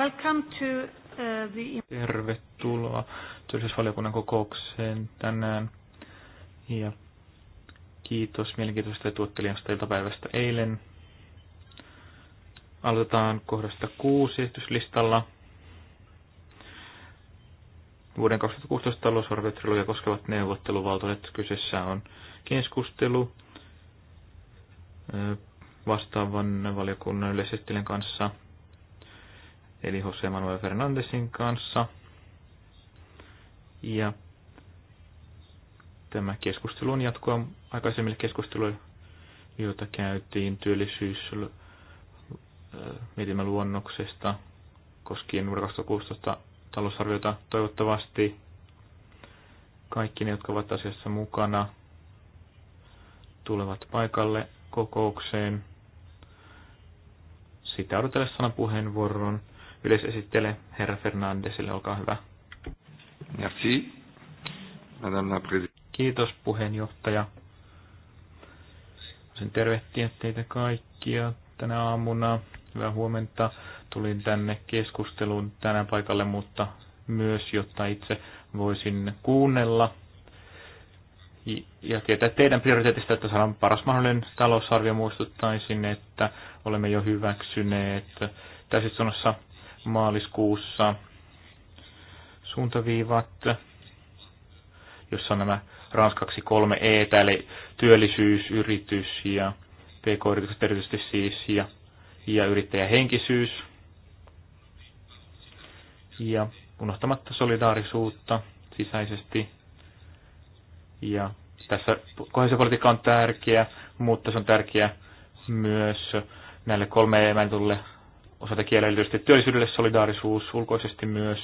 Welcome to uh, the... Tervetuloa työllisyysvaliokunnan kokoukseen tänään. Ja kiitos mielenkiintoisesta tuottelijasta iltapäivästä eilen. Aloitetaan kohdasta kuusi esityslistalla. Vuoden 2016 talousarviotrilogia koskevat neuvotteluvaltuudet. Kyseessä on keskustelu vastaavan valiokunnan yleisestilän kanssa – eli Jose Manuel Fernandesin kanssa. Ja tämä keskustelu on jatkoa aikaisemmille keskusteluille, joita käytiin työllisyys mietimme luonnoksesta koskien vuoden 2016 talousarviota. Toivottavasti kaikki ne, jotka ovat asiassa mukana, tulevat paikalle kokoukseen. Sitä odotellessana puheenvuoron yleisesittele herra Fernandesille. Olkaa hyvä. Merci. Madame la Kiitos puheenjohtaja. Sen tervehtiä teitä kaikkia tänä aamuna. Hyvää huomenta. Tulin tänne keskusteluun tänään paikalle, mutta myös, jotta itse voisin kuunnella ja tietää teidän prioriteetista, että saadaan paras mahdollinen talousarvio. Muistuttaisin, että olemme jo hyväksyneet täysistunnossa maaliskuussa suuntaviivat, jossa on nämä ranskaksi kolme E, eli työllisyys, yritys ja pk-yritykset erityisesti siis, ja, ja yrittäjähenkisyys, ja unohtamatta solidaarisuutta sisäisesti. Ja tässä kohesiopolitiikka on tärkeä, mutta se on tärkeä myös näille kolme mainitulle osata kielellä erityisesti työllisyydelle solidaarisuus ulkoisesti myös.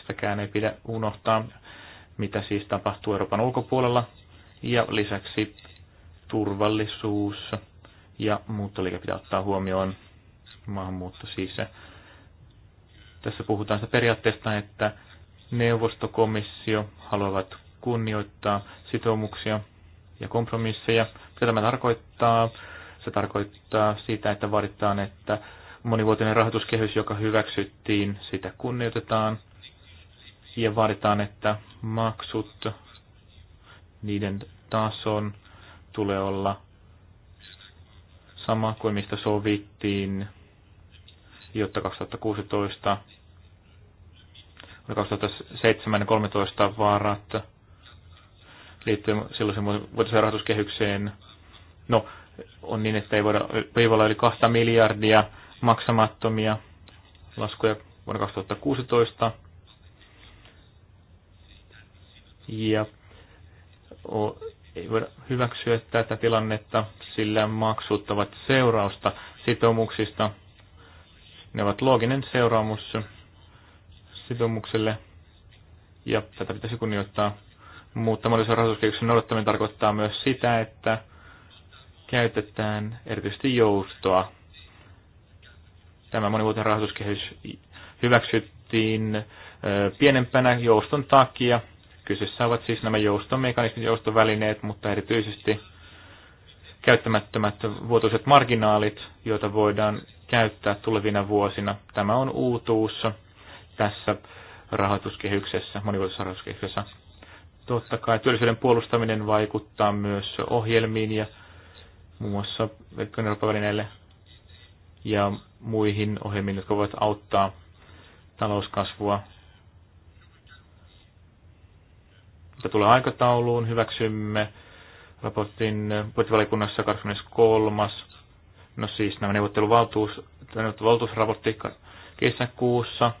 Sitäkään ei pidä unohtaa, mitä siis tapahtuu Euroopan ulkopuolella. Ja lisäksi turvallisuus ja muuttoliike pitää ottaa huomioon. Maahanmuutto siis. Tässä puhutaan sitä periaatteesta, että neuvostokomissio haluavat kunnioittaa sitoumuksia ja kompromisseja. Mitä tämä tarkoittaa? Se tarkoittaa sitä, että vaaditaan, että monivuotinen rahoituskehys, joka hyväksyttiin, sitä kunnioitetaan ja vaaditaan, että maksut, niiden tason tulee olla sama kuin mistä sovittiin, jotta 2016 2007 ja 2013 vaarat liittyen silloisen vuotisen rahoituskehykseen. No, on niin, että ei voida, ei voi olla yli kahta miljardia maksamattomia laskuja vuonna 2016. Ja ei voida hyväksyä tätä tilannetta, sillä maksut ovat seurausta sitoumuksista. Ne ovat looginen seuraamus sitoumukselle ja tätä pitäisi kunnioittaa. Mutta monissa rahoituskehityksen noudattaminen tarkoittaa myös sitä, että käytetään erityisesti joustoa tämä monivuotinen rahoituskehys hyväksyttiin pienempänä jouston takia. Kyseessä ovat siis nämä joustomekanismit, joustovälineet, mutta erityisesti käyttämättömät vuotuiset marginaalit, joita voidaan käyttää tulevina vuosina. Tämä on uutuus tässä rahoituskehyksessä, monivuotisessa rahoituskehyksessä. Totta kai työllisyyden puolustaminen vaikuttaa myös ohjelmiin ja muun muassa Euroopan välineelle ja muihin ohjelmiin, jotka voivat auttaa talouskasvua. Mitä tulee aikatauluun, hyväksymme raportin budjettivalikunnassa 23. No siis nämä neuvotteluvaltuus, neuvotteluvaltuusraportti kesäkuussa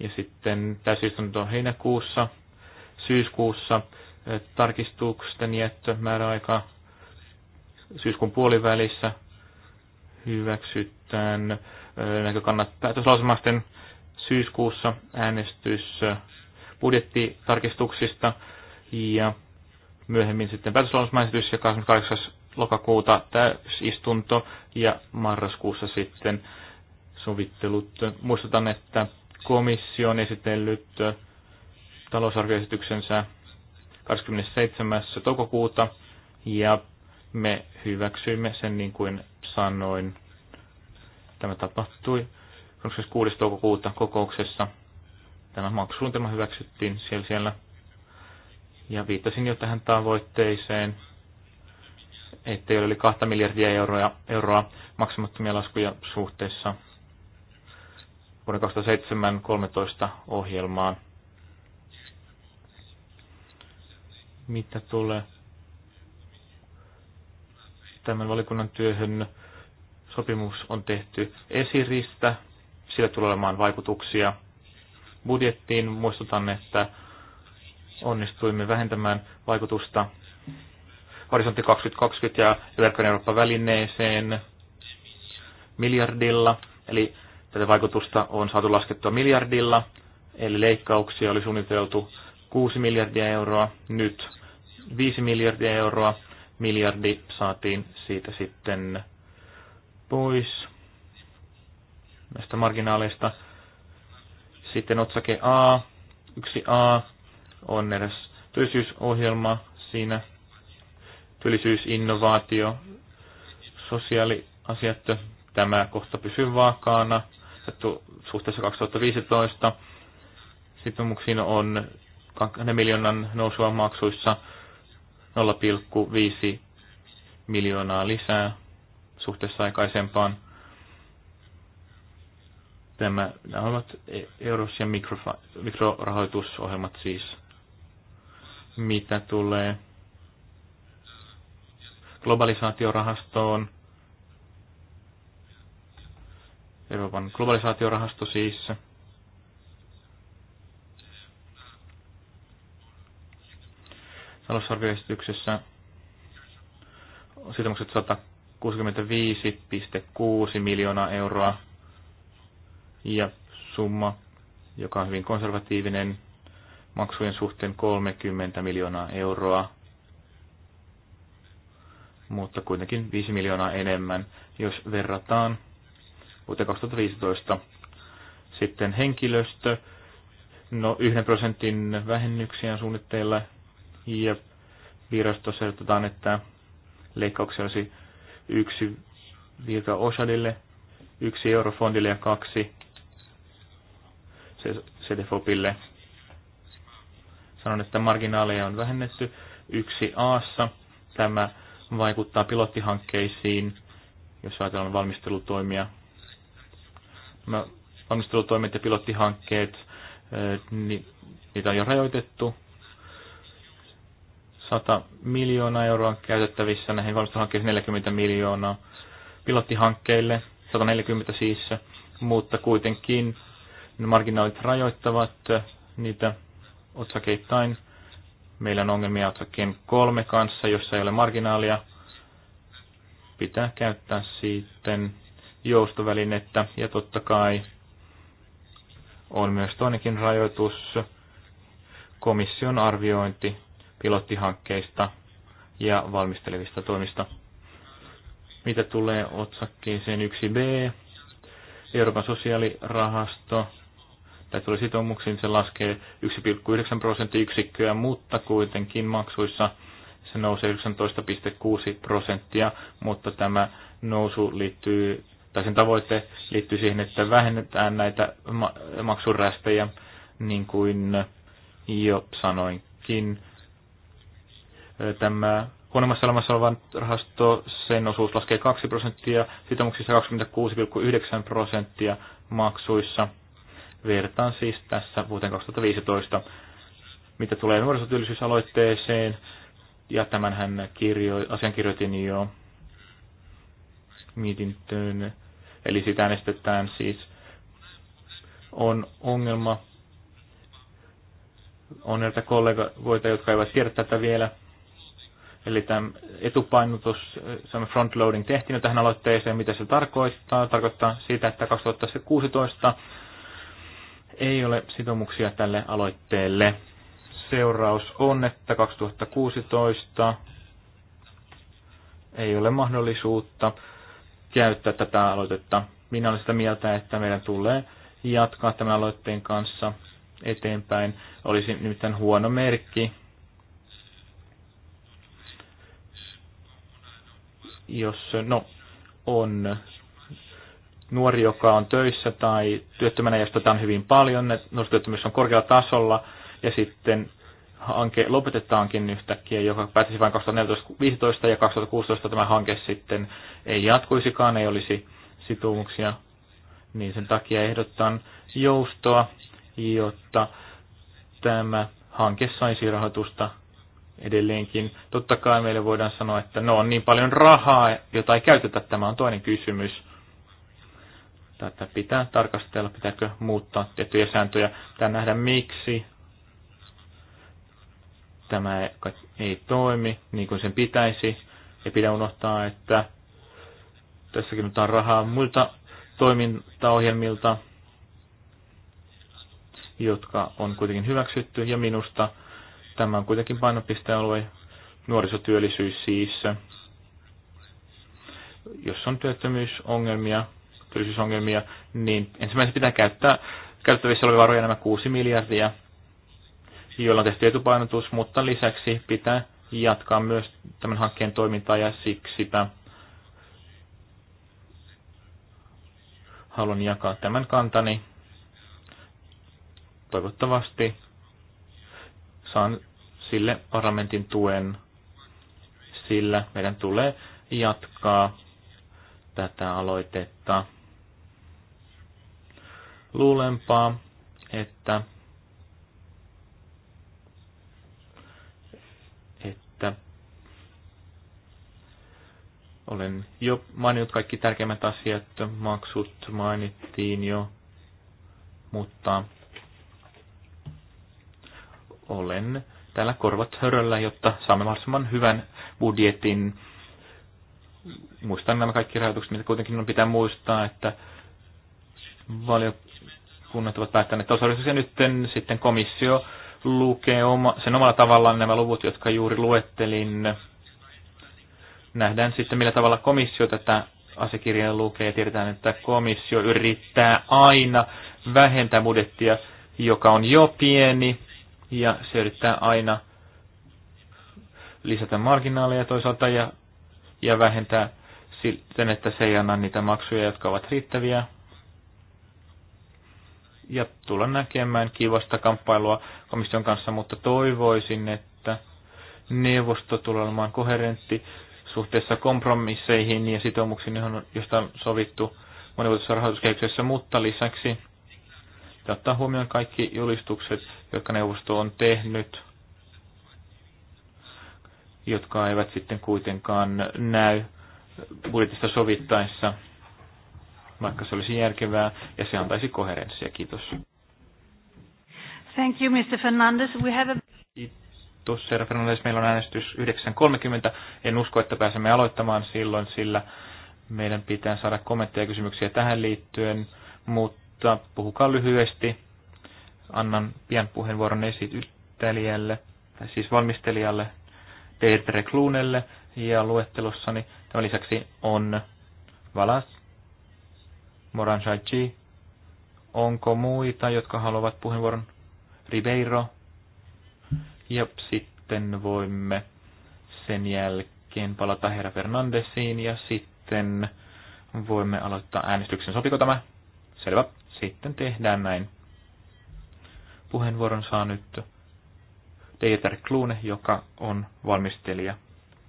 ja sitten täysistunto heinäkuussa, syyskuussa tarkistusten jättö määräaika syyskuun puolivälissä hyväksytään näkökannat päätöslausumasten syyskuussa äänestys budjettitarkistuksista ja myöhemmin sitten päätöslausumaesitys ja 28. lokakuuta täysistunto ja marraskuussa sitten sovittelut. Muistutan, että komissio on esitellyt talousarvioesityksensä 27. toukokuuta ja me hyväksyimme sen niin kuin sanoin. Tämä tapahtui 26. toukokuuta kokouksessa. Tämä maksusuunnitelma hyväksyttiin siellä, siellä. Ja viittasin jo tähän tavoitteeseen, että ole yli 2 miljardia euroa, euroa maksamattomia laskuja suhteessa vuoden 2007-2013 ohjelmaan. Mitä tulee tämän valikunnan työhön Sopimus on tehty esiristä, sillä tulee olemaan vaikutuksia budjettiin. Muistutan, että onnistuimme vähentämään vaikutusta Horisontti 2020 ja Verkkojen Eurooppa-välineeseen miljardilla, eli tätä vaikutusta on saatu laskettua miljardilla, eli leikkauksia oli suunniteltu 6 miljardia euroa, nyt 5 miljardia euroa, miljardi saatiin siitä sitten pois näistä marginaaleista. Sitten otsake A, 1A on eräs työllisyysohjelma siinä, työllisyysinnovaatio, sosiaaliasiat, tämä kohta pysyy vaakaana suhteessa 2015. Sitoumuksiin on 2 miljoonan nousua maksuissa 0,5 miljoonaa lisää suhteessa aikaisempaan. Tämä, nämä ovat e- euros- ja mikrorahoitusohjelmat siis, mitä tulee globalisaatiorahastoon. Euroopan globalisaatiorahasto siis. Talousarvioesityksessä sitoumukset 100 65,6 miljoonaa euroa ja summa, joka on hyvin konservatiivinen maksujen suhteen 30 miljoonaa euroa, mutta kuitenkin 5 miljoonaa enemmän, jos verrataan vuoteen 2015. Sitten henkilöstö, no yhden prosentin vähennyksiä suunnitteilla ja virastossa että leikkauksia olisi yksi virka Oshadille, yksi eurofondille ja kaksi CDFOPille. Sanon, että marginaaleja on vähennetty. Yksi Aassa tämä vaikuttaa pilottihankkeisiin, jos ajatellaan valmistelutoimia. Nämä valmistelutoimet ja pilottihankkeet, niitä on jo rajoitettu 100 miljoonaa euroa käytettävissä näihin valmisteluhankkeisiin 40 miljoonaa pilottihankkeille, 140 siis, mutta kuitenkin marginaalit rajoittavat niitä otsakeittain. Meillä on ongelmia otsakkeen kolme kanssa, jossa ei ole marginaalia. Pitää käyttää sitten joustovälinettä ja totta kai on myös toinenkin rajoitus, komission arviointi pilottihankkeista ja valmistelevista toimista. Mitä tulee otsakkeeseen 1b, Euroopan sosiaalirahasto, tai tulee sitoumuksiin, se laskee 1,9 prosenttiyksikköä, mutta kuitenkin maksuissa se nousee 19,6 prosenttia, mutta tämä nousu liittyy, tai sen tavoite liittyy siihen, että vähennetään näitä maksurästejä, niin kuin jo sanoinkin, tämä huonommassa olemassa olevan rahasto, sen osuus laskee 2 prosenttia, sitomuksissa 26,9 prosenttia maksuissa. Vertaan siis tässä vuoteen 2015, mitä tulee nuorisotyöllisyysaloitteeseen, ja tämänhän kirjo, asian kirjoitin jo mietintöön, eli sitä äänestetään siis on ongelma on näitä kollegoita, jotka eivät tiedä tätä vielä, Eli tämä etupainotus, semmoinen frontloading tehtiin tähän aloitteeseen, mitä se tarkoittaa. Tarkoittaa sitä, että 2016 ei ole sitomuksia tälle aloitteelle. Seuraus on, että 2016 ei ole mahdollisuutta käyttää tätä aloitetta. Minä olen sitä mieltä, että meidän tulee jatkaa tämän aloitteen kanssa eteenpäin. Olisi nimittäin huono merkki jos no, on nuori, joka on töissä tai työttömänä, josta tämä on hyvin paljon, nuorisotyöttömyys on korkealla tasolla, ja sitten hanke lopetetaankin yhtäkkiä, joka päätisi vain 2014-2015 ja 2016 tämä hanke sitten ei jatkuisikaan, ei olisi sitoumuksia, niin sen takia ehdotan joustoa, jotta tämä hanke saisi rahoitusta edelleenkin. Totta kai meille voidaan sanoa, että no on niin paljon rahaa, jota ei käytetä, tämä on toinen kysymys. Tätä pitää tarkastella, pitääkö muuttaa tiettyjä sääntöjä. Pitää nähdä miksi tämä ei toimi niin kuin sen pitäisi. Ja pidä unohtaa, että tässäkin otetaan rahaa muilta toimintaohjelmilta, jotka on kuitenkin hyväksytty. Ja minusta Tämä on kuitenkin painopistealue, nuorisotyöllisyys siis. Jos on työttömyysongelmia, työllisyysongelmia, niin ensimmäisenä pitää käyttää käytettävissä olevia varoja nämä 6 miljardia, joilla on tehty etupainotus, mutta lisäksi pitää jatkaa myös tämän hankkeen toimintaa ja siksi haluan jakaa tämän kantani. Toivottavasti saan sille parlamentin tuen, sillä meidän tulee jatkaa tätä aloitetta. Luulempaa, että, että olen jo maininnut kaikki tärkeimmät asiat, maksut mainittiin jo, mutta olen täällä korvat höröllä, jotta saamme mahdollisimman hyvän budjetin. Muistan nämä kaikki rajoitukset, mitä kuitenkin on pitää muistaa, että valiokunnat ovat päättäneet osallistus ja nyt niin sitten komissio lukee oma, sen omalla tavallaan nämä luvut, jotka juuri luettelin. Nähdään sitten, millä tavalla komissio tätä asiakirjaa lukee ja tiedetään, että komissio yrittää aina vähentää budjettia, joka on jo pieni, ja se yrittää aina lisätä marginaaleja toisaalta ja, ja vähentää siten, että se ei anna niitä maksuja, jotka ovat riittäviä. Ja tulla näkemään kivasta kamppailua komission kanssa, mutta toivoisin, että neuvosto tulee olemaan koherentti suhteessa kompromisseihin ja sitoumuksiin, joista on sovittu monivuotisessa rahoituskehityksessä, mutta lisäksi ja ottaa huomioon kaikki julistukset, jotka neuvosto on tehnyt, jotka eivät sitten kuitenkaan näy budjetista sovittaessa, vaikka se olisi järkevää, ja se antaisi koherenssia. Kiitos. Thank you, Mr. Fernandez. We have a... Kiitos, herra Fernandez. Meillä on äänestys 9.30. En usko, että pääsemme aloittamaan silloin, sillä meidän pitää saada kommentteja ja kysymyksiä tähän liittyen, mutta mutta puhukaa lyhyesti. Annan pian puheenvuoron esittelijälle, tai siis valmistelijalle Peter Kluunelle, ja luettelossani tämän lisäksi on Valas, Moran onko muita, jotka haluavat puheenvuoron, Ribeiro, ja sitten voimme sen jälkeen palata herra Fernandesiin ja sitten voimme aloittaa äänestyksen. Sopiko tämä? Selvä sitten tehdään näin. Puheenvuoron saa nyt Dieter Klune, joka on valmistelija.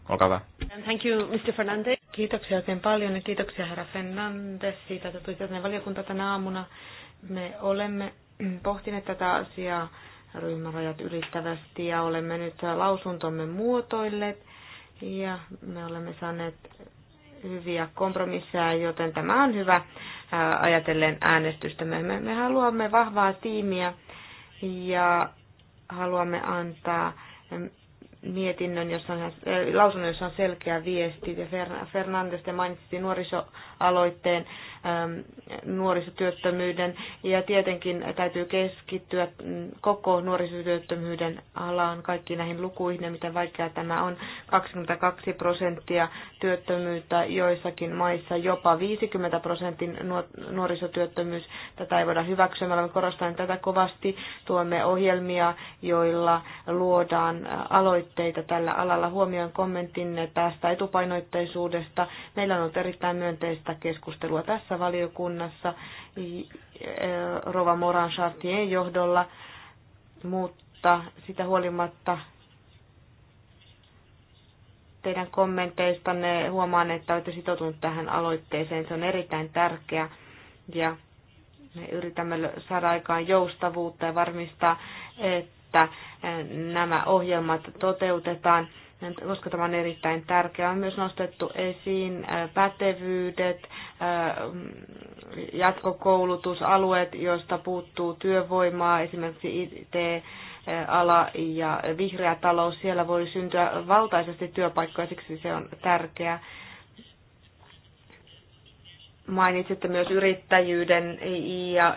Olkaa hyvä. Thank you, Mr. Fernandez. Kiitoksia oikein paljon ja kiitoksia herra Fernandez siitä, että tulitte tänne valiokunta tänä aamuna. Me olemme pohtineet tätä asiaa ryhmärajat ylittävästi ja olemme nyt lausuntomme muotoilleet ja me olemme saaneet hyviä kompromisseja, joten tämä on hyvä äh, ajatellen äänestystä. Me, me, me haluamme vahvaa tiimiä ja haluamme antaa mietinnön, jossa on, eh, lausunnon, jossa on selkeä viesti. Ja Fernandes te mainitsi nuorisoaloitteen, ähm, nuorisotyöttömyyden ja tietenkin täytyy keskittyä mm, koko nuorisotyöttömyyden alaan, kaikkiin näihin lukuihin ja miten vaikeaa tämä on. 22 prosenttia työttömyyttä joissakin maissa, jopa 50 prosentin nuorisotyöttömyys. Tätä ei voida hyväksyä. Me korostan tätä kovasti. Tuomme ohjelmia, joilla luodaan äh, aloitteita tavoitteita tällä alalla. Huomioon kommenttinne tästä etupainoitteisuudesta. Meillä on ollut erittäin myönteistä keskustelua tässä valiokunnassa e, Rova Moran Chartien johdolla, mutta sitä huolimatta teidän kommenteistanne huomaan, että olette sitoutunut tähän aloitteeseen. Se on erittäin tärkeä ja me yritämme saada aikaan joustavuutta ja varmistaa, että että eh, nämä ohjelmat toteutetaan, koska tämä on erittäin tärkeää. On myös nostettu esiin eh, pätevyydet, eh, jatkokoulutusalueet, joista puuttuu työvoimaa, esimerkiksi IT, ala ja vihreä talous, siellä voi syntyä valtaisesti työpaikkoja, siksi se on tärkeää. Mainitsitte myös yrittäjyyden ja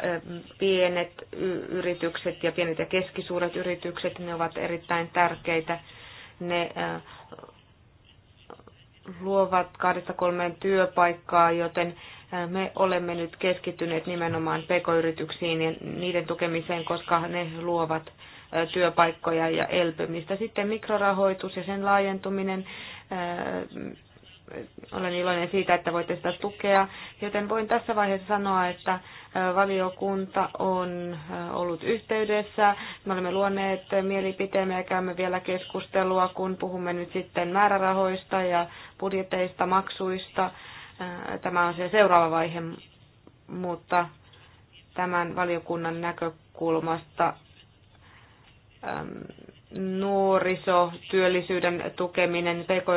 pienet yritykset ja pienet ja keskisuuret yritykset, ne ovat erittäin tärkeitä. Ne luovat kahdesta kolmeen työpaikkaa, joten me olemme nyt keskittyneet nimenomaan pk-yrityksiin ja niiden tukemiseen, koska ne luovat työpaikkoja ja elpymistä. Sitten mikrorahoitus ja sen laajentuminen olen iloinen siitä, että voitte sitä tukea, joten voin tässä vaiheessa sanoa, että valiokunta on ollut yhteydessä. Me olemme luoneet mielipiteemme ja käymme vielä keskustelua, kun puhumme nyt sitten määrärahoista ja budjeteista, maksuista. Tämä on se seuraava vaihe, mutta tämän valiokunnan näkökulmasta nuorisotyöllisyyden tukeminen, pk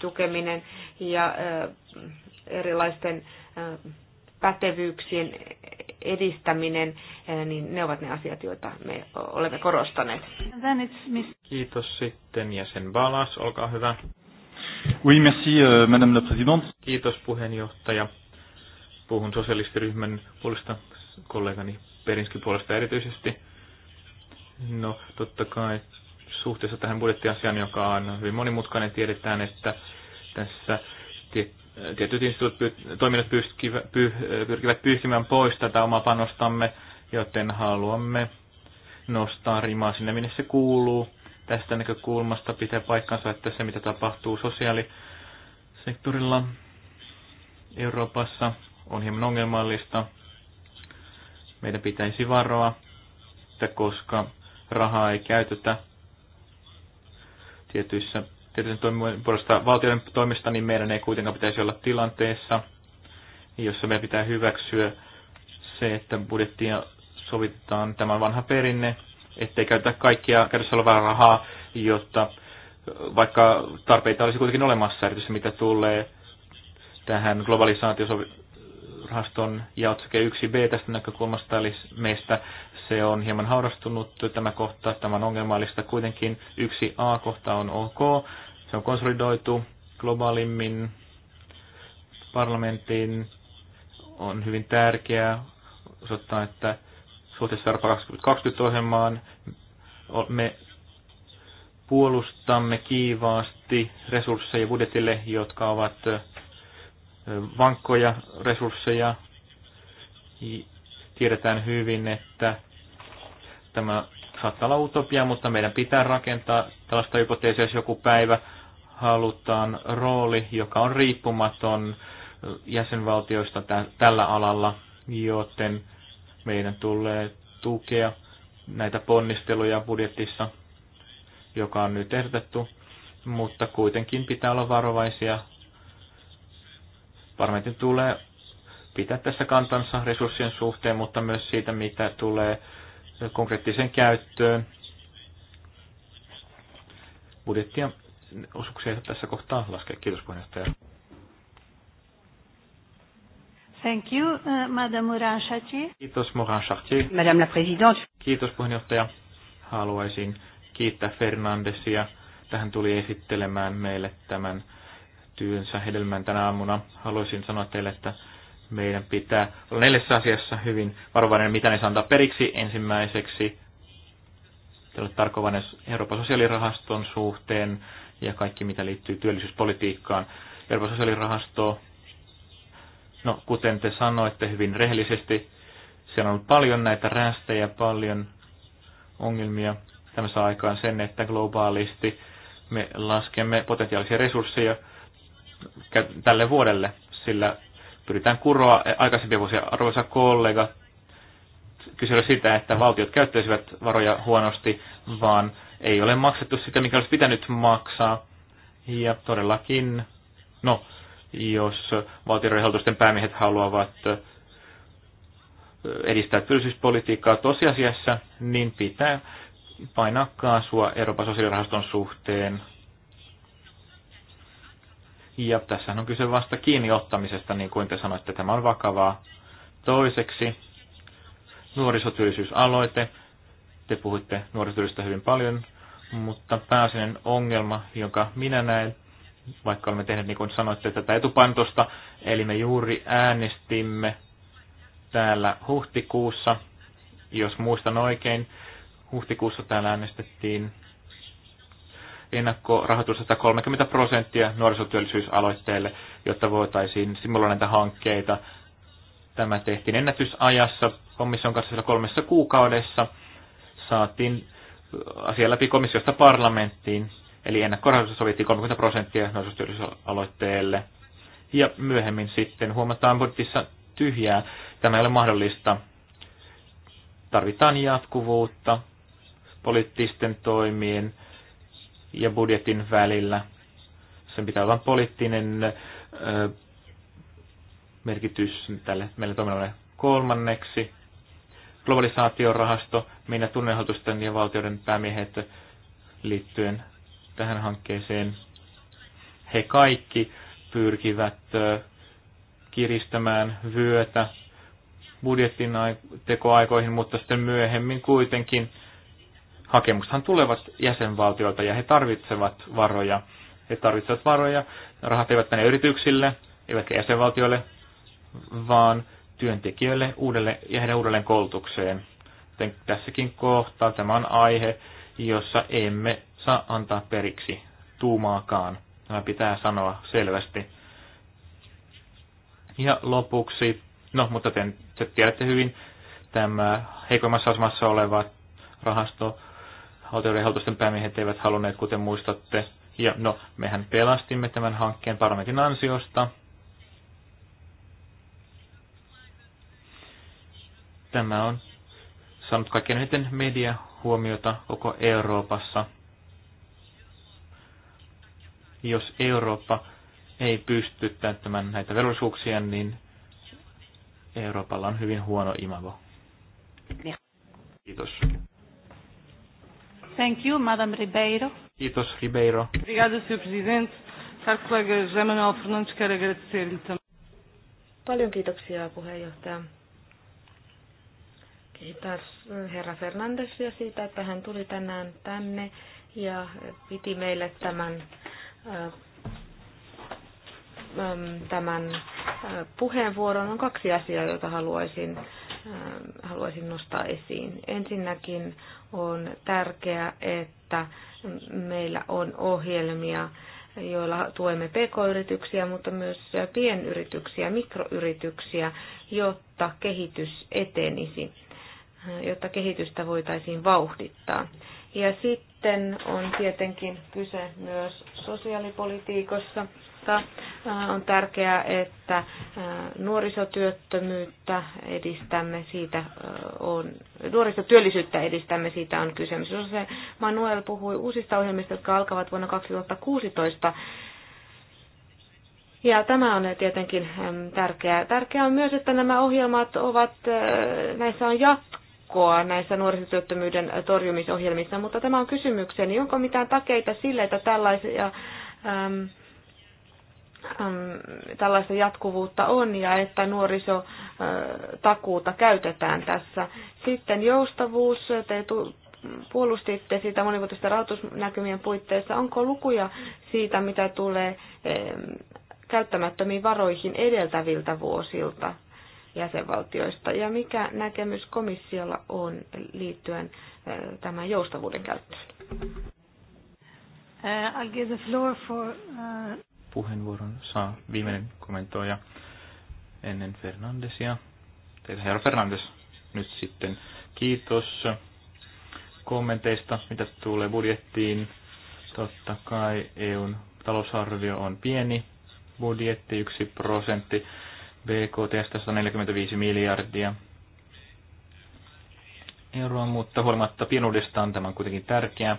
tukeminen ja erilaisten pätevyyksien edistäminen, niin ne ovat ne asiat, joita me olemme korostaneet. Kiitos sitten jäsen Balas, olkaa hyvä. Oui, merci, euh, madame la présidente. Kiitos puheenjohtaja. Puhun sosialistiryhmän puolesta, kollegani Perinski puolesta erityisesti No, totta kai suhteessa tähän budjettiasiaan, joka on hyvin monimutkainen, tiedetään, että tässä tietyt instituut, toiminnot pyrkivät pyyhkimään pois tätä omaa panostamme, joten haluamme nostaa rimaa sinne, minne se kuuluu. Tästä näkökulmasta pitää paikkansa, että se mitä tapahtuu sosiaalisektorilla Euroopassa on hieman ongelmallista. Meidän pitäisi varoa, että koska rahaa ei käytetä tietyissä puolesta valtioiden toimista, niin meidän ei kuitenkaan pitäisi olla tilanteessa, jossa meidän pitää hyväksyä se, että budjettia sovitetaan tämä vanha perinne, ettei käytetä kaikkia käytössä olevaa rahaa, jotta vaikka tarpeita olisi kuitenkin olemassa, erityisesti mitä tulee tähän globalisaatiorahaston ja otsake 1b tästä näkökulmasta, eli meistä se on hieman haurastunut tämä kohta, tämä on ongelmallista. Kuitenkin yksi A-kohta on OK, se on konsolidoitu globaalimmin parlamenttiin. on hyvin tärkeää osoittaa, että suhteessa Euroopan 2020 ohjelmaan me puolustamme kiivaasti resursseja budjetille, jotka ovat vankkoja resursseja. Tiedetään hyvin, että Tämä saattaa olla utopia, mutta meidän pitää rakentaa tällaista hypoteesia, jos joku päivä halutaan rooli, joka on riippumaton jäsenvaltioista tällä alalla, joten meidän tulee tukea näitä ponnisteluja budjetissa, joka on nyt ehdotettu, mutta kuitenkin pitää olla varovaisia. Parlamentin tulee pitää tässä kantansa resurssien suhteen, mutta myös siitä, mitä tulee konkreettiseen käyttöön. Budjettia osuuksia tässä kohtaa laskea. Kiitos puheenjohtaja. Thank you, uh, Madame Moran Chartier. Kiitos Moran Chartier. Madame la Présidente. Kiitos puheenjohtaja. Haluaisin kiittää Fernandesia. Tähän tuli esittelemään meille tämän työnsä hedelmän tänä aamuna. Haluaisin sanoa teille, että meidän pitää olla neljässä asiassa hyvin varovainen, mitä ne saa antaa periksi ensimmäiseksi tälle tarkovainen Euroopan sosiaalirahaston suhteen ja kaikki, mitä liittyy työllisyyspolitiikkaan. Euroopan sosiaalirahasto, no kuten te sanoitte hyvin rehellisesti, siellä on ollut paljon näitä räästejä, paljon ongelmia. Tämä saa aikaan sen, että globaalisti me laskemme potentiaalisia resursseja tälle vuodelle, sillä pyritään kuroa aikaisempia vuosia. Arvoisa kollega, kysyä sitä, että valtiot käyttäisivät varoja huonosti, vaan ei ole maksettu sitä, mikä olisi pitänyt maksaa. Ja todellakin, no, jos valtionrahoitusten päämiehet haluavat edistää työllisyyspolitiikkaa tosiasiassa, niin pitää painaa kaasua Euroopan sosiaalirahaston suhteen. Ja tässä on kyse vasta kiinniottamisesta, niin kuin te sanoitte, tämä on vakavaa. Toiseksi nuorisotyöllisyysaloite. Te puhuitte nuorisotyöllisyydestä hyvin paljon, mutta pääasiallinen ongelma, jonka minä näen, vaikka olemme tehneet, niin kuin sanoitte, tätä etupantosta, eli me juuri äänestimme täällä huhtikuussa, jos muistan oikein, huhtikuussa täällä äänestettiin ennakkorahoitus 130 prosenttia nuorisotyöllisyysaloitteille, jotta voitaisiin simuloida näitä hankkeita. Tämä tehtiin ennätysajassa komission kanssa siellä kolmessa kuukaudessa. Saatiin asia läpi komissiosta parlamenttiin, eli ennakkorahoitus sovittiin 30 prosenttia nuorisotyöllisyysaloitteelle. Ja myöhemmin sitten huomataan budjetissa tyhjää. Tämä ei ole mahdollista. Tarvitaan jatkuvuutta poliittisten toimien ja budjetin välillä. Sen pitää olla poliittinen ö, merkitys tälle meille toiminnalle kolmanneksi. Globalisaatiorahasto, minä tunnehoitusten ja valtioiden päämiehet liittyen tähän hankkeeseen. He kaikki pyrkivät kiristämään vyötä budjetin tekoaikoihin, mutta sitten myöhemmin kuitenkin Hakemuksethan tulevat jäsenvaltiolta ja he tarvitsevat varoja. He tarvitsevat varoja. Rahat eivät mene yrityksille, eivätkä jäsenvaltioille, vaan työntekijöille uudelle, ja heidän uudelleen koulutukseen. Joten tässäkin kohtaa tämä on aihe, jossa emme saa antaa periksi tuumaakaan. Tämä pitää sanoa selvästi. Ja lopuksi, no mutta te tiedätte hyvin, tämä heikoimmassa asemassa oleva rahasto autoilijoiden päämiehet eivät halunneet, kuten muistatte. Ja no, mehän pelastimme tämän hankkeen parlamentin ansiosta. Tämä on saanut kaikkein eniten media huomiota koko Euroopassa. Jos Eurooppa ei pysty täyttämään näitä velvollisuuksia, niin Euroopalla on hyvin huono imago. Kiitos. Thank you, Madame Ribeiro. Kiitos, Ribeiro. Obrigada, Sr. Presidente. Caro colega José Manuel Fernandes, quero agradecer-lhe também. Paljon kiitoksia, puheenjohtaja. Kiitos herra Fernandesia siitä, että hän tuli tänään tänne ja piti meille tämän, äh, tämän äh, puheenvuoron. On kaksi asiaa, joita haluaisin Äh, haluaisin nostaa esiin. Ensinnäkin on tärkeää, että meillä on ohjelmia, joilla tuemme pk-yrityksiä, mutta myös pienyrityksiä, mikroyrityksiä, jotta kehitys etenisi, äh, jotta kehitystä voitaisiin vauhdittaa. Ja sitten on tietenkin kyse myös sosiaalipolitiikossa vuotta. On tärkeää, että nuorisotyöttömyyttä edistämme, siitä on, nuorisotyöllisyyttä edistämme, siitä on kysymys. Se Manuel puhui uusista ohjelmista, jotka alkavat vuonna 2016. Ja tämä on tietenkin tärkeää. Tärkeää on myös, että nämä ohjelmat ovat, näissä on jatkoa näissä nuorisotyöttömyyden torjumisohjelmissa, mutta tämä on kysymykseni. Onko mitään takeita sille, että tällaisia Ähm, tällaista jatkuvuutta on ja että nuorisotakuuta äh, käytetään tässä. Sitten joustavuus, te puolustitte sitä monivuotisten rahoitusnäkymien puitteissa. Onko lukuja siitä, mitä tulee käyttämättömiin varoihin edeltäviltä vuosilta jäsenvaltioista ja mikä näkemys komissiolla on liittyen tämän joustavuuden käyttöön? Uh, I'll give the floor for, uh puheenvuoron saa viimeinen kommentoija ennen Fernandesia. Teillä herra Fernandes nyt sitten. Kiitos kommenteista, mitä tulee budjettiin. Totta kai EUn talousarvio on pieni budjetti, yksi prosentti BKT 145 miljardia euroa, mutta huolimatta pienuudestaan tämä on kuitenkin tärkeää.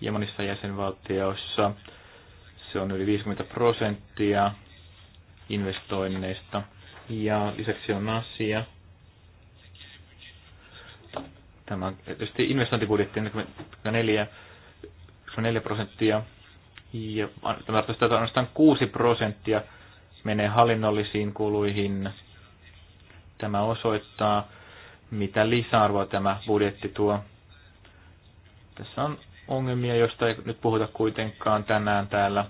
Ja monissa jäsenvaltioissa se on yli 50 prosenttia investoinneista. Ja lisäksi on asia. Tämä on tietysti investointibudjetti 4 niin prosenttia. Ja tämä tarkoittaa, että ainoastaan 6 prosenttia menee hallinnollisiin kuluihin. Tämä osoittaa, mitä lisäarvoa tämä budjetti tuo. Tässä on ongelmia, joista ei nyt puhuta kuitenkaan tänään täällä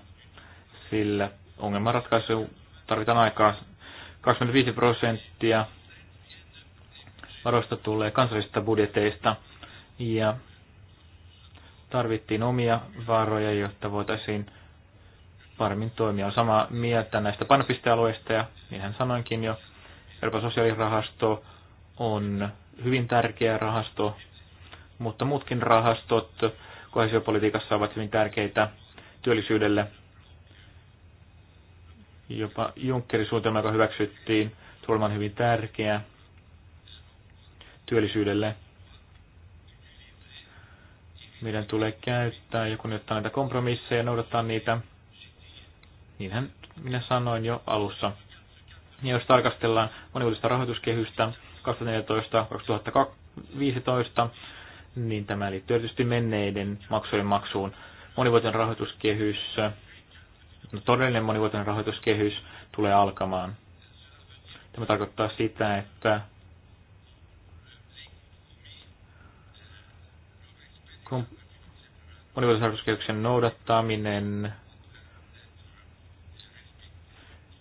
sillä ongelmanratkaisu tarvitaan aikaa. 25 prosenttia varoista tulee kansallisista budjeteista ja tarvittiin omia varoja, jotta voitaisiin paremmin toimia. On samaa mieltä näistä painopistealueista ja niin hän sanoinkin jo, Euroopan sosiaalirahasto on hyvin tärkeä rahasto, mutta muutkin rahastot kohesiopolitiikassa ovat hyvin tärkeitä työllisyydelle, Jopa Junckerin suunnitelma, joka hyväksyttiin, tulee hyvin tärkeä työllisyydelle. Meidän tulee käyttää ja kunnioittaa näitä kompromisseja ja noudattaa niitä. Niinhän minä sanoin jo alussa. Ja jos tarkastellaan monivuotista rahoituskehystä 2014-2015, niin tämä liittyy tietysti menneiden maksujen maksuun. Monivuotinen rahoituskehys No, todellinen monivuotinen rahoituskehys tulee alkamaan. Tämä tarkoittaa sitä, että kun monivuotisen rahoituskehyksen noudattaminen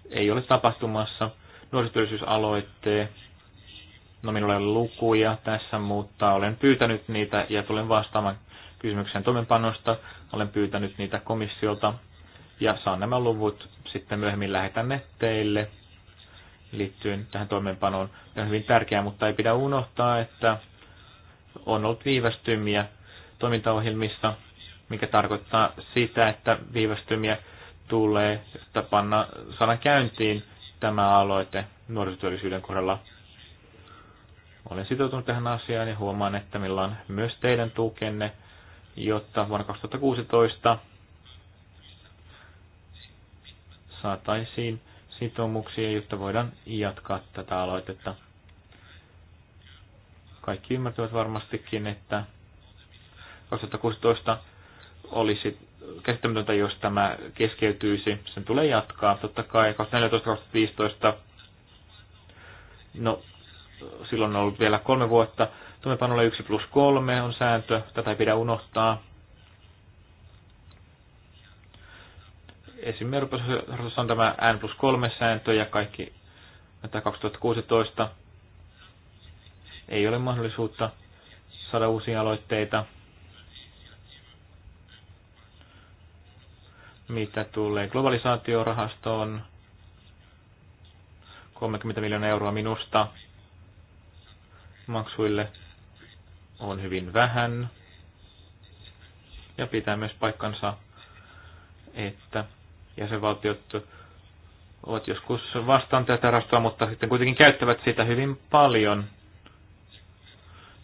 ei ole tapahtumassa, nuorisotyöllisyysaloitteen No minulla ei ole lukuja tässä, mutta olen pyytänyt niitä ja tulen vastaamaan kysymykseen toimenpanosta. Olen pyytänyt niitä komissiolta ja saan nämä luvut sitten myöhemmin lähetämme teille liittyen tähän toimeenpanoon. Tämä on hyvin tärkeää, mutta ei pidä unohtaa, että on ollut viivästymiä toimintaohjelmissa, mikä tarkoittaa sitä, että viivästymiä tulee että panna, saada käyntiin tämä aloite nuorisotyöllisyyden kohdalla. Olen sitoutunut tähän asiaan ja huomaan, että millä on myös teidän tukenne, jotta vuonna 2016 saataisiin sitoumuksia, jotta voidaan jatkaa tätä aloitetta. Kaikki ymmärtävät varmastikin, että 2016 olisi käsittämätöntä, jos tämä keskeytyisi. Sen tulee jatkaa. Totta kai 2014-2015, no silloin on ollut vielä kolme vuotta. Toimeenpanolle 1 plus 3 on sääntö, tätä ei pidä unohtaa. Esimerkiksi Euroopassa on tämä N plus 3 sääntö ja kaikki 2016 ei ole mahdollisuutta saada uusia aloitteita. Mitä tulee globalisaatiorahastoon, 30 miljoonaa euroa minusta maksuille on hyvin vähän. Ja pitää myös paikkansa, että jäsenvaltiot ovat joskus vastaan tätä rastoa, mutta sitten kuitenkin käyttävät sitä hyvin paljon.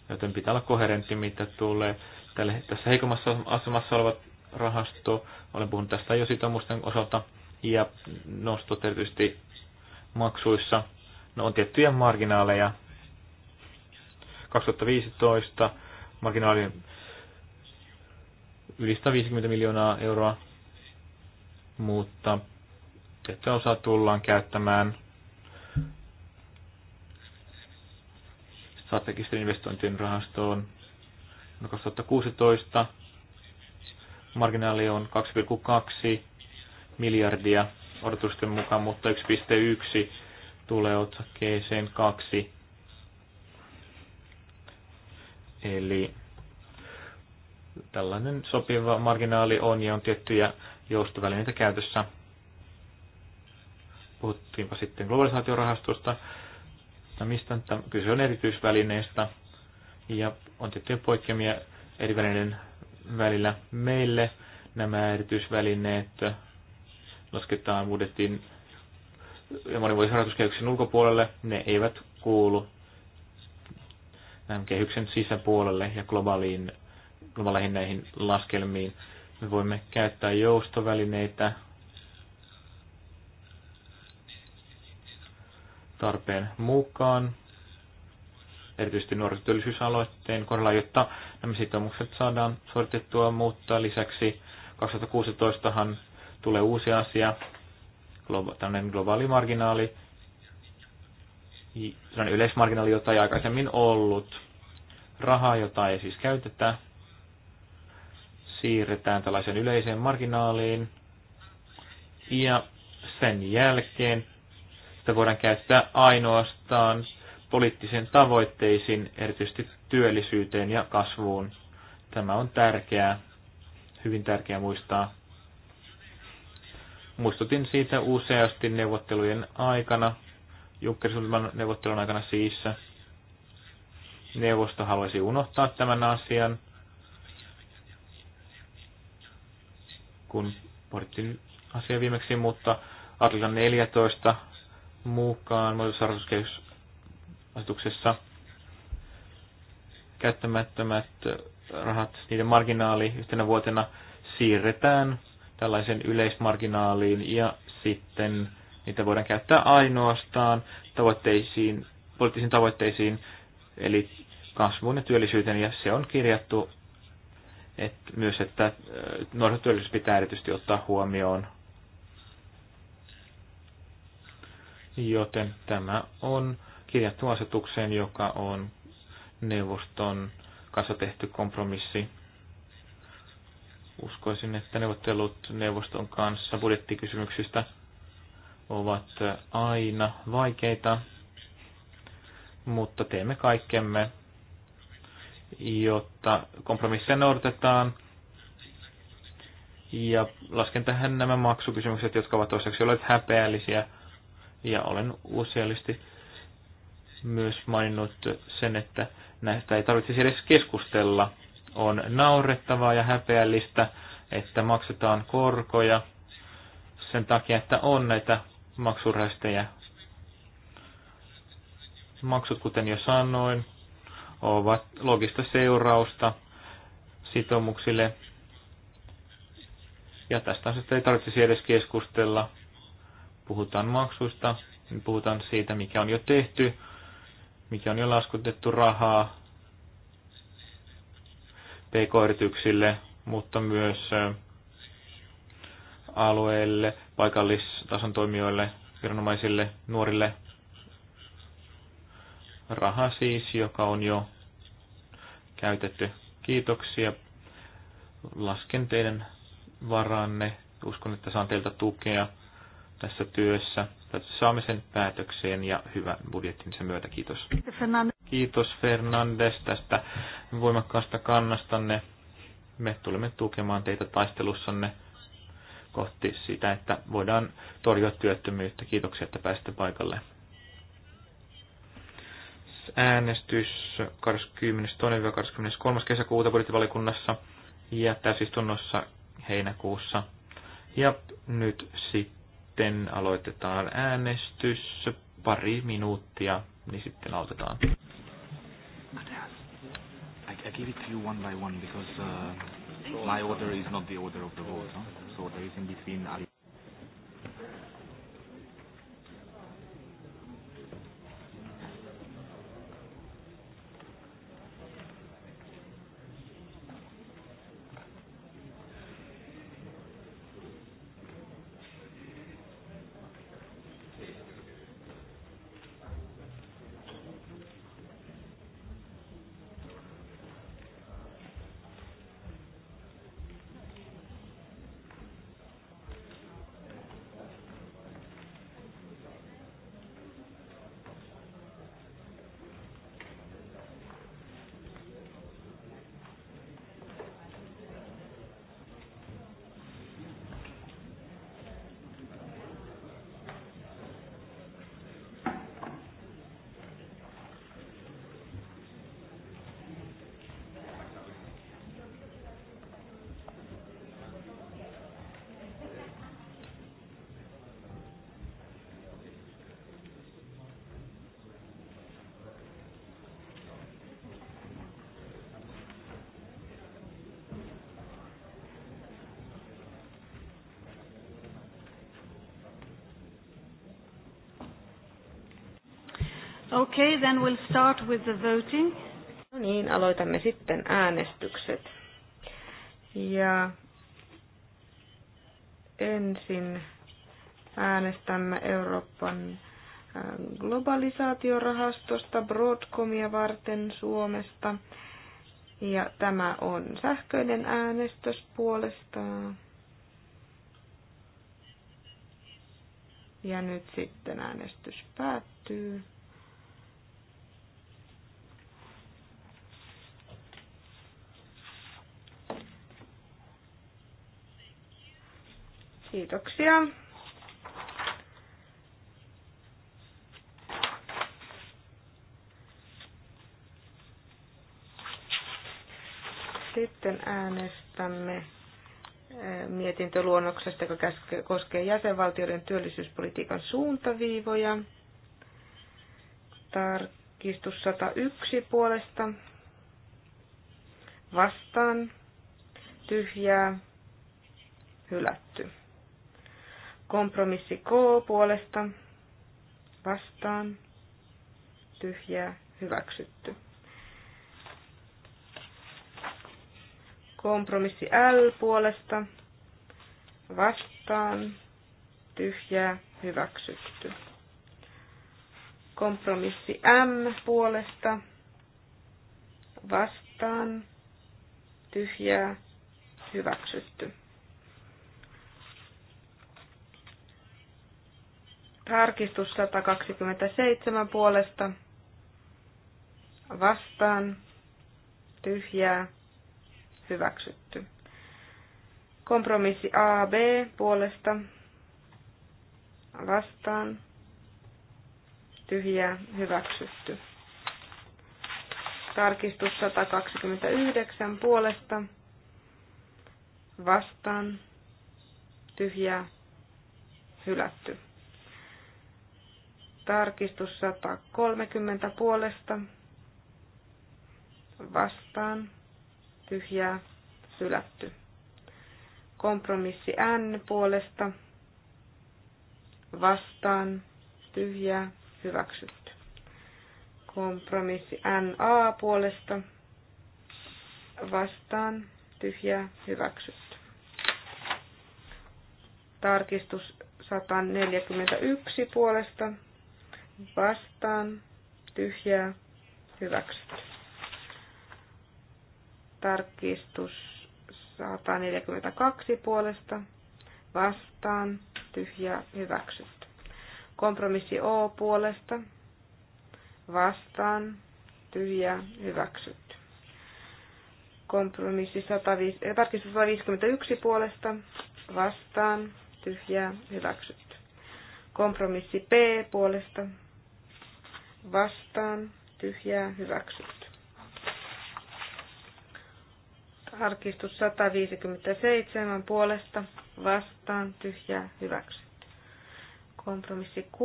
Joten pitää olla koherentti, mitä tulee. Tälle, tässä heikommassa asemassa olevat rahasto, olen puhunut tästä jo sitoumusten osalta, ja nosto tietysti maksuissa. No on tiettyjä marginaaleja. 2015 marginaali yli 150 miljoonaa euroa mutta tietty osa tullaan käyttämään strategisten investointien rahastoon. No 2016 marginaali on 2,2 miljardia odotusten mukaan, mutta 1,1 tulee otsakkeeseen 2. Eli tällainen sopiva marginaali on ja on tiettyjä joustovälineitä käytössä. Puhuttiinpa sitten globalisaatiorahastosta, että mistä että kyse on erityisvälineistä, ja on tiettyjä poikkeamia eri välineiden välillä meille. Nämä erityisvälineet lasketaan budjettiin ja monivuotisen rahoituskehyksen ulkopuolelle. Ne eivät kuulu kehyksen sisäpuolelle ja globaaliin globaaleihin näihin laskelmiin. Me voimme käyttää joustovälineitä tarpeen mukaan, erityisesti nuorisotyöllisyysaloitteen kohdalla, jotta nämä sitoumukset saadaan suoritettua, mutta lisäksi 2016han tulee uusi asia, tämmöinen globaali marginaali, sellainen yleismarginaali, jota ei aikaisemmin ollut, rahaa, jota ei siis käytetä, siirretään tällaiseen yleiseen marginaaliin. Ja sen jälkeen sitä voidaan käyttää ainoastaan poliittisen tavoitteisiin, erityisesti työllisyyteen ja kasvuun. Tämä on tärkeää, hyvin tärkeää muistaa. Muistutin siitä useasti neuvottelujen aikana, Junckerin neuvottelun aikana siis. Neuvosto haluaisi unohtaa tämän asian, kun pohdittiin asiaa viimeksi, mutta artikla 14 mukaan muodostusarvoiskehysasetuksessa käyttämättömät rahat, niiden marginaali yhtenä vuotena siirretään tällaisen yleismarginaaliin ja sitten niitä voidaan käyttää ainoastaan tavoitteisiin, poliittisiin tavoitteisiin, eli kasvuun ja työllisyyteen, ja se on kirjattu et myös, että äh, nuorisotyöllisyys pitää erityisesti ottaa huomioon. Joten tämä on kirjattu asetukseen, joka on neuvoston kanssa tehty kompromissi. Uskoisin, että neuvottelut neuvoston kanssa budjettikysymyksistä ovat aina vaikeita, mutta teemme kaikkemme, jotta kompromisseja noudatetaan. Ja lasken tähän nämä maksukysymykset, jotka ovat toiseksi olleet häpeällisiä. Ja olen useallisesti myös maininnut sen, että näistä ei tarvitsisi edes keskustella. On naurettavaa ja häpeällistä, että maksetaan korkoja sen takia, että on näitä maksurästejä. Maksut, kuten jo sanoin, ovat logista seurausta sitoumuksille. Ja tästä asiasta ei tarvitsisi edes keskustella. Puhutaan maksuista, niin puhutaan siitä, mikä on jo tehty, mikä on jo laskutettu rahaa pk-yrityksille, mutta myös alueelle, paikallistason toimijoille, viranomaisille, nuorille raha siis, joka on jo käytetty. Kiitoksia. Lasken teidän varanne. Uskon, että saan teiltä tukea tässä työssä. Saamme sen päätökseen ja hyvän sen myötä. Kiitos. Kiitos Fernandes tästä voimakkaasta kannastanne. Me tulemme tukemaan teitä taistelussanne kohti sitä, että voidaan torjua työttömyyttä. Kiitoksia, että pääsitte paikalle äänestys 22-23. kesäkuuta budjettivalikunnassa ja täysistunnossa heinäkuussa. Ja nyt sitten aloitetaan äänestys pari minuuttia, niin sitten aloitetaan. I give it to you one by one because uh, my order is not the order of the vote, huh? so there is in between. Okay, then we'll start with the voting. No niin, aloitamme sitten äänestykset. Ja ensin äänestämme Euroopan ähm, globalisaatiorahastosta Broadcomia varten Suomesta. Ja tämä on sähköinen äänestys puolestaan. Ja nyt sitten äänestys päättyy. Kiitoksia. Sitten äänestämme eh, mietintöluonnoksesta, joka koskee jäsenvaltioiden työllisyyspolitiikan suuntaviivoja. Tarkistus 101 puolesta. Vastaan. Tyhjää. Hylätty. Kompromissi K puolesta vastaan tyhjää hyväksytty. Kompromissi L puolesta vastaan tyhjää hyväksytty. Kompromissi M puolesta vastaan tyhjää hyväksytty. Tarkistus 127 puolesta. Vastaan. Tyhjää. Hyväksytty. Kompromissi AB puolesta. Vastaan. Tyhjää. Hyväksytty. Tarkistus 129 puolesta. Vastaan. Tyhjää. Hylätty Tarkistus 130 puolesta. Vastaan. Tyhjää. sylätty Kompromissi N puolesta. Vastaan. Tyhjää. Hyväksytty. Kompromissi NA puolesta. Vastaan. Tyhjää. Hyväksytty. Tarkistus 141 puolesta vastaan, tyhjää, hyväksytty. Tarkistus 142 puolesta, vastaan, tyhjää, hyväksytty. Kompromissi O puolesta, vastaan, tyhjää, hyväksytty. Kompromissi 105, eh, tarkistus 151 puolesta, vastaan, tyhjää, hyväksytty. Kompromissi P puolesta, vastaan, tyhjää, hyväksytty. Tarkistus 157 puolesta, vastaan, tyhjää, hyväksytty. Kompromissi Q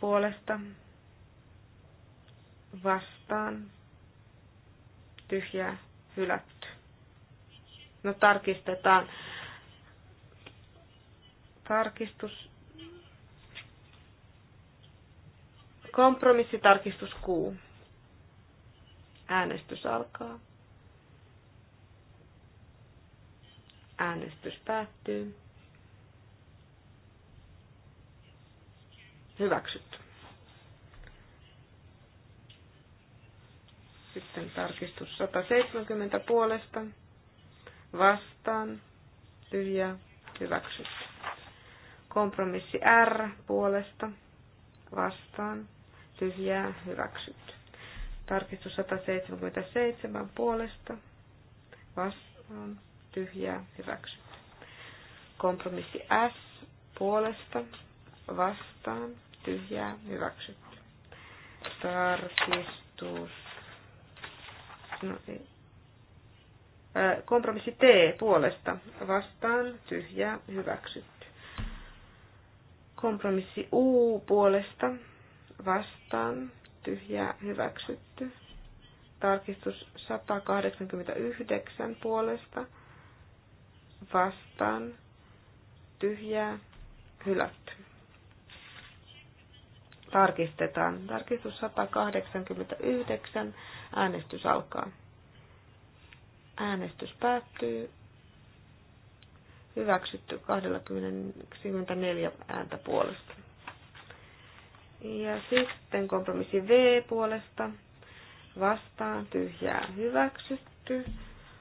puolesta, vastaan, tyhjää, hylätty. No tarkistetaan. Tarkistus Kompromissitarkistus Q. Äänestys alkaa. Äänestys päättyy. Hyväksytty. Sitten tarkistus 170 puolesta. Vastaan. Tyhjä. Hyväksytty. Kompromissi R puolesta. Vastaan tyhjää hyväksytty. Tarkistus 177 puolesta vastaan tyhjää hyväksytty. Kompromissi S puolesta vastaan tyhjää hyväksytty. Tarkistus. No, ei. Kompromissi T puolesta vastaan tyhjää hyväksytty. Kompromissi U puolesta vastaan, tyhjää hyväksytty. Tarkistus 189 puolesta vastaan, tyhjää hylätty. Tarkistetaan. Tarkistus 189. Äänestys alkaa. Äänestys päättyy. Hyväksytty 24 ääntä puolesta. Ja sitten kompromissi V puolesta vastaan tyhjää hyväksytty.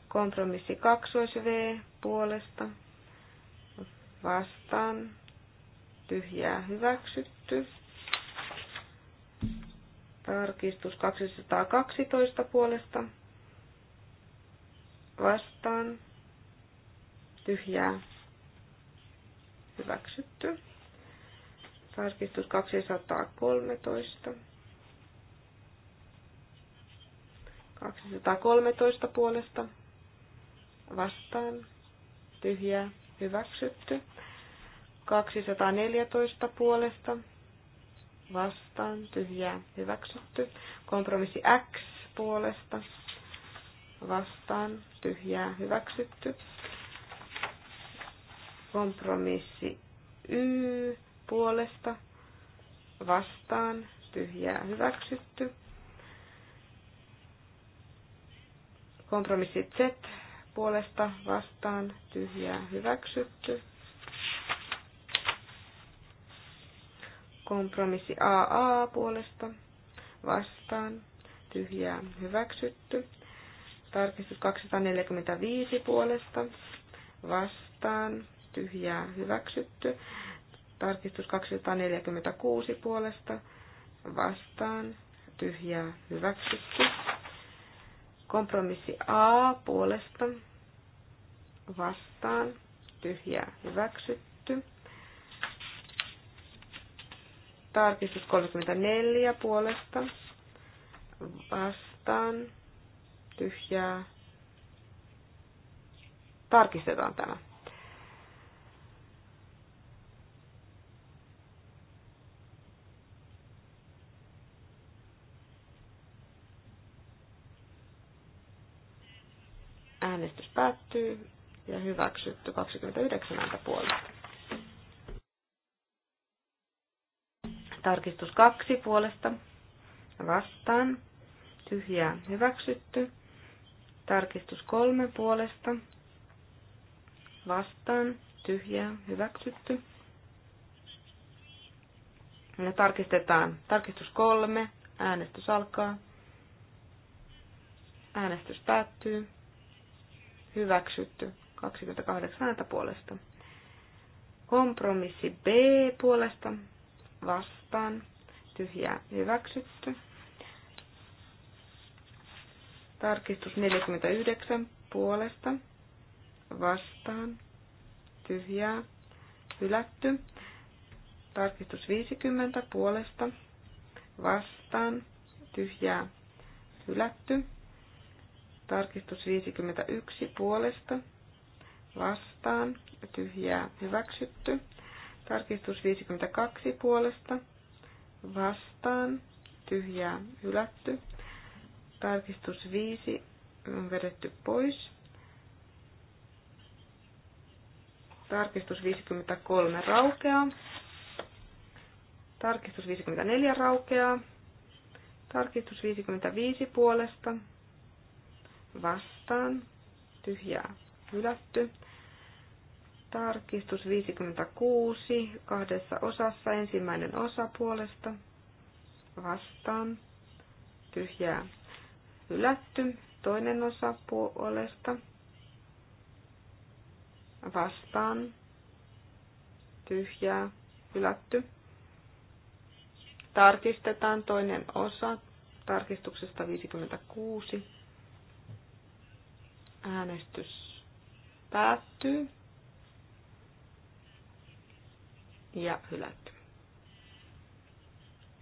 Kompromissi 2 V puolesta vastaan tyhjää hyväksytty. Tarkistus 212 puolesta vastaan tyhjää hyväksytty. Tarkistus 213. 213 puolesta vastaan. Tyhjää hyväksytty. 214 puolesta vastaan. Tyhjää hyväksytty. Kompromissi X puolesta vastaan. Tyhjää hyväksytty. Kompromissi Y puolesta vastaan tyhjää hyväksytty. Kompromissi Z puolesta vastaan tyhjää hyväksytty. Kompromissi AA puolesta vastaan tyhjää hyväksytty. Tarkistus 245 puolesta vastaan tyhjää hyväksytty. Tarkistus 246 puolesta vastaan tyhjää hyväksytty. Kompromissi A puolesta vastaan tyhjää hyväksytty. Tarkistus 34 puolesta vastaan tyhjää. Tarkistetaan tämä. Äänestys päättyy ja hyväksytty 29 ääntä puolesta. Tarkistus 2 puolesta vastaan. Tyhjää hyväksytty. Tarkistus 3 puolesta vastaan. Tyhjää hyväksytty. Ja tarkistetaan. Tarkistus 3. Äänestys alkaa. Äänestys päättyy hyväksytty 28 ääntä puolesta. Kompromissi B puolesta vastaan tyhjä, hyväksytty. Tarkistus 49 puolesta vastaan tyhjää hylätty. Tarkistus 50 puolesta vastaan tyhjää hylätty. Tarkistus 51 puolesta vastaan, tyhjää hyväksytty. Tarkistus 52 puolesta vastaan, tyhjää hylätty. Tarkistus 5 on vedetty pois. Tarkistus 53 raukeaa. Tarkistus 54 raukeaa. Tarkistus 55 puolesta vastaan, tyhjä hylätty. Tarkistus 56 kahdessa osassa, ensimmäinen osa puolesta, vastaan, tyhjää hylätty, toinen osa puolesta, vastaan, tyhjää hylätty. Tarkistetaan toinen osa tarkistuksesta 56. Äänestys päättyy. Ja hylätty.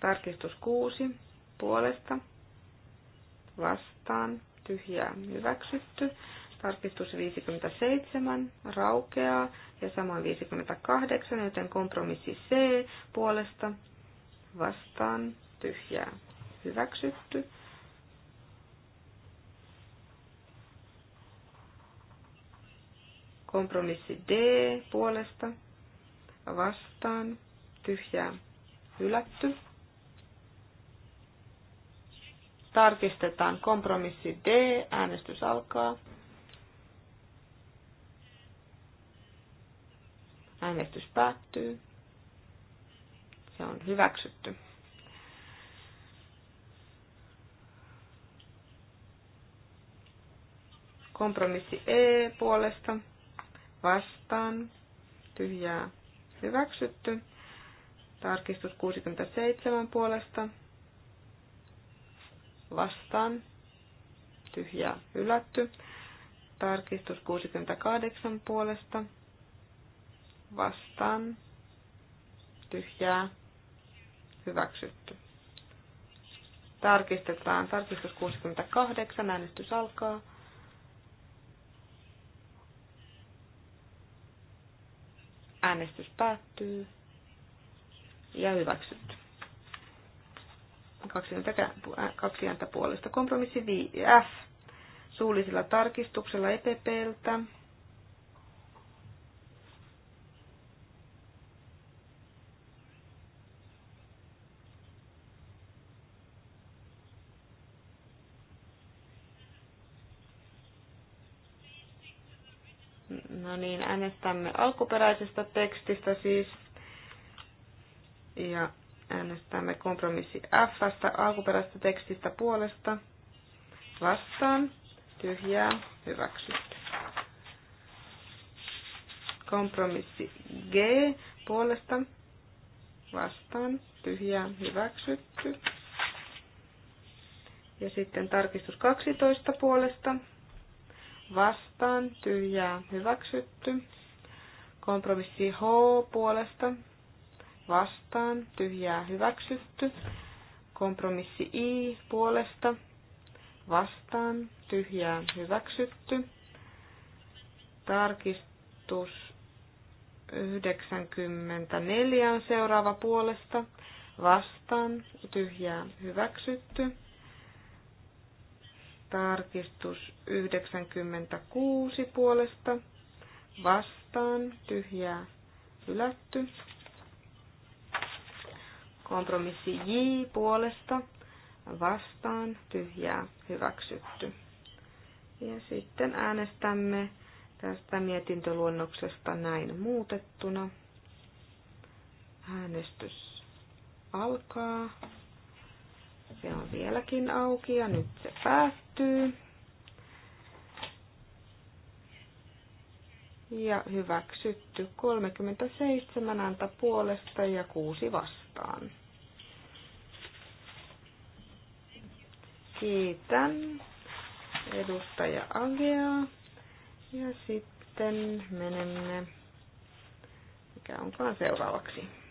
Tarkistus 6 puolesta vastaan tyhjää hyväksytty. Tarkistus 57 raukeaa ja samoin 58, joten kompromissi C puolesta vastaan tyhjää hyväksytty. Kompromissi D puolesta vastaan tyhjää hylätty. Tarkistetaan kompromissi D. Äänestys alkaa. Äänestys päättyy. Se on hyväksytty. Kompromissi E puolesta vastaan, tyhjää hyväksytty. Tarkistus 67 puolesta vastaan, tyhjää hylätty. Tarkistus 68 puolesta vastaan, tyhjää hyväksytty. Tarkistetaan. Tarkistus 68. Äänestys alkaa. Äänestys päättyy ja hyväksyt. kaksi ääntä puolesta. Kompromissi F suullisella tarkistuksella EPPltä. No niin, äänestämme alkuperäisestä tekstistä siis. Ja äänestämme kompromissi F alkuperäisestä tekstistä puolesta. Vastaan. Tyhjää. Hyväksytty. Kompromissi G puolesta. Vastaan. Tyhjää. Hyväksytty. Ja sitten tarkistus 12 puolesta vastaan, tyhjää hyväksytty. Kompromissi H puolesta vastaan, tyhjää hyväksytty. Kompromissi I puolesta vastaan, tyhjää hyväksytty. Tarkistus 94 on seuraava puolesta vastaan, tyhjää hyväksytty. Tarkistus 96 puolesta. Vastaan. Tyhjää. Hylätty. Kompromissi J puolesta. Vastaan. Tyhjää. Hyväksytty. Ja sitten äänestämme tästä mietintöluonnoksesta näin muutettuna. Äänestys alkaa. Se on vieläkin auki ja nyt se päättyy päättyy. Ja hyväksytty 37 ääntä puolesta ja 6 vastaan. Kiitän edustaja Agea. Ja sitten menemme, mikä onkaan seuraavaksi.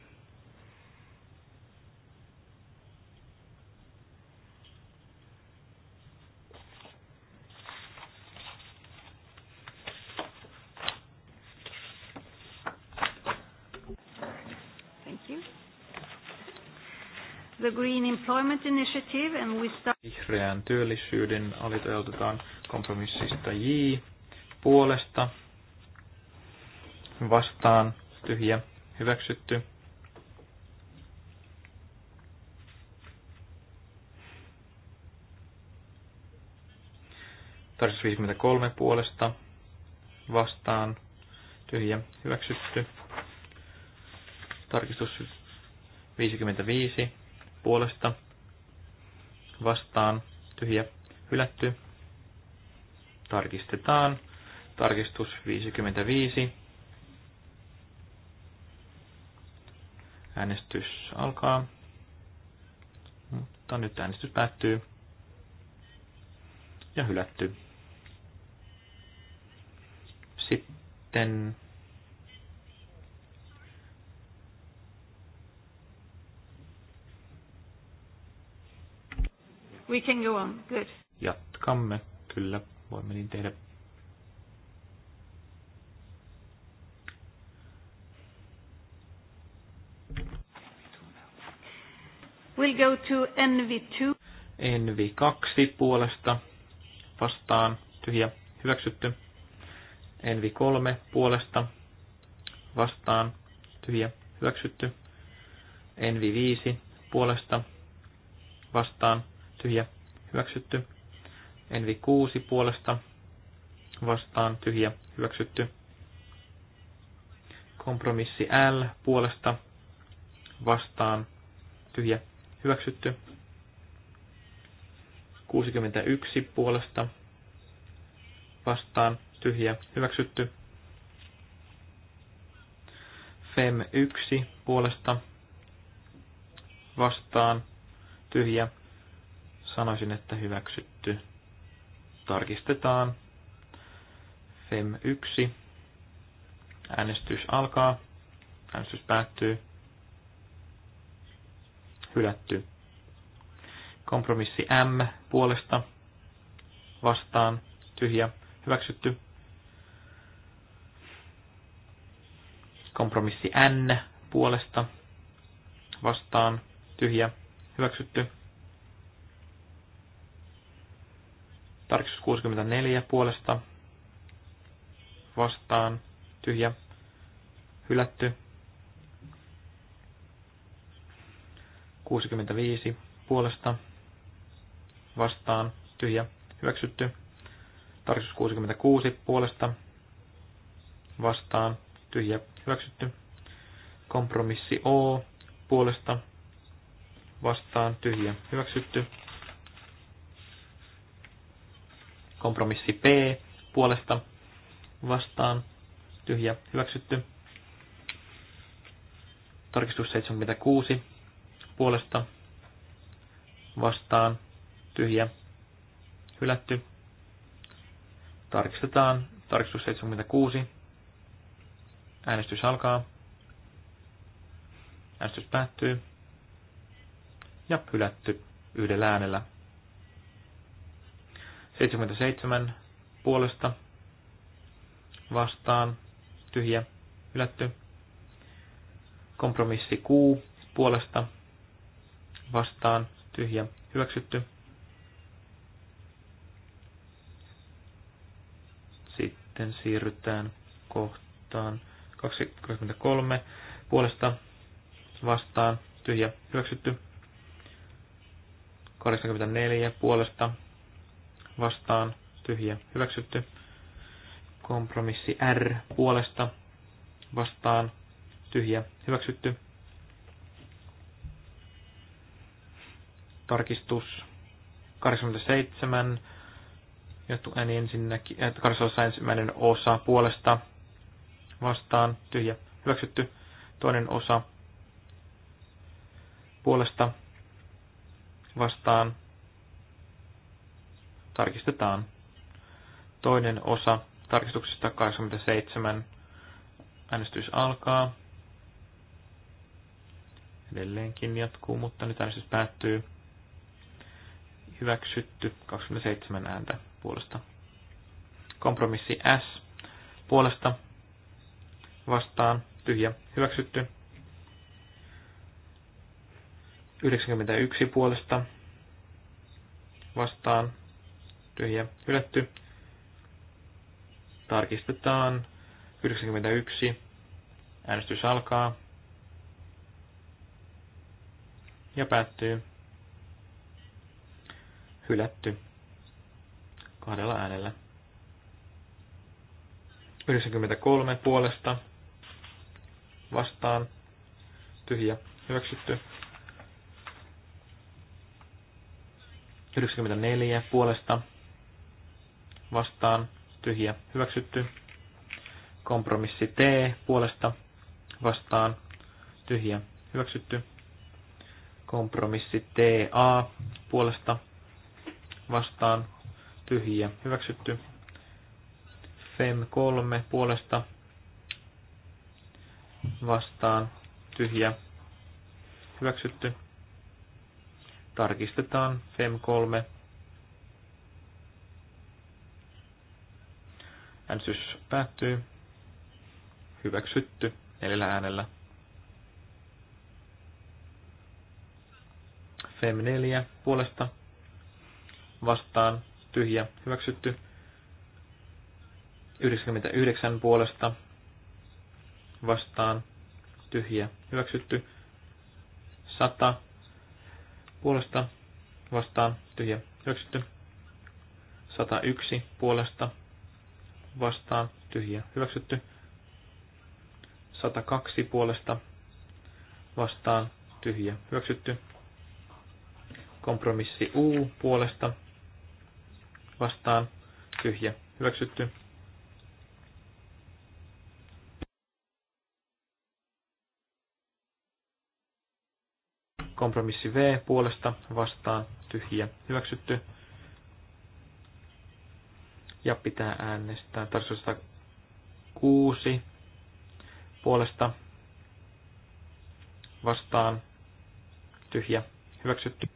the Green Employment Initiative and we start... Vihreän työllisyyden alitoitetaan kompromissista J puolesta vastaan tyhjä hyväksytty. Tarkistus 53 puolesta vastaan tyhjä hyväksytty. Tarkistus 55 puolesta vastaan tyhjä hylätty. Tarkistetaan. Tarkistus 55. Äänestys alkaa. Mutta nyt äänestys päättyy. Ja hylätty. Sitten We can go on. Good. Jatkamme. Kyllä, voimme niin tehdä. We'll go to NV2. NV2 puolesta vastaan tyhjä hyväksytty. NV3 puolesta vastaan tyhjä hyväksytty. NV5 puolesta vastaan tyhjä, hyväksytty. Envi 6 puolesta vastaan tyhjä, hyväksytty. Kompromissi L puolesta vastaan tyhjä, hyväksytty. 61 puolesta vastaan tyhjä, hyväksytty. Fem 1 puolesta vastaan tyhjä, Sanoisin, että hyväksytty. Tarkistetaan. FEM 1. Äänestys alkaa. Äänestys päättyy. Hylätty. Kompromissi M puolesta vastaan tyhjä hyväksytty. Kompromissi N puolesta vastaan tyhjä hyväksytty. Tarkistus 64 puolesta vastaan tyhjä hylätty. 65 puolesta vastaan tyhjä hyväksytty. Tarkistus 66 puolesta vastaan tyhjä hyväksytty. Kompromissi O puolesta vastaan tyhjä hyväksytty. Kompromissi P puolesta vastaan tyhjä hyväksytty. Tarkistus 76 puolesta vastaan tyhjä hylätty. Tarkistetaan tarkistus 76. Äänestys alkaa. Äänestys päättyy. Ja hylätty yhdellä äänellä. 77 puolesta vastaan tyhjä hylätty. Kompromissi Q puolesta vastaan tyhjä hyväksytty. Sitten siirrytään kohtaan 23 puolesta vastaan tyhjä hyväksytty. 84 puolesta vastaan tyhjä hyväksytty. Kompromissi R puolesta vastaan tyhjä hyväksytty. Tarkistus 87. Jotu ääni ensinnäkin, äh, ensimmäinen osa puolesta vastaan tyhjä hyväksytty. Toinen osa puolesta vastaan tarkistetaan. Toinen osa tarkistuksesta 87. Äänestys alkaa. Edelleenkin jatkuu, mutta nyt äänestys päättyy. Hyväksytty 27 ääntä puolesta. Kompromissi S puolesta vastaan tyhjä hyväksytty. 91 puolesta vastaan tyhjä hylätty. Tarkistetaan 91. Äänestys alkaa. Ja päättyy. Hylätty. Kahdella äänellä. 93 puolesta vastaan tyhjä hyväksytty. 94 puolesta vastaan tyhjä hyväksytty. Kompromissi T puolesta vastaan tyhjä hyväksytty. Kompromissi TA puolesta vastaan tyhjä hyväksytty. FEM 3 puolesta vastaan tyhjä hyväksytty. Tarkistetaan FEM 3 Äänestys päättyy. Hyväksytty neljällä äänellä. FEM 4 puolesta vastaan tyhjä hyväksytty. 99 puolesta vastaan tyhjä hyväksytty. 100 puolesta vastaan tyhjä hyväksytty. 101 puolesta vastaan tyhjä hyväksytty. 102 puolesta vastaan tyhjä hyväksytty. Kompromissi U puolesta vastaan tyhjä hyväksytty. Kompromissi V puolesta vastaan tyhjä hyväksytty ja pitää äänestää tarkistusta kuusi puolesta vastaan tyhjä hyväksytty.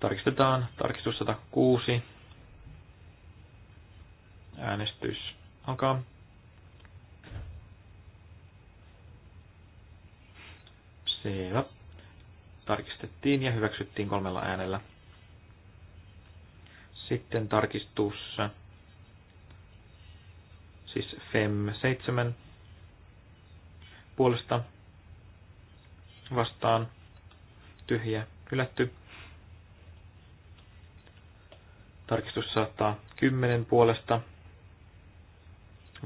Tarkistetaan tarkistus 106. Äänestys alkaa. Selvä. Tarkistettiin ja hyväksyttiin kolmella äänellä. Sitten tarkistus, siis FEM e 7 puolesta vastaan tyhjä hylätty. Tarkistus 110 puolesta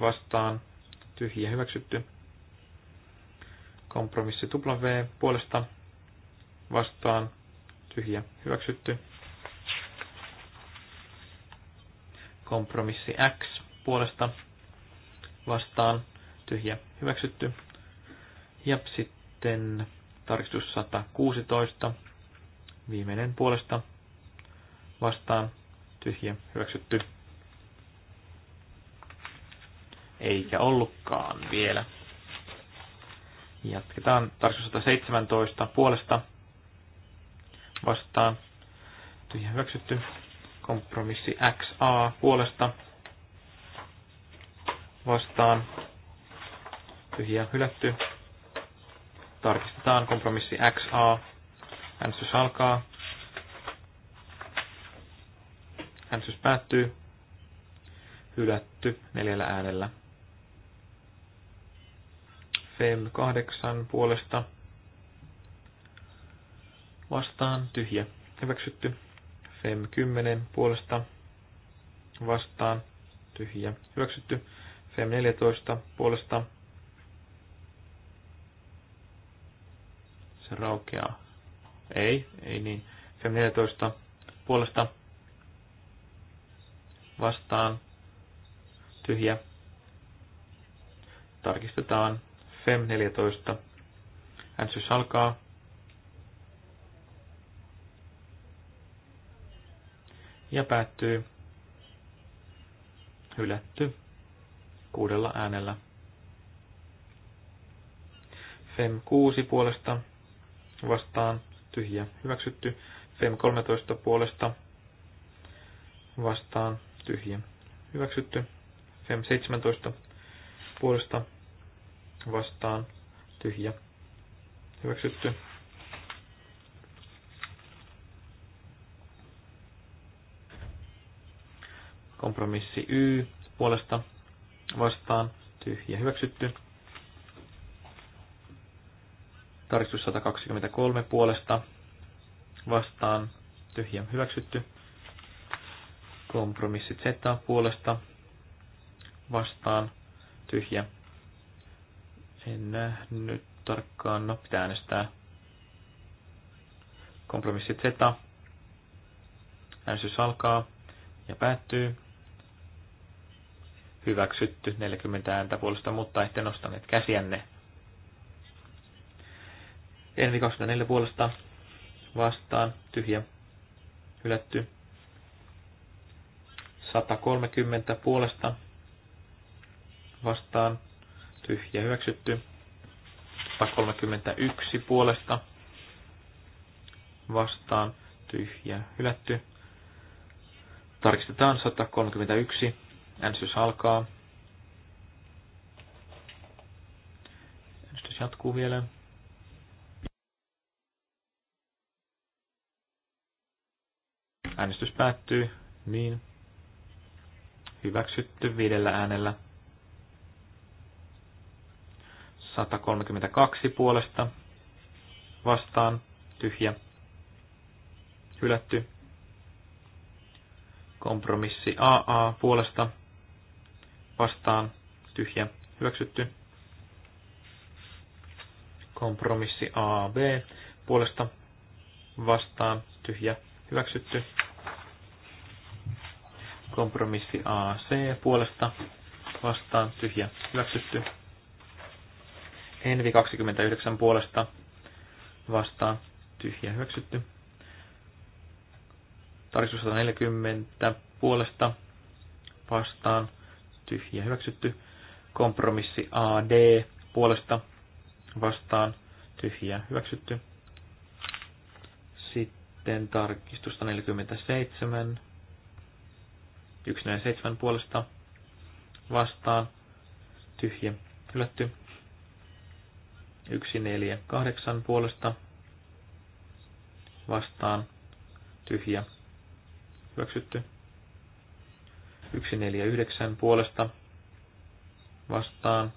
vastaan tyhjä hyväksytty. Kompromissi W puolesta vastaan tyhjä hyväksytty. Kompromissi X puolesta vastaan tyhjä hyväksytty. Ja sitten tarkistus 116, viimeinen puolesta vastaan tyhjä hyväksytty. Eikä ollutkaan vielä. Jatketaan tarkistus 117 puolesta vastaan tyhjä hyväksytty. Kompromissi XA puolesta vastaan. Tyhjä hylätty. Tarkistetaan kompromissi XA. Äänestys alkaa. Äänestys päättyy. Hylätty neljällä äänellä. FEM 8 puolesta vastaan tyhjä. Hyväksytty. FM 10 puolesta vastaan tyhjä hyväksytty. FM 14 puolesta se raukeaa. Ei, ei niin. FM 14 puolesta vastaan tyhjä. Tarkistetaan. FEM 14. Äänestys alkaa. ja päättyy hylätty kuudella äänellä. FEM 6 puolesta vastaan tyhjä hyväksytty. FEM 13 puolesta vastaan tyhjä hyväksytty. FEM 17 puolesta vastaan tyhjä hyväksytty. Kompromissi Y puolesta vastaan tyhjä hyväksytty. Tarkistus 123 puolesta vastaan tyhjä hyväksytty. Kompromissi Z puolesta vastaan tyhjä. En nähnyt tarkkaan. No, pitää äänestää. Kompromissi Z. Äänestys alkaa ja päättyy hyväksytty 40 ääntä puolesta, mutta ette nostaneet käsiänne. Envi 24 puolesta vastaan, tyhjä, hylätty. 130 puolesta vastaan, tyhjä, hyväksytty. 131 puolesta vastaan, tyhjä, hylätty. Tarkistetaan 131 Äänestys alkaa. Äänestys jatkuu vielä. Äänestys päättyy. Niin. Hyväksytty viidellä äänellä. 132 puolesta vastaan tyhjä hylätty. Kompromissi AA puolesta vastaan tyhjä hyväksytty. Kompromissi AB puolesta vastaan tyhjä hyväksytty. Kompromissi AC puolesta vastaan tyhjä hyväksytty. Envi 29 puolesta vastaan tyhjä hyväksytty. Tarkistus 140 puolesta vastaan tyhjä hyväksytty. Kompromissi AD puolesta vastaan tyhjä hyväksytty. Sitten tarkistusta 47. 147 puolesta vastaan tyhjä hylätty. 148 puolesta vastaan tyhjä hyväksytty. 149 puolesta vastaan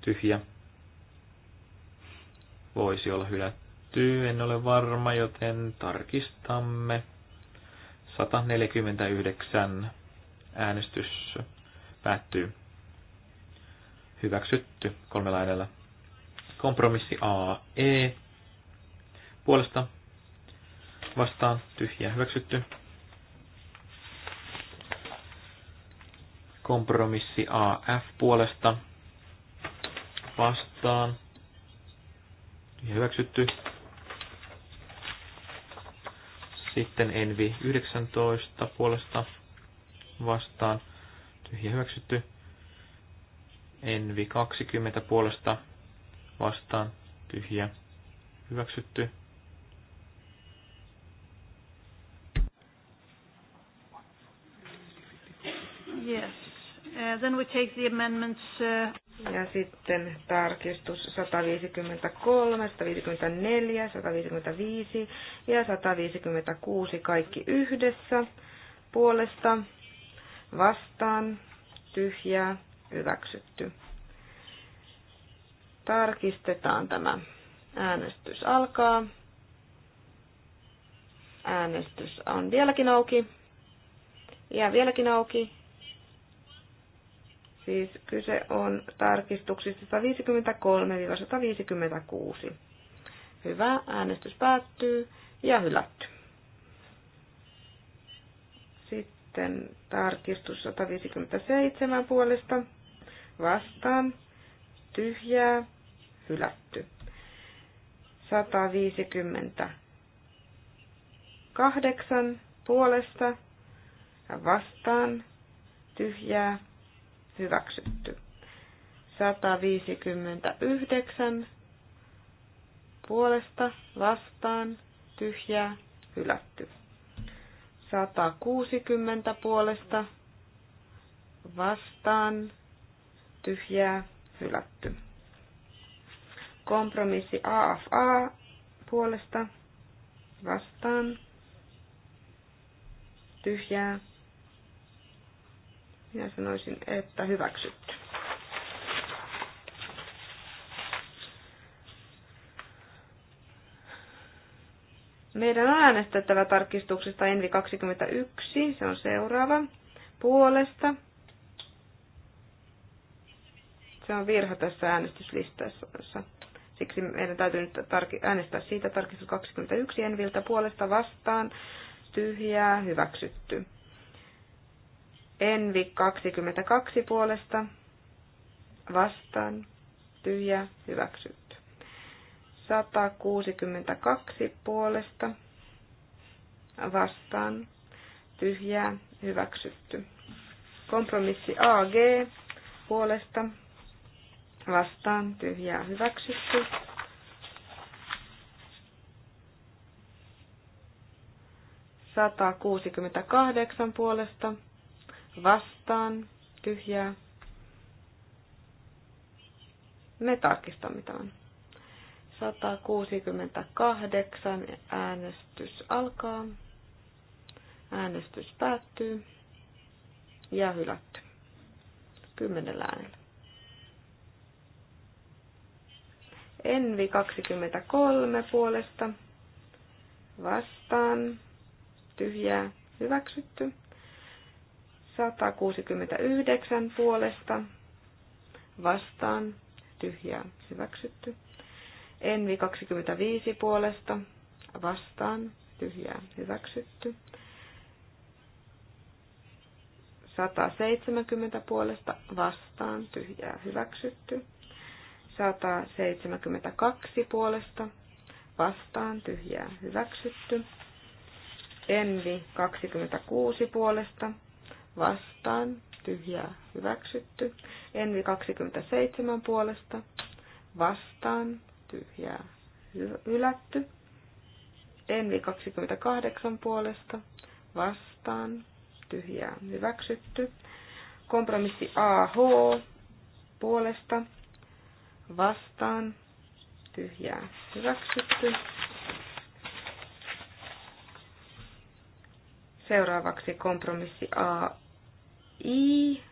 tyhjä. Voisi olla hylätty, en ole varma, joten tarkistamme. 149 äänestys päättyy. Hyväksytty kolmella edellä. Kompromissi AE puolesta vastaan tyhjä hyväksytty. Kompromissi AF puolesta vastaan. Hyväksytty. Sitten Envi 19 puolesta vastaan. Tyhjä hyväksytty. Envi 20 puolesta vastaan. Tyhjä hyväksytty. Uh, then we take the amendments. Uh, ja sitten tarkistus 153, 154, 155 ja 156 kaikki yhdessä puolesta vastaan tyhjää hyväksytty. Tarkistetaan tämä. Äänestys alkaa. Äänestys on vieläkin auki. Ja vieläkin auki Siis kyse on tarkistuksista 153-156. Hyvä, äänestys päättyy ja hylätty. Sitten tarkistus 157 puolesta vastaan, tyhjää, hylätty. 158 puolesta vastaan, tyhjää, hyväksytty. 159 puolesta vastaan tyhjää hylätty. 160 puolesta vastaan tyhjää hylätty. Kompromissi AFA puolesta vastaan tyhjää minä sanoisin, että hyväksytty. Meidän on äänestettävä tarkistuksesta Envi 21, se on seuraava, puolesta. Se on virha tässä äänestyslistassa. Siksi meidän täytyy nyt äänestää siitä tarkistus 21 Enviltä puolesta vastaan. Tyhjää, hyväksytty. Envi 22 puolesta vastaan tyhjä hyväksytty. 162 puolesta vastaan tyhjää hyväksytty. Kompromissi AG puolesta vastaan tyhjää hyväksytty. Sata kahdeksan puolesta vastaan, tyhjää. Me tarkistamme tämän. 168 äänestys alkaa. Äänestys päättyy ja hylätty. Kymmenellä äänellä. Envi 23 puolesta vastaan tyhjää hyväksytty. 169 puolesta vastaan tyhjää hyväksytty. Envi 25 puolesta vastaan tyhjää hyväksytty. 170 puolesta vastaan tyhjää hyväksytty. 172 puolesta vastaan tyhjää hyväksytty. Envi 26 puolesta vastaan, tyhjää hyväksytty. Envi 27 puolesta vastaan, tyhjää hylätty. Envi 28 puolesta vastaan, tyhjää hyväksytty. Kompromissi AH puolesta vastaan, tyhjää hyväksytty. Seuraavaksi kompromissi A I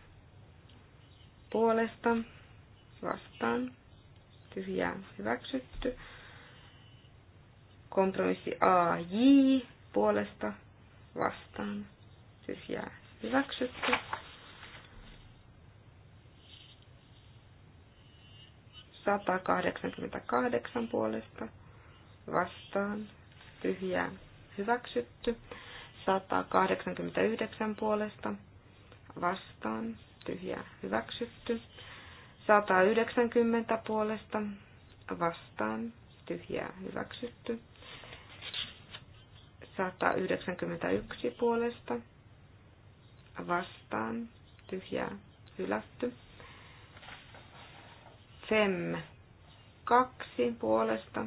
puolesta vastaan tyhjää hyväksytty. Kompromissi a J puolesta vastaan tyhjää hyväksytty. Sata kahdeksankymmentäkahdeksan puolesta vastaan tyhjää hyväksytty. 189 puolesta vastaan, tyhjä hyväksytty. 190 puolesta vastaan, tyhjä hyväksytty. 191 puolesta vastaan, tyhjä hylätty. Fem 2 puolesta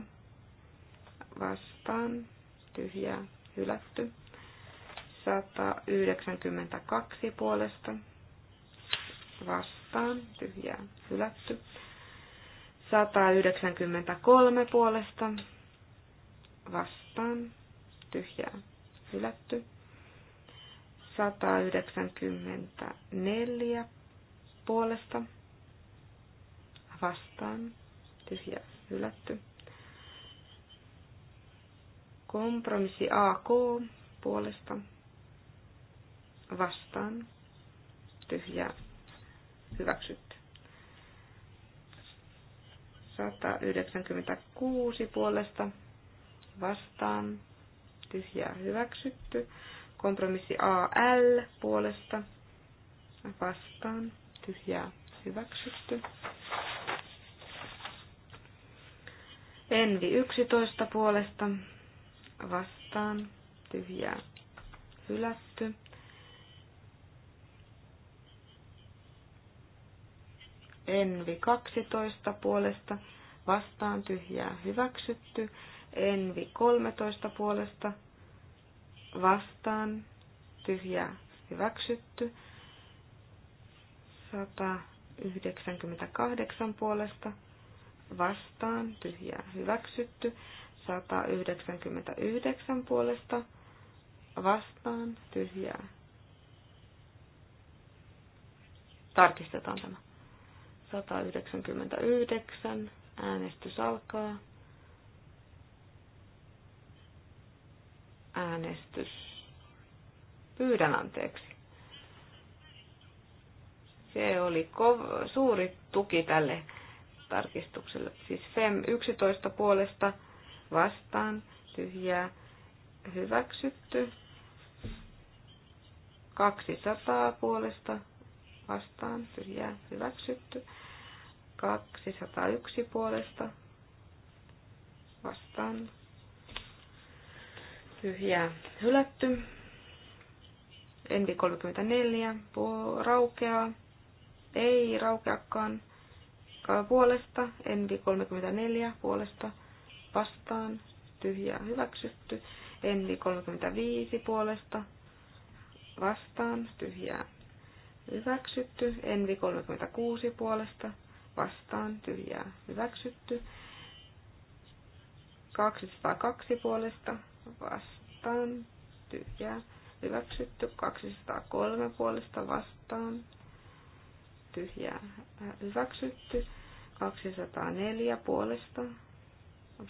vastaan, tyhjä hylätty. 1992 puolesta vastaan, tyhjää hylätty. 193 puolesta vastaan, tyhjää hylätty. 194 puolesta vastaan, tyhjää hylätty. Kompromissi AK puolesta vastaan tyhjä hyväksytty. 196 puolesta vastaan tyhjää hyväksytty. Kompromissi AL puolesta vastaan tyhjää hyväksytty. Envi 11 puolesta vastaan tyhjää hylätty. Envi 12 puolesta vastaan tyhjää hyväksytty. Envi 13 puolesta vastaan tyhjää hyväksytty. 198 puolesta vastaan tyhjää hyväksytty. 199 puolesta vastaan tyhjää. Tarkistetaan tämä. 199. Äänestys alkaa. Äänestys. Pyydän anteeksi. Se oli kov- suuri tuki tälle tarkistukselle. Siis FEM 11 puolesta vastaan tyhjää hyväksytty. 200 puolesta vastaan tyhjää hyväksytty. 201 puolesta vastaan tyhjää hylätty. Envi 34 raukeaa. Ei raukeakaan puolesta. Envi 34 puolesta vastaan tyhjää hyväksytty. Envi 35 puolesta vastaan tyhjää hyväksytty. Envi 36 puolesta vastaan tyhjää hyväksytty. 202 puolesta vastaan tyhjää hyväksytty. 203 puolesta vastaan tyhjää hyväksytty. 204 puolesta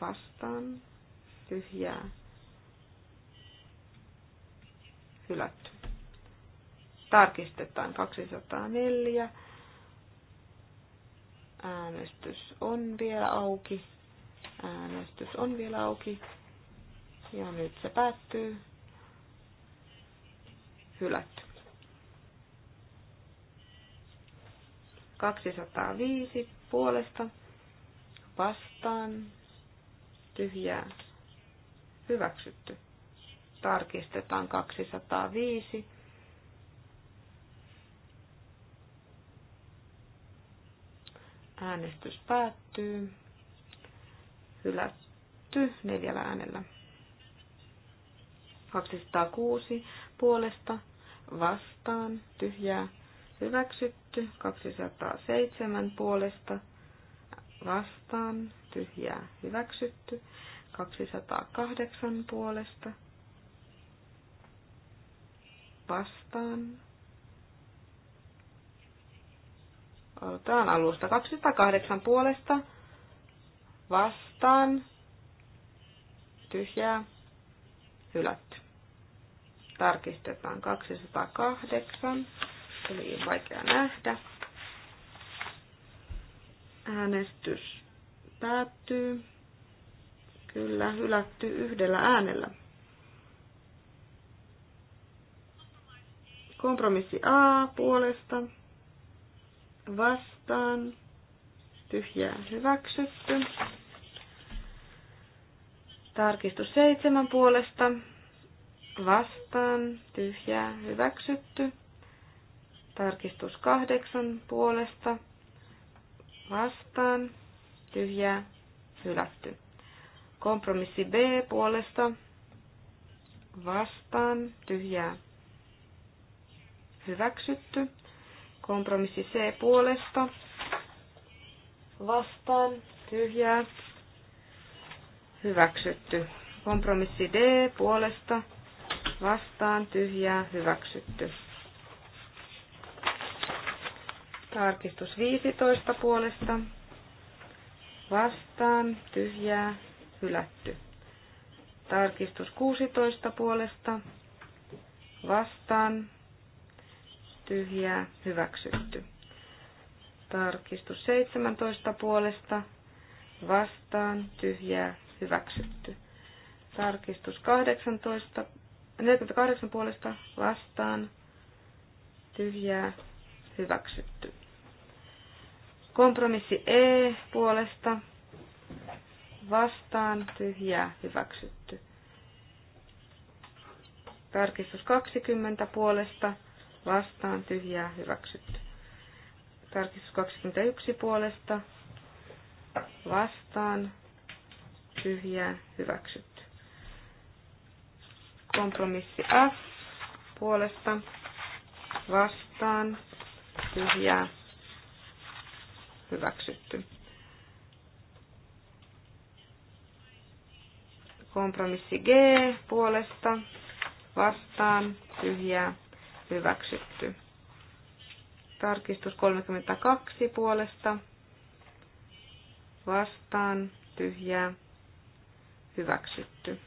vastaan tyhjää hylätty tarkistetaan 204. Äänestys on vielä auki. Äänestys on vielä auki. Ja nyt se päättyy. Hylätty. 205 puolesta vastaan tyhjää hyväksytty. Tarkistetaan 205 Äänestys päättyy. Hylätty neljällä äänellä. 206 puolesta vastaan tyhjää hyväksytty. 207 puolesta vastaan tyhjää hyväksytty. 208 puolesta vastaan otetaan alusta. 208 puolesta vastaan. Tyhjää. Hylätty. Tarkistetaan 208. Oli vaikea nähdä. Äänestys päättyy. Kyllä, hylätty yhdellä äänellä. Kompromissi A puolesta vastaan. Tyhjää hyväksytty. Tarkistus seitsemän puolesta. Vastaan. Tyhjää hyväksytty. Tarkistus kahdeksan puolesta. Vastaan. Tyhjää hylätty. Kompromissi B puolesta. Vastaan. Tyhjää hyväksytty. Kompromissi C puolesta. Vastaan. Tyhjää. Hyväksytty. Kompromissi D puolesta. Vastaan. Tyhjää. Hyväksytty. Tarkistus 15 puolesta. Vastaan. Tyhjää. Hylätty. Tarkistus 16 puolesta. Vastaan tyhjää, hyväksytty. Tarkistus 17 puolesta, vastaan, tyhjää, hyväksytty. Tarkistus 18, 48 puolesta, vastaan, tyhjää, hyväksytty. Kompromissi E puolesta, vastaan, tyhjää, hyväksytty. Tarkistus 20 puolesta, vastaan tyhjää hyväksytty. Tarkistus 21 puolesta vastaan tyhjää hyväksytty. Kompromissi F puolesta vastaan tyhjää hyväksytty. Kompromissi G puolesta vastaan tyhjää hyväksytty. Tarkistus 32 puolesta vastaan tyhjää hyväksytty.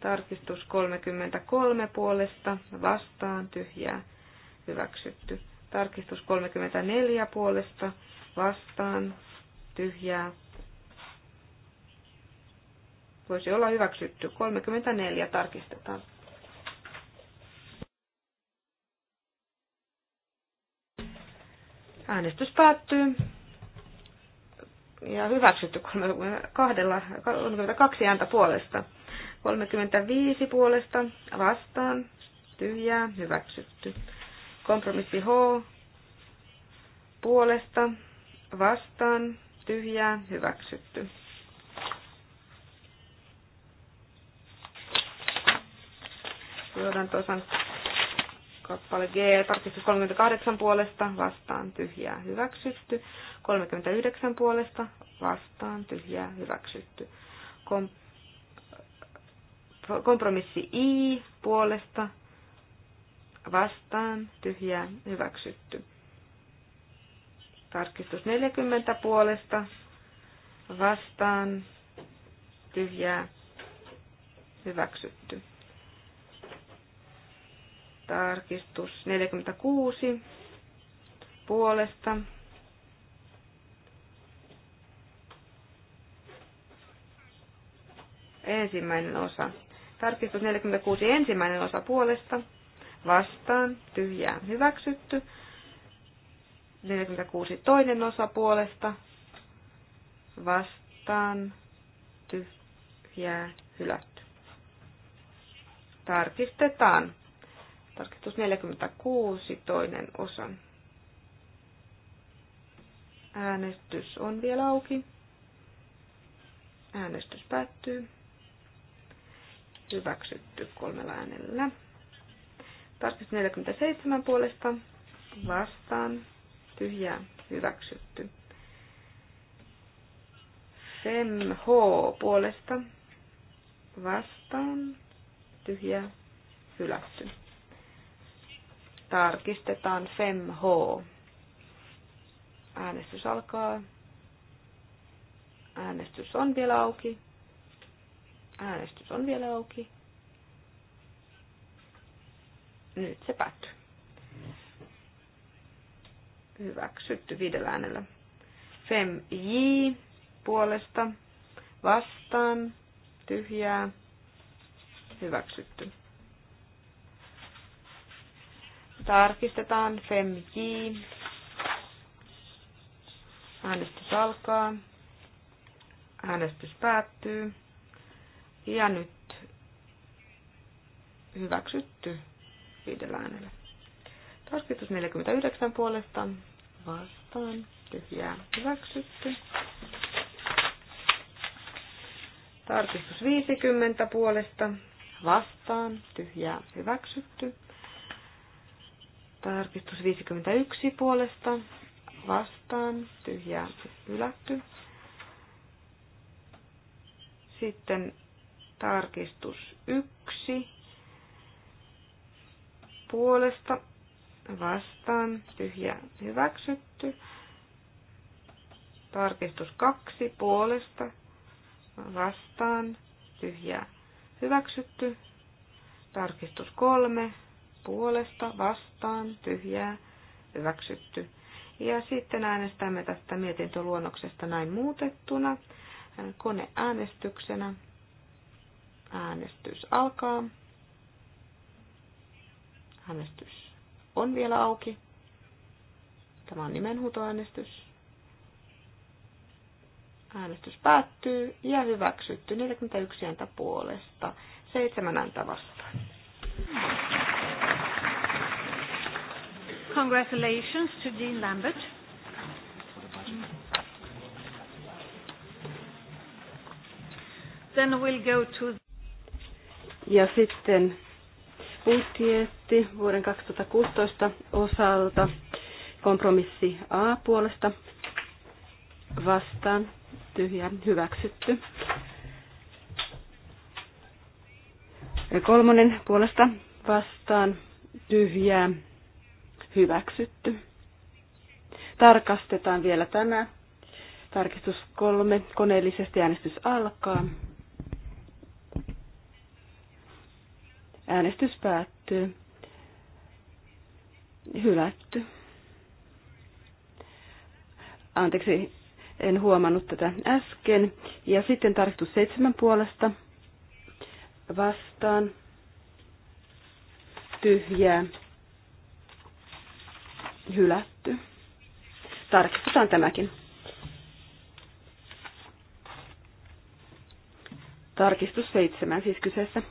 Tarkistus 33 puolesta vastaan tyhjää hyväksytty. Tarkistus 34 puolesta vastaan tyhjää voisi olla hyväksytty. 34 tarkistetaan. Äänestys päättyy. Ja hyväksytty 32 ääntä puolesta. 35 puolesta vastaan. Tyhjää. Hyväksytty. Kompromissi H puolesta vastaan. Tyhjää. Hyväksytty. tuossa kappale G, tarkistus 38 puolesta, vastaan tyhjää hyväksytty. 39 puolesta, vastaan tyhjää hyväksytty. Kom- kompromissi I puolesta, vastaan tyhjää hyväksytty. Tarkistus 40 puolesta, vastaan tyhjää hyväksytty. Tarkistus 46 puolesta. Ensimmäinen osa. Tarkistus 46 ensimmäinen osa puolesta. Vastaan. Tyhjää. Hyväksytty. 46 toinen osa puolesta. Vastaan. Tyhjää. Hylätty tarkistetaan. Tarkistus 46, toinen osa. Äänestys on vielä auki. Äänestys päättyy. Hyväksytty kolmella äänellä. Tarkistus 47 puolesta. Vastaan. Tyhjää. Hyväksytty. FemH puolesta. Vastaan. Tyhjää. Hylätty. Tarkistetaan FemH. Äänestys alkaa. Äänestys on vielä auki. Äänestys on vielä auki. Nyt se päättyy. Hyväksytty viidellä äänellä. Fem J puolesta vastaan tyhjää hyväksytty. Tarkistetaan FemJ. Äänestys alkaa. Äänestys päättyy. Ja nyt hyväksytty viidellä äänellä. Tarkistus 49 puolesta vastaan. Tyhjää hyväksytty. Tarkistus 50 puolesta vastaan. Tyhjää hyväksytty. Tarkistus 51 puolesta vastaan, tyhjää ylätty. Sitten tarkistus 1 puolesta vastaan, tyhjä hyväksytty. Tarkistus 2 puolesta vastaan, tyhjä hyväksytty. Tarkistus 3 puolesta vastaan tyhjää hyväksytty. Ja sitten äänestämme tästä mietintöluonnoksesta näin muutettuna koneäänestyksenä. Äänestys alkaa. Äänestys on vielä auki. Tämä on nimenhuutoäänestys. Äänestys päättyy ja hyväksytty 41 ääntä puolesta, 7 ääntä vastaan. Congratulations to Dean Lambert. Then we'll go to... Ja sitten budjetti vuoden 2016 osalta kompromissi A puolesta vastaan tyhjä hyväksytty. Kolmonen puolesta vastaan tyhjää hyväksytty. Tarkastetaan vielä tämä. Tarkistus kolme. Koneellisesti äänestys alkaa. Äänestys päättyy. Hylätty. Anteeksi, en huomannut tätä äsken. Ja sitten tarkistus seitsemän puolesta vastaan tyhjää hylätty. Tarkistetaan tämäkin. Tarkistus seitsemän siis kyseessä.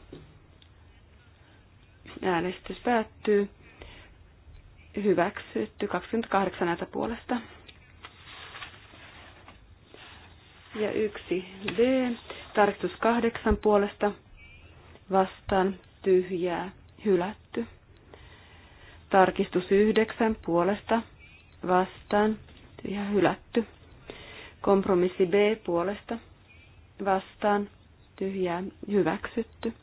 Äänestys päättyy. Hyväksytty 28 näitä puolesta. Ja yksi D. Tarkistus kahdeksan puolesta vastaan tyhjää hylätty. Tarkistus yhdeksän puolesta vastaan tyhjä hylätty. Kompromissi B puolesta vastaan tyhjää hyväksytty.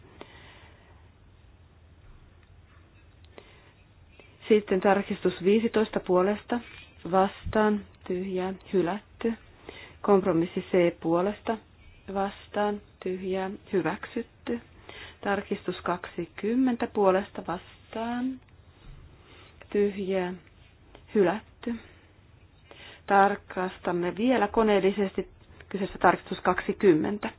Sitten tarkistus 15 puolesta vastaan tyhjää hylätty. Kompromissi C puolesta vastaan tyhjää hyväksytty. Tarkistus 20 puolesta vastaan tyhjää, hylätty. Tarkastamme vielä koneellisesti kyseessä tarkistus 20.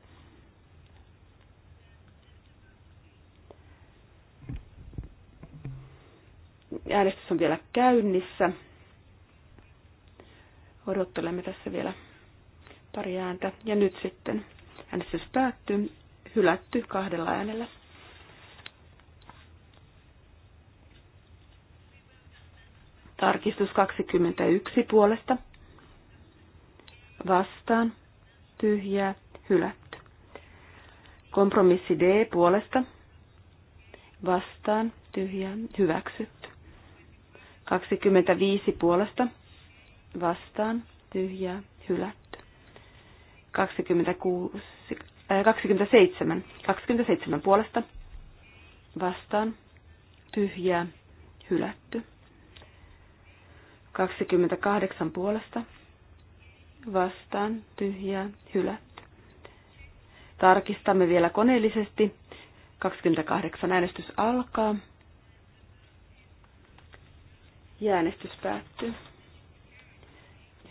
Äänestys on vielä käynnissä. Odottelemme tässä vielä pari ääntä. Ja nyt sitten äänestys päättyy. Hylätty kahdella äänellä. Tarkistus 21 puolesta. Vastaan. Tyhjää. Hylätty. Kompromissi D puolesta. Vastaan. Tyhjää. Hyväksytty. 25 puolesta. Vastaan. Tyhjää. Hylätty. 26, äh, 27. 27 puolesta. Vastaan. Tyhjää. Hylätty. 28 puolesta vastaan tyhjää hylätty. Tarkistamme vielä koneellisesti. 28 äänestys alkaa. Ja äänestys päättyy.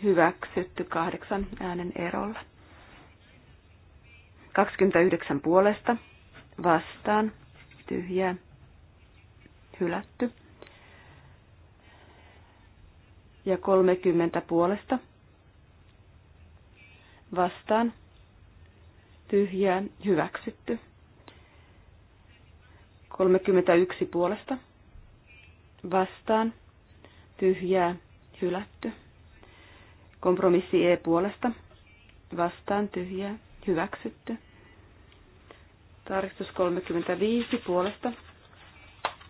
Hyväksytty kahdeksan äänen erolla. 29 puolesta vastaan tyhjää hylätty ja 30 puolesta. Vastaan. Tyhjään Hyväksytty. 31 puolesta. Vastaan. Tyhjää. Hylätty. Kompromissi E puolesta. Vastaan. Tyhjää. Hyväksytty. Tarkistus 35 puolesta.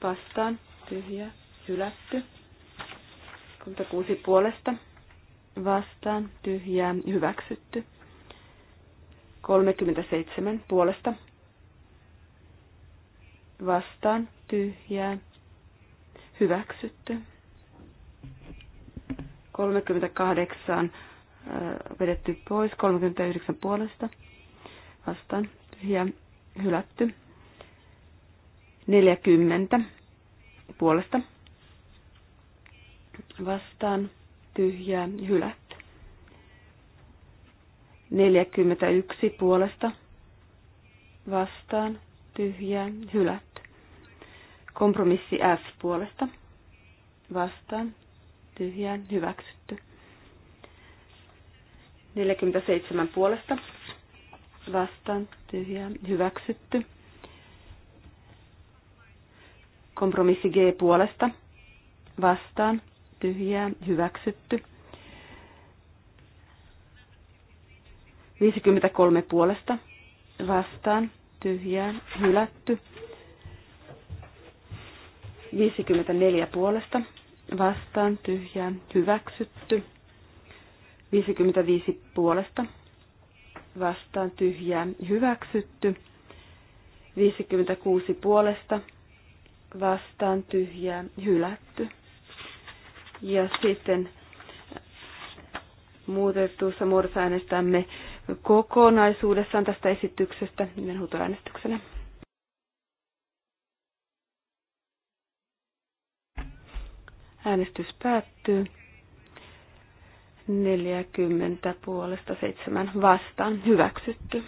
Vastaan. Tyhjää. Hylätty. 26 puolesta vastaan tyhjää hyväksytty. 37 puolesta vastaan tyhjää hyväksytty. 38 äh, vedetty pois, 39 puolesta vastaan tyhjää hylätty. 40 puolesta vastaan tyhjää hylätty. 41 puolesta vastaan tyhjää hylätty. Kompromissi F puolesta vastaan tyhjää, hyväksytty. 47 puolesta vastaan tyhjää, hyväksytty. Kompromissi G puolesta vastaan tyhjää, hyväksytty. 53 puolesta vastaan, tyhjää, hylätty. 54 puolesta vastaan, tyhjää, hyväksytty. 55 puolesta vastaan, tyhjää, hyväksytty. 56 puolesta vastaan, tyhjää, hylätty. Ja sitten äh, muutetussa muodossa äänestämme kokonaisuudessaan tästä esityksestä nimenhuutoäänestyksenä. Äänestys päättyy. 40 puolesta 7 vastaan. Hyväksytty.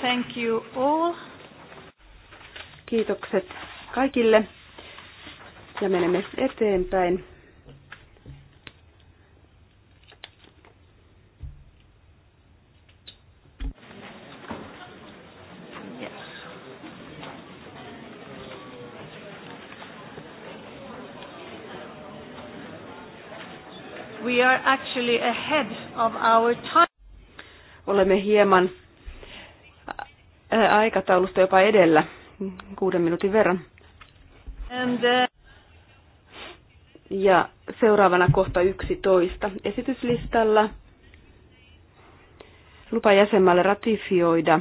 Thank you all. Kiitokset kaikille ja menemme eteenpäin. We are actually ahead of our time. Olemme hieman aikataulusta jopa edellä kuuden minuutin verran. Uh, ja seuraavana kohta 11 esityslistalla lupa jäsenmaalle ratifioida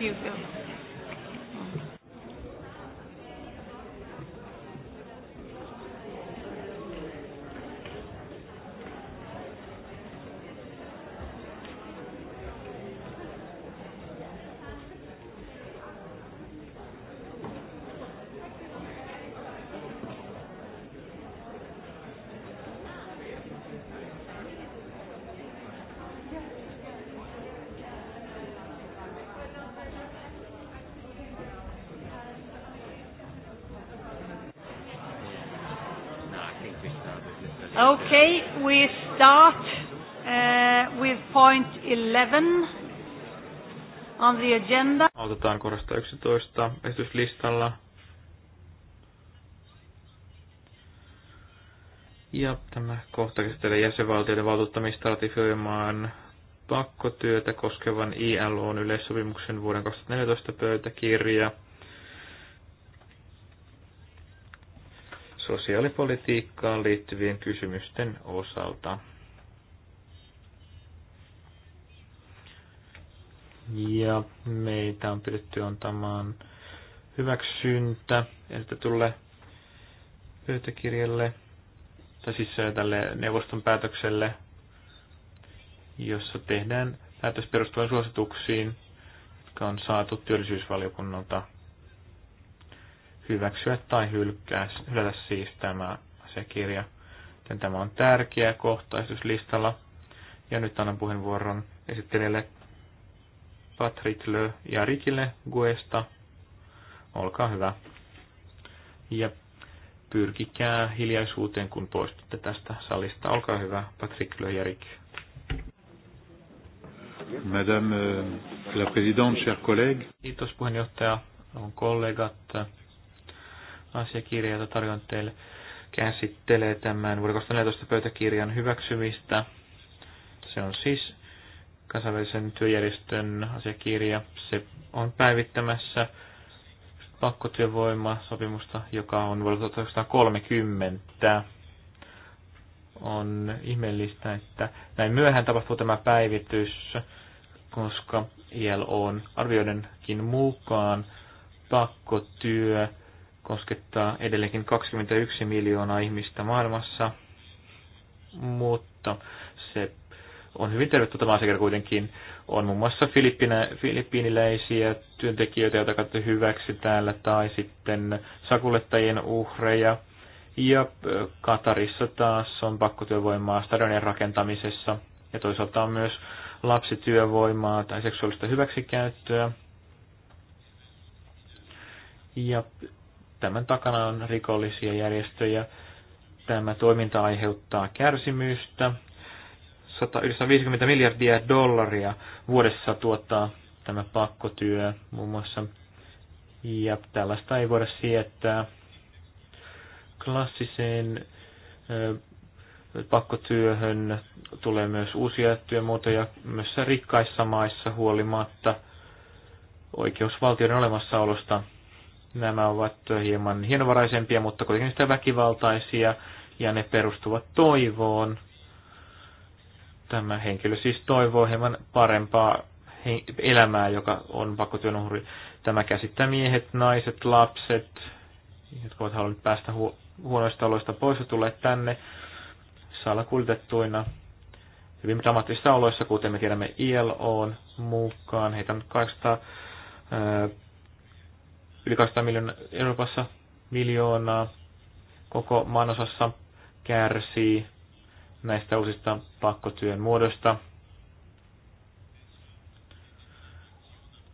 few Okay, we start uh, with point 11 on the agenda. Aloitetaan kohdasta 11 esityslistalla. Ja tämä kohta käsittelee jäsenvaltioiden valtuuttamista ratifioimaan pakkotyötä koskevan ILOn yleissopimuksen vuoden 2014 pöytäkirja – sosiaalipolitiikkaan liittyvien kysymysten osalta. Ja meitä on pyritty antamaan hyväksyntä ehdotetulle pöytäkirjalle, tai siis äh, tälle neuvoston päätökselle, jossa tehdään päätös perustuen suosituksiin, jotka on saatu työllisyysvaliokunnalta hyväksyä tai hylkää, hylätä siis tämä asiakirja. Joten tämä on tärkeä kohtaisuuslistalla. Ja nyt annan puheenvuoron esittelijälle Patrick Le ja Rikille Guesta. Olkaa hyvä. Ja pyrkikää hiljaisuuteen, kun poistutte tästä salista. Olkaa hyvä, Patrick Le ja Rik. Madame euh, la Présidente, chers collègues. Kiitos puheenjohtaja, on kollegat asiakirja, jota tarjoan teille, käsittelee tämän vuoden 2014 pöytäkirjan hyväksymistä. Se on siis kansainvälisen työjärjestön asiakirja. Se on päivittämässä pakkotyövoimasopimusta, joka on vuodelta 1930. On ihmeellistä, että näin myöhään tapahtuu tämä päivitys, koska on arvioidenkin mukaan pakkotyö koskettaa edelleenkin 21 miljoonaa ihmistä maailmassa, mutta se on hyvin tervetuloa asiakirja kuitenkin. On muun muassa filippiiniläisiä työntekijöitä, joita katsoo hyväksi täällä, tai sitten sakulettajien uhreja. Ja Katarissa taas on pakkotyövoimaa stadionien rakentamisessa, ja toisaalta on myös lapsityövoimaa tai seksuaalista hyväksikäyttöä. Ja Tämän takana on rikollisia järjestöjä. Tämä toiminta aiheuttaa kärsimystä. 150 miljardia dollaria vuodessa tuottaa tämä pakkotyö muun muassa. Ja tällaista ei voida sietää. Klassiseen pakkotyöhön tulee myös uusia työmuotoja myös rikkaissa maissa huolimatta oikeusvaltioiden olemassaolosta. Nämä ovat hieman hienovaraisempia, mutta kuitenkin sitä väkivaltaisia, ja ne perustuvat toivoon. Tämä henkilö siis toivoo hieman parempaa elämää, joka on pakotyön uhri. Tämä käsittää miehet, naiset, lapset, jotka ovat halunneet päästä hu- huonoista oloista pois ja tulleet tänne salakuljetettuina hyvin dramaattisissa oloissa, kuten me tiedämme ILOn mukaan. Heitä on 800 yli 200 miljoonaa Euroopassa miljoonaa koko maanosassa kärsii näistä uusista pakkotyön muodoista.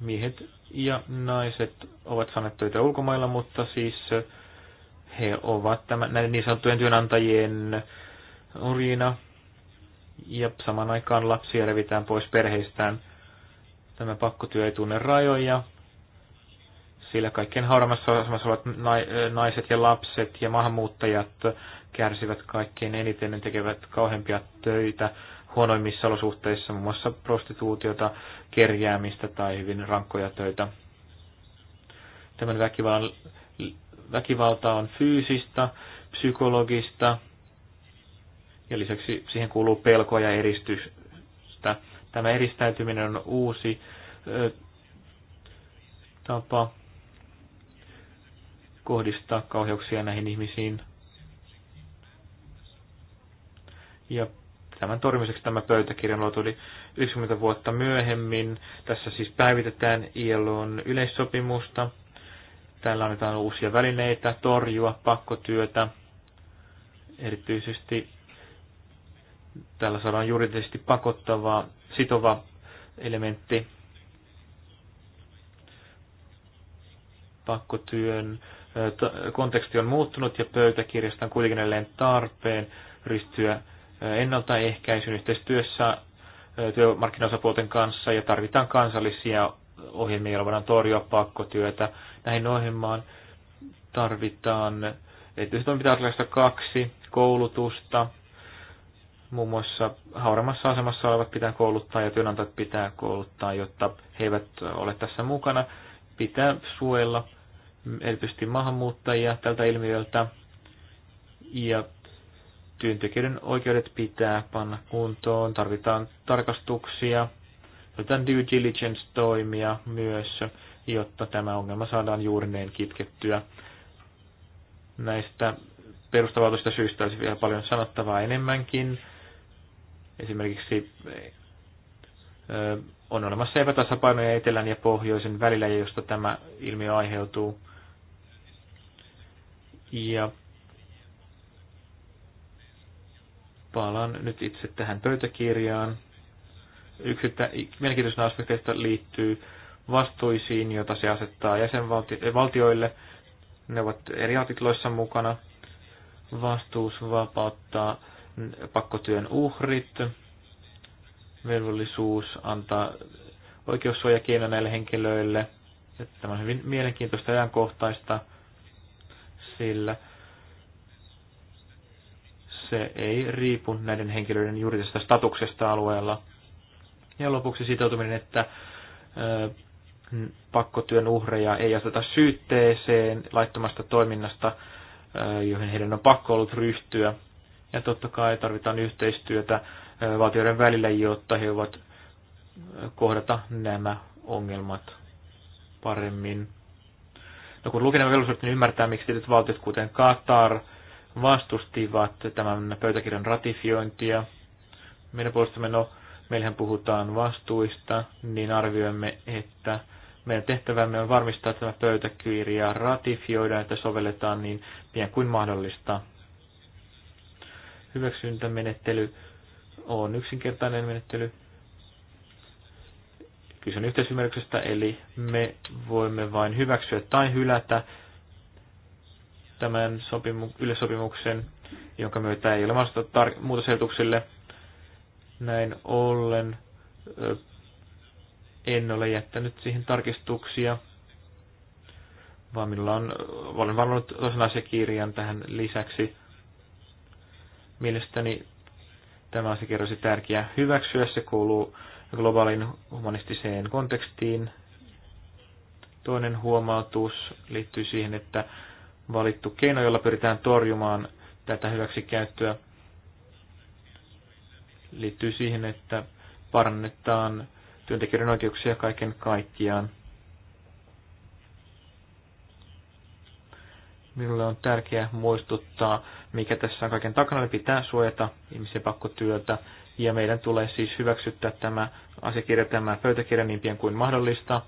Miehet ja naiset ovat saaneet töitä ulkomailla, mutta siis he ovat tämän, näiden niin sanottujen työnantajien orjina ja samaan aikaan lapsia revitään pois perheistään. Tämä pakkotyö ei tunne rajoja, sillä kaikkein hauraimmassa asemassa ovat naiset ja lapset ja maahanmuuttajat kärsivät kaikkein eniten. ja tekevät kauheimpia töitä huonoimmissa olosuhteissa, muun muassa prostituutiota, kerjäämistä tai hyvin rankkoja töitä. Tämän väkivallan, väkivalta on fyysistä, psykologista ja lisäksi siihen kuuluu pelkoa ja eristystä. Tämä eristäytyminen on uusi tapa kohdistaa kauheuksia näihin ihmisiin. Ja tämän torjumiseksi tämä pöytäkirja tuli 90 vuotta myöhemmin. Tässä siis päivitetään ILOn yleissopimusta. Täällä annetaan uusia välineitä torjua pakkotyötä. Erityisesti täällä saadaan juridisesti pakottava, sitova elementti pakkotyön konteksti on muuttunut ja pöytäkirjasta on kuitenkin edelleen tarpeen ryhtyä ennaltaehkäisyn yhteistyössä työmarkkinaosapuolten kanssa ja tarvitaan kansallisia ohjelmia, joilla voidaan torjua pakkotyötä. Näihin ohjelmaan tarvitaan tarkastaa kaksi koulutusta. Muun muassa hauremmassa asemassa olevat pitää kouluttaa ja työnantajat pitää kouluttaa, jotta he eivät ole tässä mukana. Pitää suojella erityisesti maahanmuuttajia tältä ilmiöltä. Ja työntekijöiden oikeudet pitää panna kuntoon, tarvitaan tarkastuksia, tarvitaan due diligence-toimia myös, jotta tämä ongelma saadaan juurineen kitkettyä. Näistä perustavallisista syistä olisi vielä paljon sanottavaa enemmänkin. Esimerkiksi on olemassa epätasapainoja etelän ja pohjoisen välillä, josta tämä ilmiö aiheutuu. Ja palaan nyt itse tähän pöytäkirjaan. Yksi mielenkiintoisena aspekteista liittyy vastuisiin, joita se asettaa jäsenvaltioille. Eh, ne ovat eri artikloissa mukana. Vastuus vapauttaa pakkotyön uhrit, velvollisuus antaa oikeussuojakeino näille henkilöille. Tämä on hyvin mielenkiintoista ja ajankohtaista sillä se ei riipu näiden henkilöiden juridisesta statuksesta alueella. Ja lopuksi sitoutuminen, että ö, pakkotyön uhreja ei asteta syytteeseen laittomasta toiminnasta, ö, johon heidän on pakko ollut ryhtyä. Ja totta kai tarvitaan yhteistyötä ö, valtioiden välillä, jotta he voivat kohdata nämä ongelmat paremmin. No kun luki nämä velvollisuudet, niin ymmärtää, miksi tietyt valtiot, kuten Qatar, vastustivat tämän pöytäkirjan ratifiointia. Meidän puolestamme, no, meillähän puhutaan vastuista, niin arvioimme, että meidän tehtävämme on varmistaa, että tämä pöytäkirja ratifioidaan, että sovelletaan niin pian kuin mahdollista. Hyväksyntämenettely on yksinkertainen menettely, Kyse on yhteisymmärryksestä, eli me voimme vain hyväksyä tai hylätä tämän sopimu- yleissopimuksen, jonka myötä ei ole mahdollista tar- muutosehdotuksille. Näin ollen ö, en ole jättänyt siihen tarkistuksia, vaan minulla on, olen varannut toisen asiakirjan tähän lisäksi. Mielestäni tämä asiakirja olisi tärkeää hyväksyä, se kuuluu globaalin humanistiseen kontekstiin. Toinen huomautus liittyy siihen, että valittu keino, jolla pyritään torjumaan tätä hyväksikäyttöä, liittyy siihen, että parannetaan työntekijöiden oikeuksia kaiken kaikkiaan. Minulle on tärkeää muistuttaa, mikä tässä on kaiken takana, eli pitää suojata ihmisiä pakkotyötä ja meidän tulee siis hyväksyttää tämä asiakirja, tämä pöytäkirja niin pian kuin mahdollista.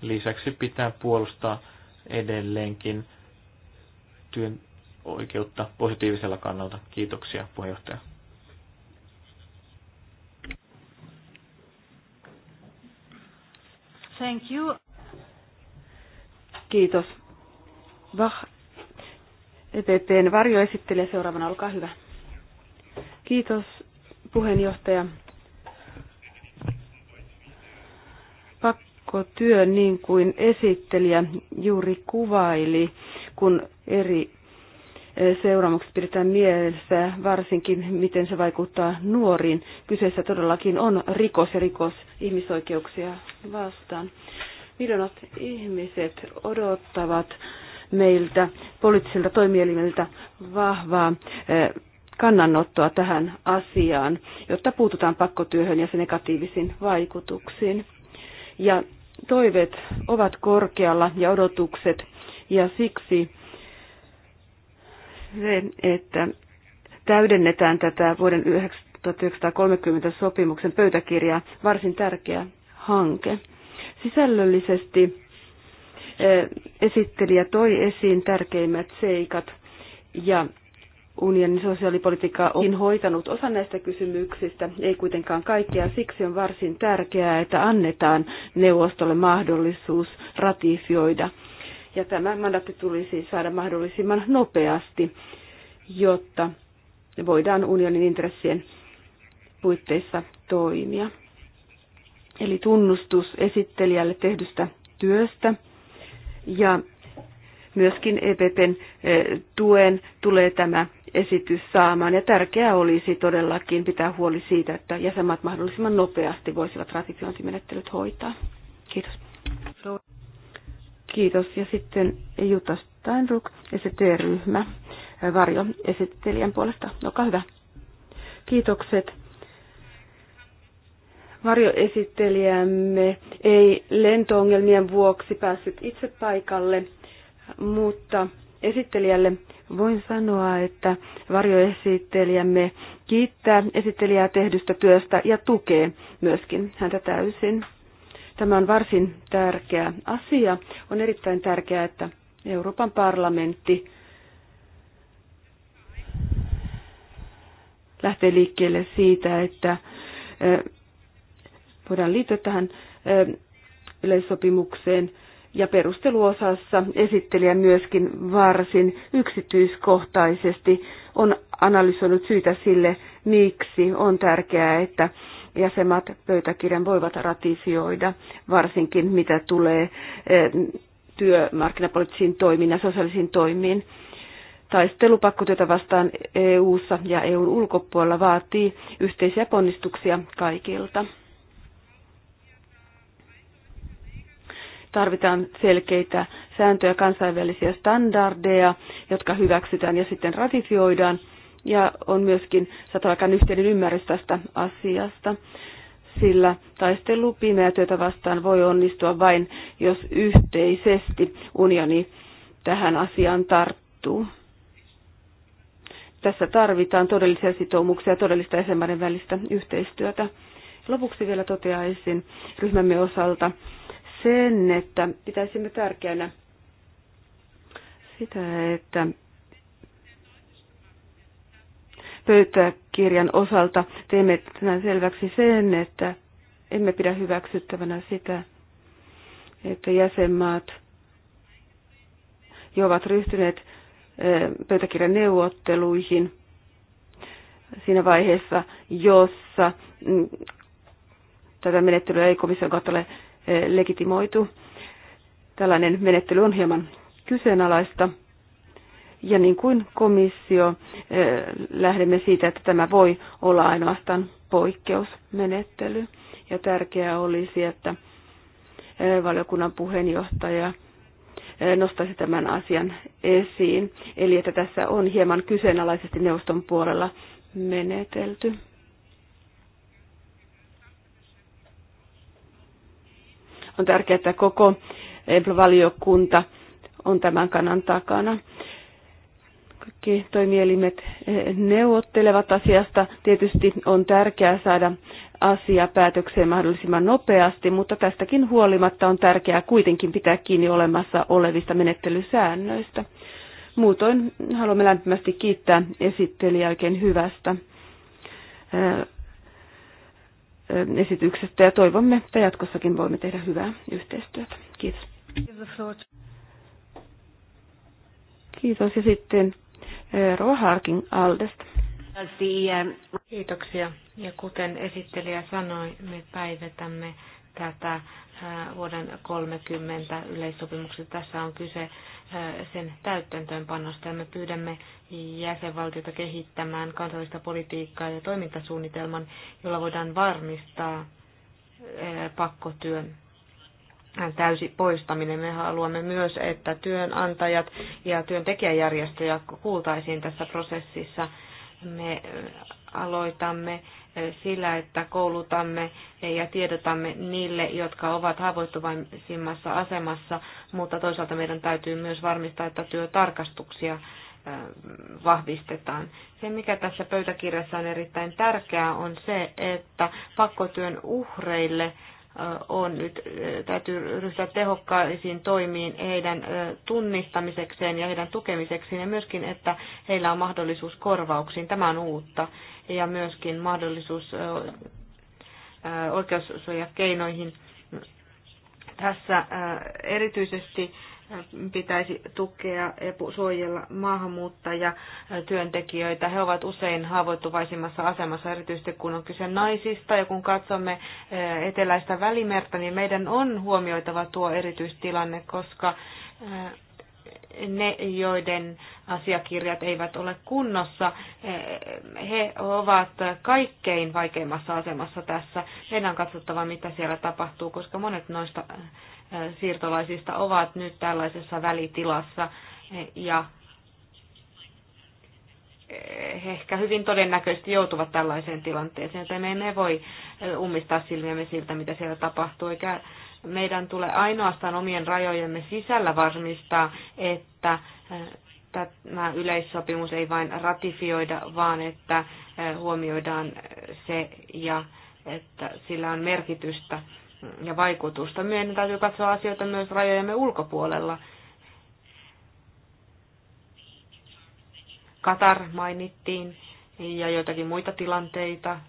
Lisäksi pitää puolustaa edelleenkin työn oikeutta positiivisella kannalta. Kiitoksia puheenjohtaja. Thank you. Kiitos. Vah. EPPn esittelee seuraavana, olkaa hyvä. Kiitos puheenjohtaja. Pakkotyö, niin kuin esittelijä juuri kuvaili, kun eri eh, seuraamukset pidetään mielessä, varsinkin miten se vaikuttaa nuoriin. Kyseessä todellakin on rikos ja rikos ihmisoikeuksia vastaan. Miljoonat ihmiset odottavat meiltä poliittisilta toimielimiltä vahvaa eh, kannanottoa tähän asiaan, jotta puututaan pakkotyöhön ja sen negatiivisiin vaikutuksiin. Ja toiveet ovat korkealla ja odotukset, ja siksi se, että täydennetään tätä vuoden 1930 sopimuksen pöytäkirjaa, varsin tärkeä hanke. Sisällöllisesti eh, esittelijä toi esiin tärkeimmät seikat ja unionin sosiaalipolitiikka on hoitanut osa näistä kysymyksistä, ei kuitenkaan kaikkea. Siksi on varsin tärkeää, että annetaan neuvostolle mahdollisuus ratifioida. Ja tämä mandaatti tulisi saada mahdollisimman nopeasti, jotta voidaan unionin intressien puitteissa toimia. Eli tunnustus esittelijälle tehdystä työstä ja myöskin EPPn eh, tuen tulee tämä esitys saamaan. Ja tärkeää olisi todellakin pitää huoli siitä, että jäsenmaat mahdollisimman nopeasti voisivat ratifiointimenettelyt hoitaa. Kiitos. Kiitos. Ja sitten Jutta Steinruck ST-ryhmä, Varjo esittelijän puolesta. Olkaa hyvä. Kiitokset. Varjoesittelijämme ei lentoongelmien vuoksi päässyt itse paikalle, mutta esittelijälle Voin sanoa, että varjoesittelijämme kiittää esittelijää tehdystä työstä ja tukee myöskin häntä täysin. Tämä on varsin tärkeä asia. On erittäin tärkeää, että Euroopan parlamentti lähtee liikkeelle siitä, että eh, voidaan liittyä tähän eh, yleissopimukseen – ja perusteluosassa esittelijä myöskin varsin yksityiskohtaisesti on analysoinut syitä sille, miksi on tärkeää, että jäsenmaat pöytäkirjan voivat ratifioida, varsinkin mitä tulee eh, työmarkkinapoliittisiin toimiin ja sosiaalisiin toimiin. Taistelupakkotyötä vastaan EU-ssa ja EUn ulkopuolella vaatii yhteisiä ponnistuksia kaikilta. tarvitaan selkeitä sääntöjä, kansainvälisiä standardeja, jotka hyväksytään ja sitten ratifioidaan. Ja on myöskin satavakan yhteinen ymmärrys tästä asiasta, sillä taistelu työtä vastaan voi onnistua vain, jos yhteisesti unioni tähän asiaan tarttuu. Tässä tarvitaan todellisia sitoumuksia, todellista jäsenmaiden välistä yhteistyötä. Lopuksi vielä toteaisin ryhmämme osalta sen, että pitäisimme tärkeänä sitä, että pöytäkirjan osalta teemme tänään selväksi sen, että emme pidä hyväksyttävänä sitä, että jäsenmaat jo ovat ryhtyneet pöytäkirjan neuvotteluihin siinä vaiheessa, jossa mm, tätä menettelyä ei komission kautta ole legitimoitu. Tällainen menettely on hieman kyseenalaista. Ja niin kuin komissio, lähdemme siitä, että tämä voi olla ainoastaan poikkeusmenettely. Ja tärkeää olisi, että valiokunnan puheenjohtaja nostaisi tämän asian esiin. Eli että tässä on hieman kyseenalaisesti neuvoston puolella menetelty. On tärkeää, että koko valiokunta on tämän kannan takana. Kaikki toimielimet eh, neuvottelevat asiasta. Tietysti on tärkeää saada asia päätökseen mahdollisimman nopeasti, mutta tästäkin huolimatta on tärkeää kuitenkin pitää kiinni olemassa olevista menettelysäännöistä. Muutoin haluamme lämpimästi kiittää esittelijä oikein hyvästä eh, esityksestä ja toivomme, että jatkossakin voimme tehdä hyvää yhteistyötä. Kiitos. Kiitos ja sitten eh, Roa Harkin Aldesta. Kiitoksia. Ja kuten esittelijä sanoi, me päivitämme tätä eh, vuoden 30 yleissopimuksesta. Tässä on kyse eh, sen täyttäntöönpanosta ja me pyydämme jäsenvaltiota kehittämään kansallista politiikkaa ja toimintasuunnitelman, jolla voidaan varmistaa eh, pakkotyön täysi poistaminen. Me haluamme myös, että työnantajat ja työntekijäjärjestöjä kuultaisiin tässä prosessissa. Me eh, aloitamme eh, sillä, että koulutamme ja tiedotamme niille, jotka ovat haavoittuvaisimmassa asemassa, mutta toisaalta meidän täytyy myös varmistaa, että työtarkastuksia vahvistetaan. Se, mikä tässä pöytäkirjassa on erittäin tärkeää, on se, että pakkotyön uhreille on nyt, täytyy ryhtyä tehokkaisiin toimiin heidän tunnistamisekseen ja heidän tukemisekseen ja myöskin, että heillä on mahdollisuus korvauksiin. Tämä on uutta ja myöskin mahdollisuus oikeussuojakeinoihin. Tässä erityisesti pitäisi tukea ja suojella maahanmuuttaja työntekijöitä. He ovat usein haavoittuvaisimmassa asemassa, erityisesti kun on kyse naisista. Ja kun katsomme eteläistä välimerta, niin meidän on huomioitava tuo erityistilanne, koska ne, joiden asiakirjat eivät ole kunnossa, he ovat kaikkein vaikeimmassa asemassa tässä. Meidän on katsottava, mitä siellä tapahtuu, koska monet noista siirtolaisista ovat nyt tällaisessa välitilassa ja ehkä hyvin todennäköisesti joutuvat tällaiseen tilanteeseen, joten me emme voi ummistaa silmiämme siltä, mitä siellä tapahtuu, eikä meidän tulee ainoastaan omien rajojemme sisällä varmistaa, että tämä yleissopimus ei vain ratifioida, vaan että huomioidaan se ja että sillä on merkitystä ja vaikutusta. Meidän täytyy katsoa asioita myös rajojemme ulkopuolella. Katar mainittiin ja joitakin muita tilanteita.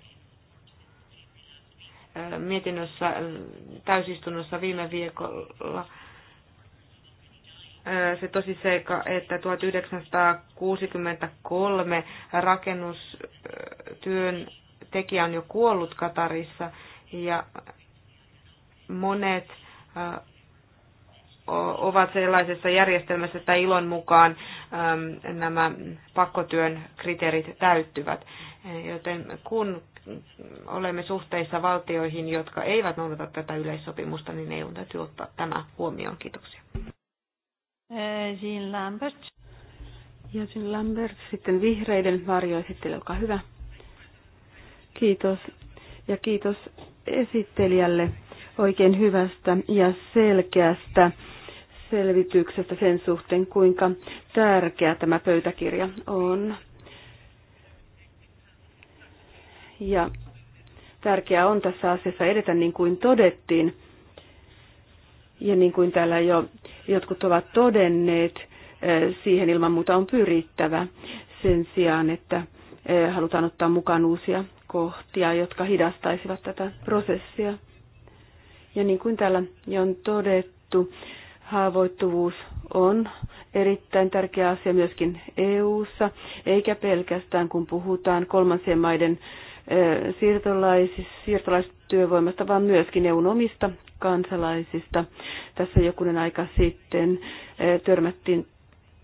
Mietinnössä täysistunnossa viime viikolla se tosi seikka, että 1963 rakennustyön tekijä on jo kuollut Katarissa ja monet ovat sellaisessa järjestelmässä, että ilon mukaan nämä pakkotyön kriteerit täyttyvät. Joten kun olemme suhteissa valtioihin, jotka eivät noudata tätä yleissopimusta, niin EU täytyy ottaa tämä huomioon. Kiitoksia. Äh, Jean Lambert. Ja Jean Lambert, sitten vihreiden varjoesittely, olkaa hyvä. Kiitos. Ja kiitos esittelijälle oikein hyvästä ja selkeästä selvityksestä sen suhteen, kuinka tärkeä tämä pöytäkirja on. Ja tärkeää on tässä asiassa edetä niin kuin todettiin. Ja niin kuin täällä jo jotkut ovat todenneet, eh, siihen ilman muuta on pyrittävä sen sijaan, että eh, halutaan ottaa mukaan uusia kohtia, jotka hidastaisivat tätä prosessia. Ja niin kuin täällä jo on todettu, haavoittuvuus on erittäin tärkeä asia myöskin EU:ssa, eikä pelkästään kun puhutaan kolmansien maiden siirtolaistyövoimasta, vaan myöskin EUn omista kansalaisista. Tässä jokunen aika sitten törmättiin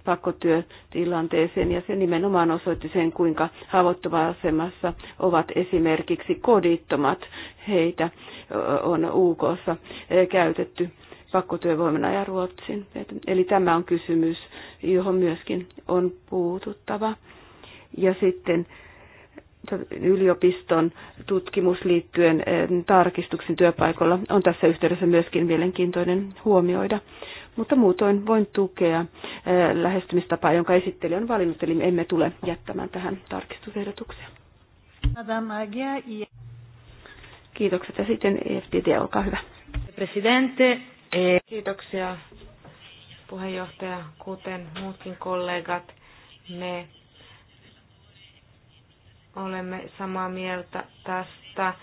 pakkotyötilanteeseen ja se nimenomaan osoitti sen, kuinka haavoittuvassa asemassa ovat esimerkiksi kodittomat. Heitä on uk käytetty pakkotyövoimana ja Ruotsin. Eli tämä on kysymys, johon myöskin on puututtava. Ja sitten yliopiston tutkimus liittyen tarkistuksen työpaikalla on tässä yhteydessä myöskin mielenkiintoinen huomioida. Mutta muutoin voin tukea eh, lähestymistapaa, jonka esittelijä on valinnut, eli emme tule jättämään tähän tarkistusehdotuksia. Kiitokset ja sitten EFTT, olkaa hyvä. Presidente, eh- kiitoksia puheenjohtaja, kuten muutkin kollegat, me olemme samaa mieltä tästä.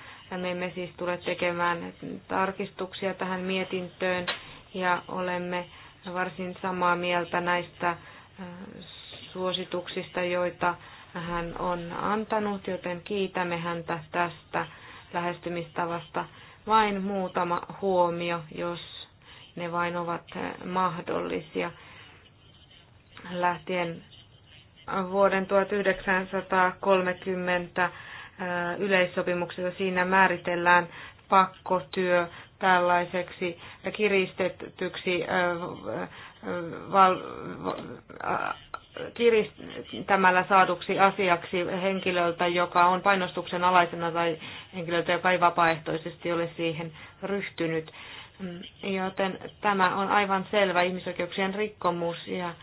Me emme siis tule tekemään tarkistuksia tähän mietintöön ja olemme varsin samaa mieltä näistä äh, suosituksista, joita hän on antanut, joten kiitämme häntä tästä lähestymistavasta. Vain muutama huomio, jos ne vain ovat äh, mahdollisia. Lähtien vuoden 1930 äh, yleissopimuksessa siinä määritellään pakkotyö tällaiseksi kiristetyksi kiristämällä saaduksi asiaksi henkilöltä, joka on painostuksen alaisena tai henkilöltä, joka ei vapaaehtoisesti ole siihen ryhtynyt. Joten tämä on aivan selvä ihmisoikeuksien rikkomus ja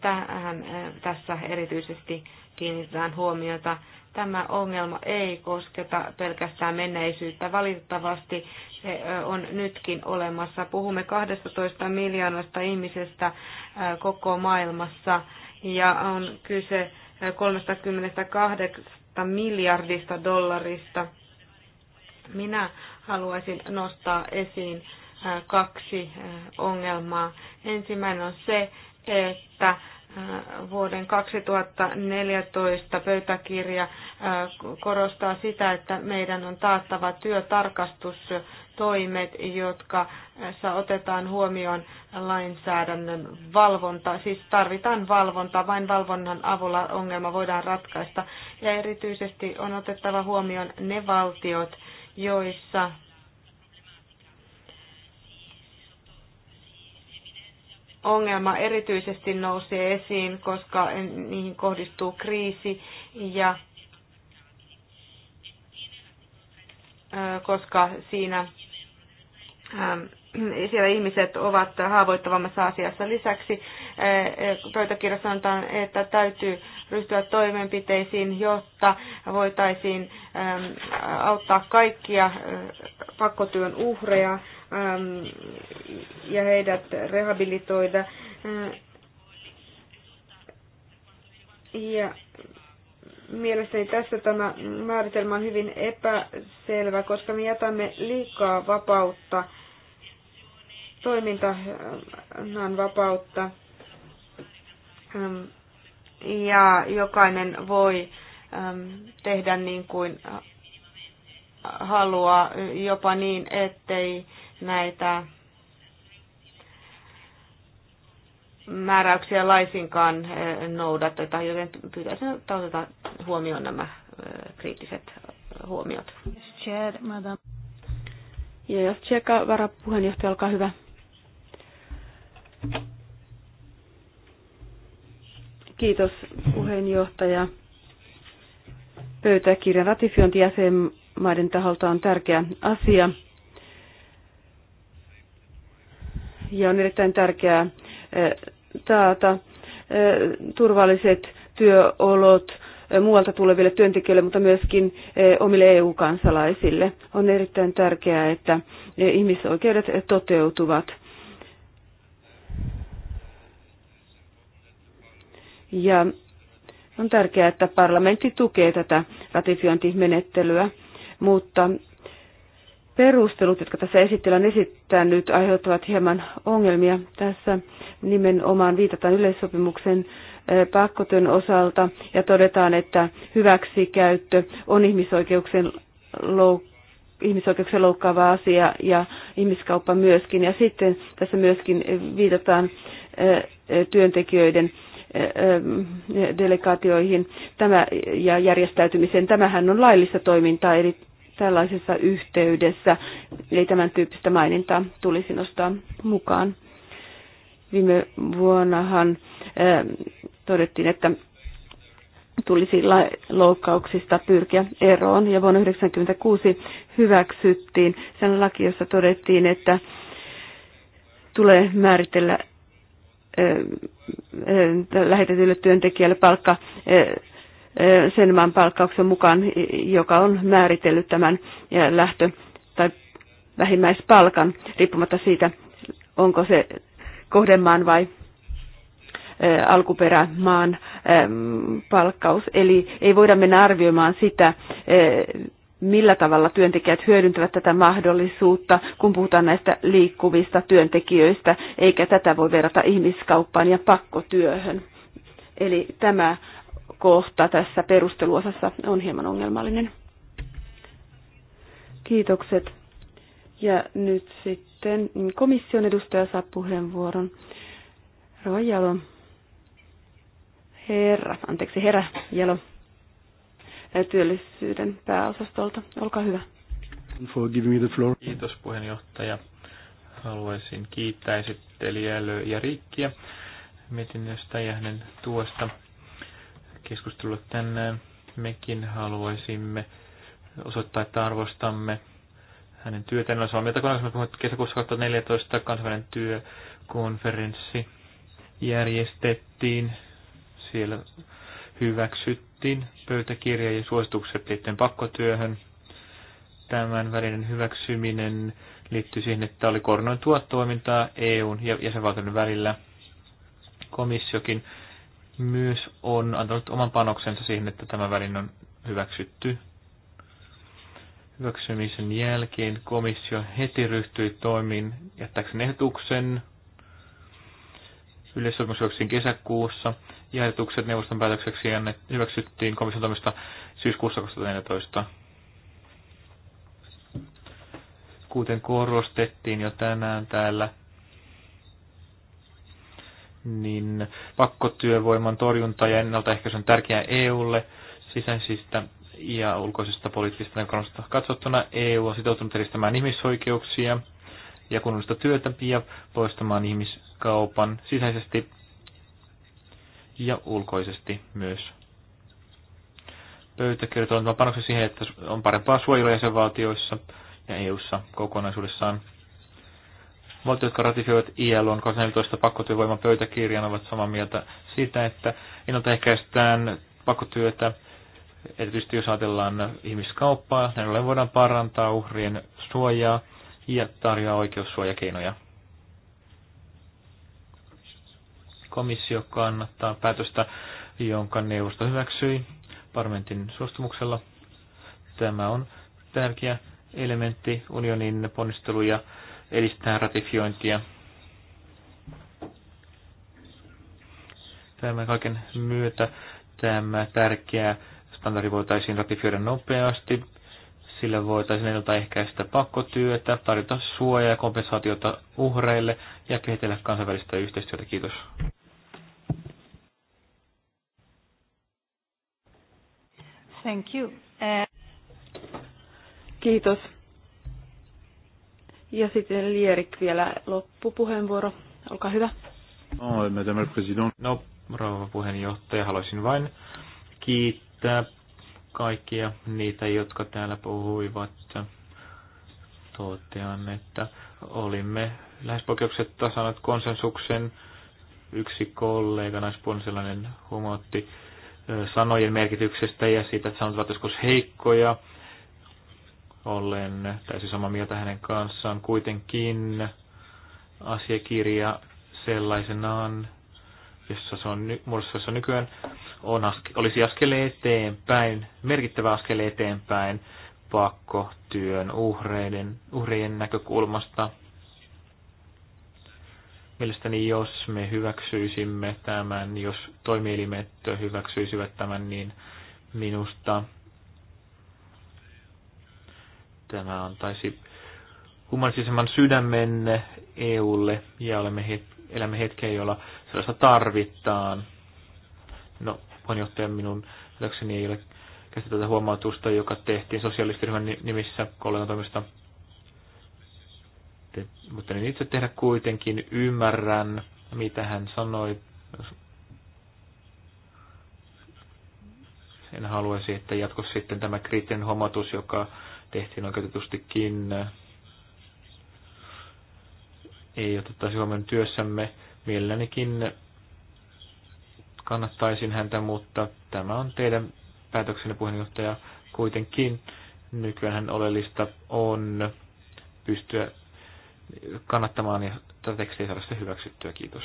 tähän tässä erityisesti kiinnitetään huomiota tämä ongelma ei kosketa pelkästään menneisyyttä. Valitettavasti se on nytkin olemassa. Puhumme 12 miljoonasta ihmisestä koko maailmassa ja on kyse 32 miljardista dollarista. Minä haluaisin nostaa esiin kaksi ongelmaa. Ensimmäinen on se, että Äh, vuoden 2014 pöytäkirja äh, korostaa sitä, että meidän on taattava työtarkastustoimet, jotka äh, otetaan huomioon lainsäädännön valvonta. Siis tarvitaan valvonta vain valvonnan avulla ongelma voidaan ratkaista. Ja erityisesti on otettava huomioon ne valtiot, joissa ongelma erityisesti nousi esiin, koska niihin kohdistuu kriisi ja koska siinä siellä ihmiset ovat haavoittavammassa asiassa. Lisäksi pöytäkirja sanotaan, että täytyy ryhtyä toimenpiteisiin, jotta voitaisiin auttaa kaikkia pakkotyön uhreja. Ähm, ja heidät rehabilitoida. Äh, ja mielestäni tässä tämä määritelmä on hyvin epäselvä, koska me jätämme liikaa vapautta, toiminnan vapautta. Ähm, ja jokainen voi ähm, tehdä niin kuin äh, haluaa, jopa niin, ettei näitä määräyksiä laisinkaan eh, noudateta, joten pyytäisin ottaa huomioon nämä eh, kriittiset huomiot. Ja jos Tsekka, varapuheenjohtaja, olkaa hyvä. Kiitos puheenjohtaja. Pöytäkirjan ratifiointi jäsenmaiden taholta on tärkeä asia. ja on erittäin tärkeää eh, taata eh, turvalliset työolot eh, muualta tuleville työntekijöille, mutta myöskin omille EU-kansalaisille. On erittäin tärkeää, että ihmisoikeudet toteutuvat. Ja on tärkeää, että parlamentti tukee tätä ratifiointimenettelyä, mutta perustelut, jotka tässä esittelen esittänyt, aiheuttavat hieman ongelmia. Tässä nimenomaan viitataan yleissopimuksen pakkotön osalta ja todetaan, että hyväksikäyttö on ihmisoikeuksien loukkaus ihmisoikeuksia loukkaava asia ja ihmiskauppa myöskin. Ja sitten tässä myöskin viitataan työntekijöiden delegaatioihin tämä, ja järjestäytymiseen. Tämähän on laillista toimintaa, eli tällaisessa yhteydessä, eli tämän tyyppistä mainintaa tulisi nostaa mukaan. Viime vuonnahan todettiin, että tulisi loukkauksista pyrkiä eroon. Ja vuonna 1996 hyväksyttiin sen laki, jossa todettiin, että tulee määritellä lähetetylle työntekijälle palkka sen maan palkkauksen mukaan, joka on määritellyt tämän lähtö- tai vähimmäispalkan, riippumatta siitä, onko se kohdemaan vai alkuperämaan palkkaus. Eli ei voida mennä arvioimaan sitä, millä tavalla työntekijät hyödyntävät tätä mahdollisuutta, kun puhutaan näistä liikkuvista työntekijöistä, eikä tätä voi verrata ihmiskauppaan ja pakkotyöhön. Eli tämä kohta tässä perusteluosassa on hieman ongelmallinen. Kiitokset. Ja nyt sitten komission edustaja saa puheenvuoron. Jalo. Herra, anteeksi, herra Jalo. Työllisyyden pääosastolta. Olkaa hyvä. For giving me the floor. Kiitos puheenjohtaja. Haluaisin kiittää esittelijää ja Rikkiä mietinnöstä ja hänen tuosta keskustelulle tänään. Mekin haluaisimme osoittaa, että arvostamme hänen työtään. Olen samaa kun me puhuttiin kesäkuussa 2014 kansainvälinen työkonferenssi järjestettiin. Siellä hyväksyttiin pöytäkirja ja suositukset liittyen pakkotyöhön. Tämän välinen hyväksyminen liittyy siihen, että oli koordinoitua toimintaa EUn ja jäsenvaltioiden välillä. Komissiokin myös on antanut oman panoksensa siihen, että tämä välin on hyväksytty. Hyväksymisen jälkeen komissio heti ryhtyi toimiin jättäkseen ehdotuksen yleissopimushyväksyttiin kesäkuussa ja ehdotukset neuvoston päätökseksi hyväksyttiin komission toimesta syyskuussa 2014. Kuten korostettiin jo tänään täällä, niin pakkotyövoiman torjunta ja ennaltaehkäisy on tärkeää EUlle sisäisistä ja ulkoisista poliittisista näkökulmasta katsottuna. EU on sitoutunut edistämään ihmisoikeuksia ja kunnollista työtä ja poistamaan ihmiskaupan sisäisesti ja ulkoisesti myös. Pöytäkirjat on panoksen siihen, että on parempaa suojelua jäsenvaltioissa ja EUssa kokonaisuudessaan. Valtiot, jotka ratifioivat ILOn 2014 pakkotyövoiman pöytäkirjan, ovat samaa mieltä siitä, että ennaltaehkäistään pakkotyötä, erityisesti jos ajatellaan ihmiskauppaa, näin ollen voidaan parantaa uhrien suojaa ja tarjoaa oikeussuojakeinoja. Komissio kannattaa päätöstä, jonka neuvosto hyväksyi parlamentin suostumuksella. Tämä on tärkeä elementti unionin ponnisteluja edistää ratifiointia. Tämän kaiken myötä tämä tärkeä standardi voitaisiin ratifioida nopeasti. Sillä voitaisiin ennaltaehkäistä pakkotyötä, tarjota suojaa ja kompensaatiota uhreille ja kehitellä kansainvälistä yhteistyötä. Kiitos. Thank you. Kiitos. Ja sitten Lierik vielä loppupuheenvuoro. Olkaa hyvä. No, madame president. No, rouva puheenjohtaja, haluaisin vain kiittää kaikkia niitä, jotka täällä puhuivat. Totean, että olimme lähes poikkeuksetta saaneet konsensuksen. Yksi kollega sellainen, huomautti sanojen merkityksestä ja siitä, että sanot ovat joskus heikkoja Ollen täysin samaa mieltä hänen kanssaan. Kuitenkin asiakirja sellaisenaan, jossa se on jossa muodossa, on nykyään on aske- olisi askel eteenpäin, merkittävä askel eteenpäin pakkotyön uhreiden, uhrien näkökulmasta. Mielestäni jos me hyväksyisimme tämän, jos toimielimet hyväksyisivät tämän, niin minusta Tämä antaisi humanistisemman sydämenne EUlle ja olemme het, elämme hetkeä, jolla sellaista tarvitaan. No, puheenjohtaja, minun läkseni ei ole käsitä tätä huomautusta, joka tehtiin sosialistiryhmän nimissä kollegan Te, mutta niin itse tehdä kuitenkin ymmärrän, mitä hän sanoi. En haluaisi, että jatkossa sitten tämä kriittinen huomautus, joka tehtiin oikeutetustikin. Ei otettaisi huomioon työssämme. mielelläänikin kannattaisin häntä, mutta tämä on teidän päätöksenne puheenjohtaja kuitenkin. Nykyään oleellista on pystyä kannattamaan ja tätä tekstiä saada sitä hyväksyttyä. Kiitos.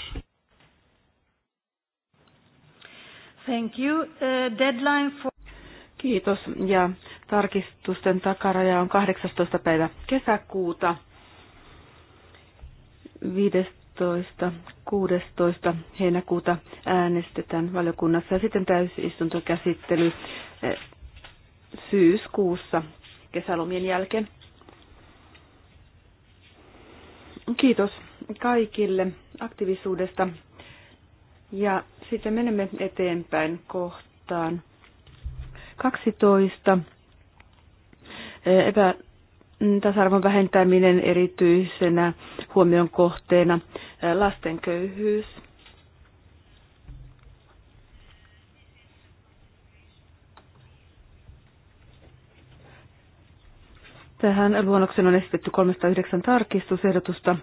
Thank you. Uh, deadline for Kiitos ja tarkistusten takaraja on 18. päivä kesäkuuta 15. 16. heinäkuuta äänestetään valiokunnassa ja sitten täysistuntokäsittely eh, syyskuussa kesälomien jälkeen. Kiitos kaikille aktiivisuudesta ja sitten menemme eteenpäin kohtaan. 12. Epä, mm, tasa-arvon vähentäminen erityisenä huomion kohteena lasten köyhyys. Tähän luonnokseen on esitetty 309 tarkistusehdotusta.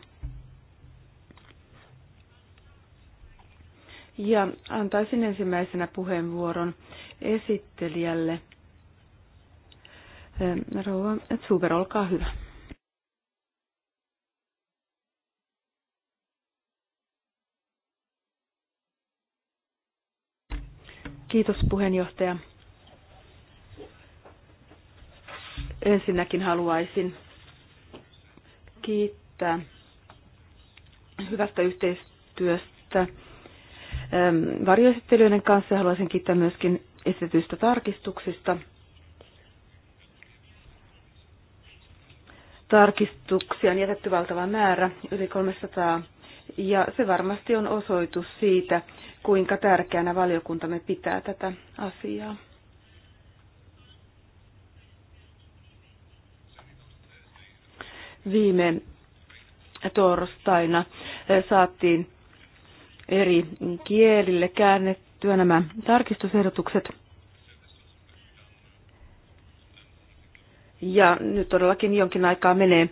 Ja antaisin ensimmäisenä puheenvuoron esittelijälle. Ehm, rouva Zuber, olkaa hyvä. Kiitos puheenjohtaja. Ensinnäkin haluaisin kiittää hyvästä yhteistyöstä varjoesittelyiden kanssa. Haluaisin kiittää myöskin esitystä tarkistuksista. Tarkistuksia on jätetty valtava määrä, yli 300, ja se varmasti on osoitus siitä, kuinka tärkeänä valiokuntamme pitää tätä asiaa. Viime torstaina eh, saatiin eri kielille käännettyä nämä tarkistusehdotukset. Ja nyt todellakin jonkin aikaa menee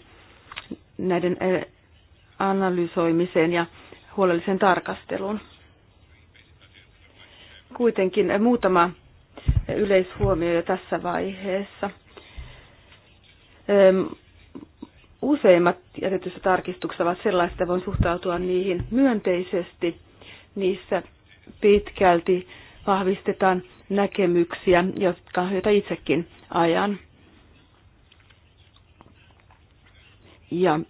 näiden eh, analysoimiseen ja huolelliseen tarkasteluun. Kuitenkin muutama yleishuomio jo tässä vaiheessa. Useimmat jätetyssä tarkistuksessa ovat sellaista, voin suhtautua niihin myönteisesti. Niissä pitkälti vahvistetaan näkemyksiä, jotka, joita itsekin ajan. Ja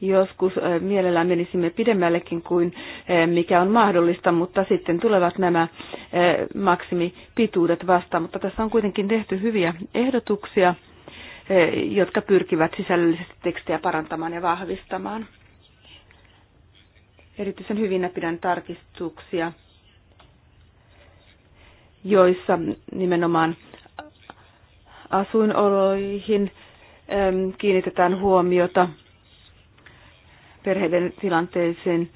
joskus eh, mielellään menisimme pidemmällekin kuin eh, mikä on mahdollista, mutta sitten tulevat nämä eh, maksimipituudet vastaan. Mutta tässä on kuitenkin tehty hyviä ehdotuksia, jotka pyrkivät sisällöllisesti tekstiä parantamaan ja vahvistamaan. Erityisen hyvinä pidän tarkistuksia, joissa nimenomaan asuinoloihin ähm, kiinnitetään huomiota perheiden tilanteeseen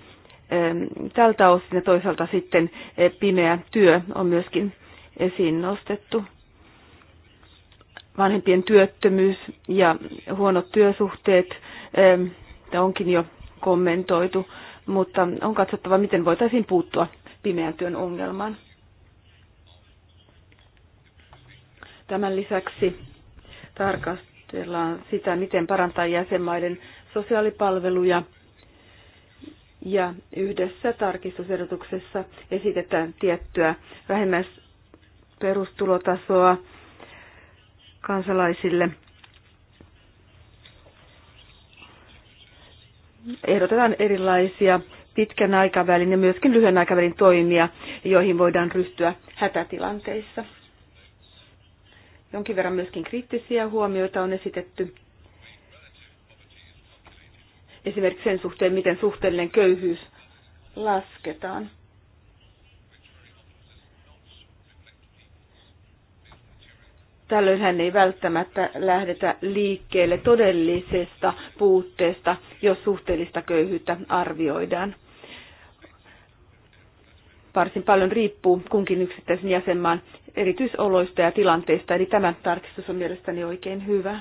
ähm, tältä osin ja toisaalta sitten äh, pimeä työ on myöskin esiin nostettu. Vanhempien työttömyys ja huonot työsuhteet ähm, onkin jo kommentoitu mutta on katsottava, miten voitaisiin puuttua pimeän työn ongelmaan. Tämän lisäksi tarkastellaan sitä, miten parantaa jäsenmaiden sosiaalipalveluja ja yhdessä tarkistusehdotuksessa esitetään tiettyä vähemmäisperustulotasoa kansalaisille – ehdotetaan erilaisia pitkän aikavälin ja myöskin lyhyen aikavälin toimia, joihin voidaan ryhtyä hätätilanteissa. Jonkin verran myöskin kriittisiä huomioita on esitetty esimerkiksi sen suhteen, miten suhteellinen köyhyys lasketaan. tällöin hän ei välttämättä lähdetä liikkeelle todellisesta puutteesta, jos suhteellista köyhyyttä arvioidaan. Varsin paljon riippuu kunkin yksittäisen jäsenmaan erityisoloista ja tilanteista, eli tämä tarkistus on mielestäni oikein hyvä.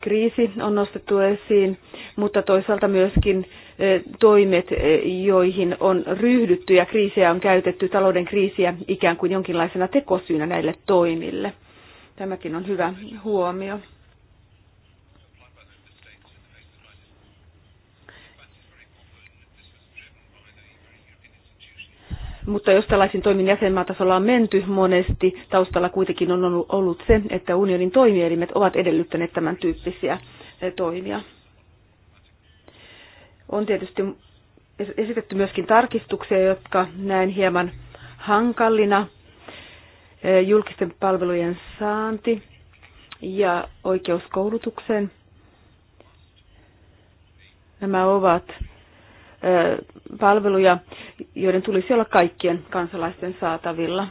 kriisi on nostettu esiin, mutta toisaalta myöskin e, toimet, e, joihin on ryhdytty ja kriisiä on käytetty, talouden kriisiä ikään kuin jonkinlaisena tekosyynä näille toimille. Tämäkin on hyvä huomio. Mutta jos tällaisin toimin jäsenmaatasolla on menty monesti, taustalla kuitenkin on ollut se, että unionin toimielimet ovat edellyttäneet tämän tyyppisiä e, toimia. On tietysti esitetty myöskin tarkistuksia, jotka näen hieman hankalina. E, julkisten palvelujen saanti ja oikeuskoulutukseen. Nämä ovat palveluja, joiden tulisi olla kaikkien kansalaisten saatavilla.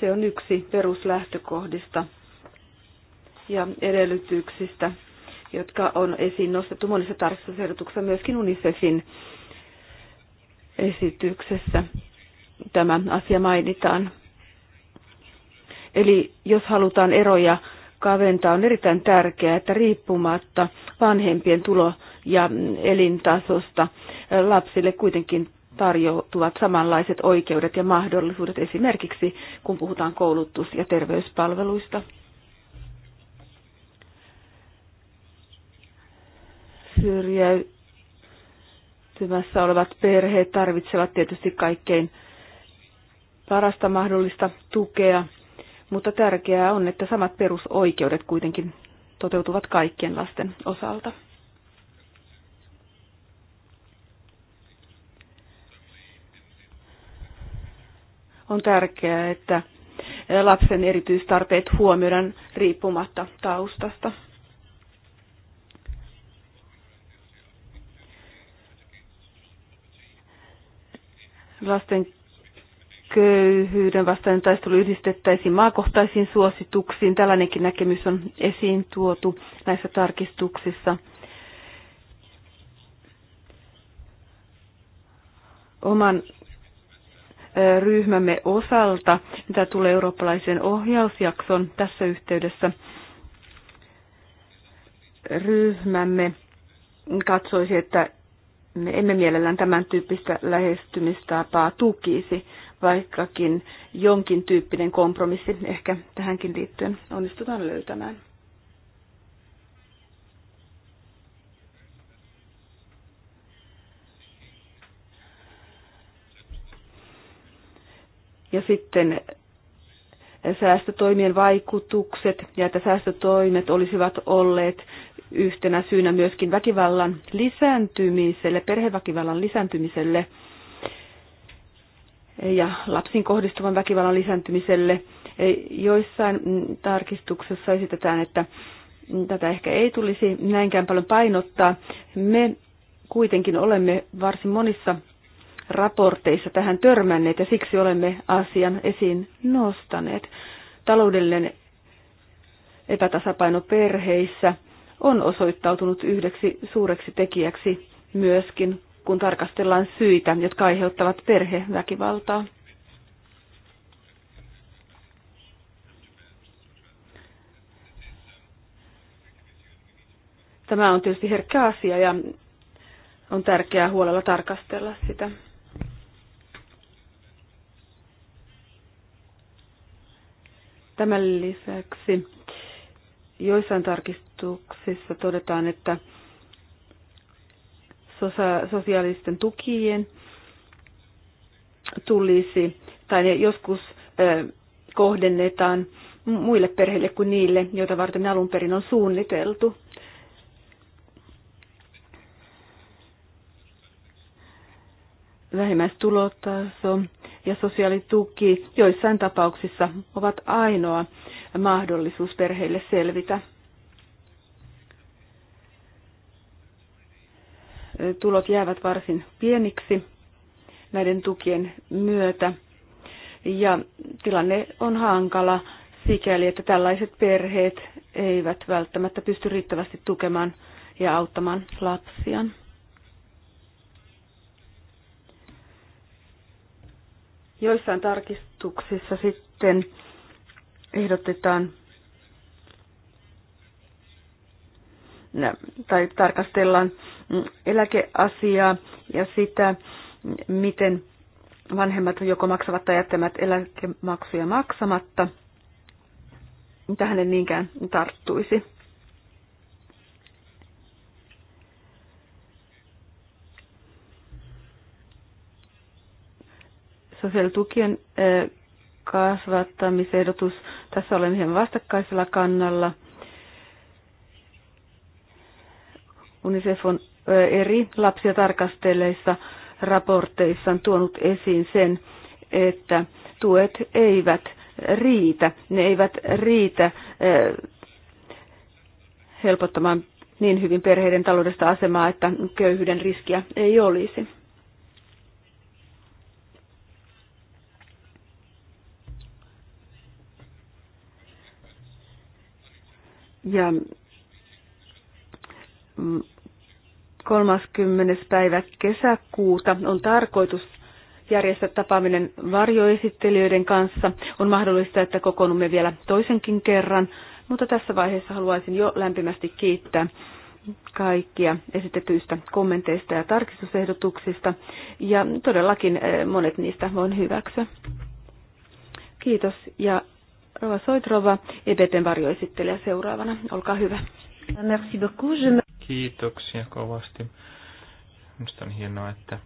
Se on yksi peruslähtökohdista ja edellytyksistä, jotka on esiin nostettu monissa tarkistusehdotuksissa, myöskin UNICEFin esityksessä tämä asia mainitaan. Eli jos halutaan eroja kaventaa, on erittäin tärkeää, että riippumatta vanhempien tulo ja elintasosta. Lapsille kuitenkin tarjoutuvat samanlaiset oikeudet ja mahdollisuudet esimerkiksi, kun puhutaan koulutus- ja terveyspalveluista. Syrjäytymässä olevat perheet tarvitsevat tietysti kaikkein parasta mahdollista tukea, mutta tärkeää on, että samat perusoikeudet kuitenkin toteutuvat kaikkien lasten osalta. On tärkeää, että lapsen erityistarpeet huomioidaan riippumatta taustasta. Lasten köyhyyden vastainen taistelu yhdistettäisiin maakohtaisiin suosituksiin. Tällainenkin näkemys on esiin tuotu näissä tarkistuksissa. Oman ryhmämme osalta, mitä tulee eurooppalaisen ohjausjakson tässä yhteydessä. Ryhmämme katsoisi, että me emme mielellään tämän tyyppistä lähestymistapaa tukisi, vaikkakin jonkin tyyppinen kompromissi ehkä tähänkin liittyen onnistutaan löytämään. ja sitten säästötoimien vaikutukset ja että säästötoimet olisivat olleet yhtenä syynä myöskin väkivallan lisääntymiselle, perheväkivallan lisääntymiselle ja lapsiin kohdistuvan väkivallan lisääntymiselle. Joissain tarkistuksessa esitetään, että tätä ehkä ei tulisi näinkään paljon painottaa. Me kuitenkin olemme varsin monissa raporteissa tähän törmänneet ja siksi olemme asian esiin nostaneet. Taloudellinen epätasapaino perheissä on osoittautunut yhdeksi suureksi tekijäksi myöskin, kun tarkastellaan syitä, jotka aiheuttavat perheväkivaltaa. Tämä on tietysti herkkä asia ja on tärkeää huolella tarkastella sitä. Tämän lisäksi joissain tarkistuksissa todetaan, että sosiaalisten tukien tulisi, tai ne joskus kohdennetaan muille perheille kuin niille, joita varten alun perin on suunniteltu. vähimmäistulotaso ja sosiaalituki joissain tapauksissa ovat ainoa mahdollisuus perheille selvitä. Tulot jäävät varsin pieniksi näiden tukien myötä ja tilanne on hankala sikäli, että tällaiset perheet eivät välttämättä pysty riittävästi tukemaan ja auttamaan lapsiaan. Joissain tarkistuksissa sitten ehdotetaan tai tarkastellaan eläkeasiaa ja sitä, miten vanhemmat joko maksavat tai jättämät eläkemaksuja maksamatta. Tähän en niinkään tarttuisi. Sosiaalitukien kasvattamisehdotus, tässä olen hieman vastakkaisella kannalla. UNICEF on eri lapsia tarkastelleissa raporteissaan tuonut esiin sen, että tuet eivät riitä. Ne eivät riitä helpottamaan niin hyvin perheiden taloudesta asemaa, että köyhyyden riskiä ei olisi. Ja 30. päivä kesäkuuta on tarkoitus järjestää tapaaminen varjoesittelijöiden kanssa. On mahdollista, että kokoonnumme vielä toisenkin kerran, mutta tässä vaiheessa haluaisin jo lämpimästi kiittää kaikkia esitetyistä kommenteista ja tarkistusehdotuksista, ja todellakin eh, monet niistä voin hyväksyä. Kiitos, ja Rova Soitrova, EPTn varjoesittelijä seuraavana. Olkaa hyvä. Merci beaucoup. Kiitoksia kovasti. Minusta on hienoa, että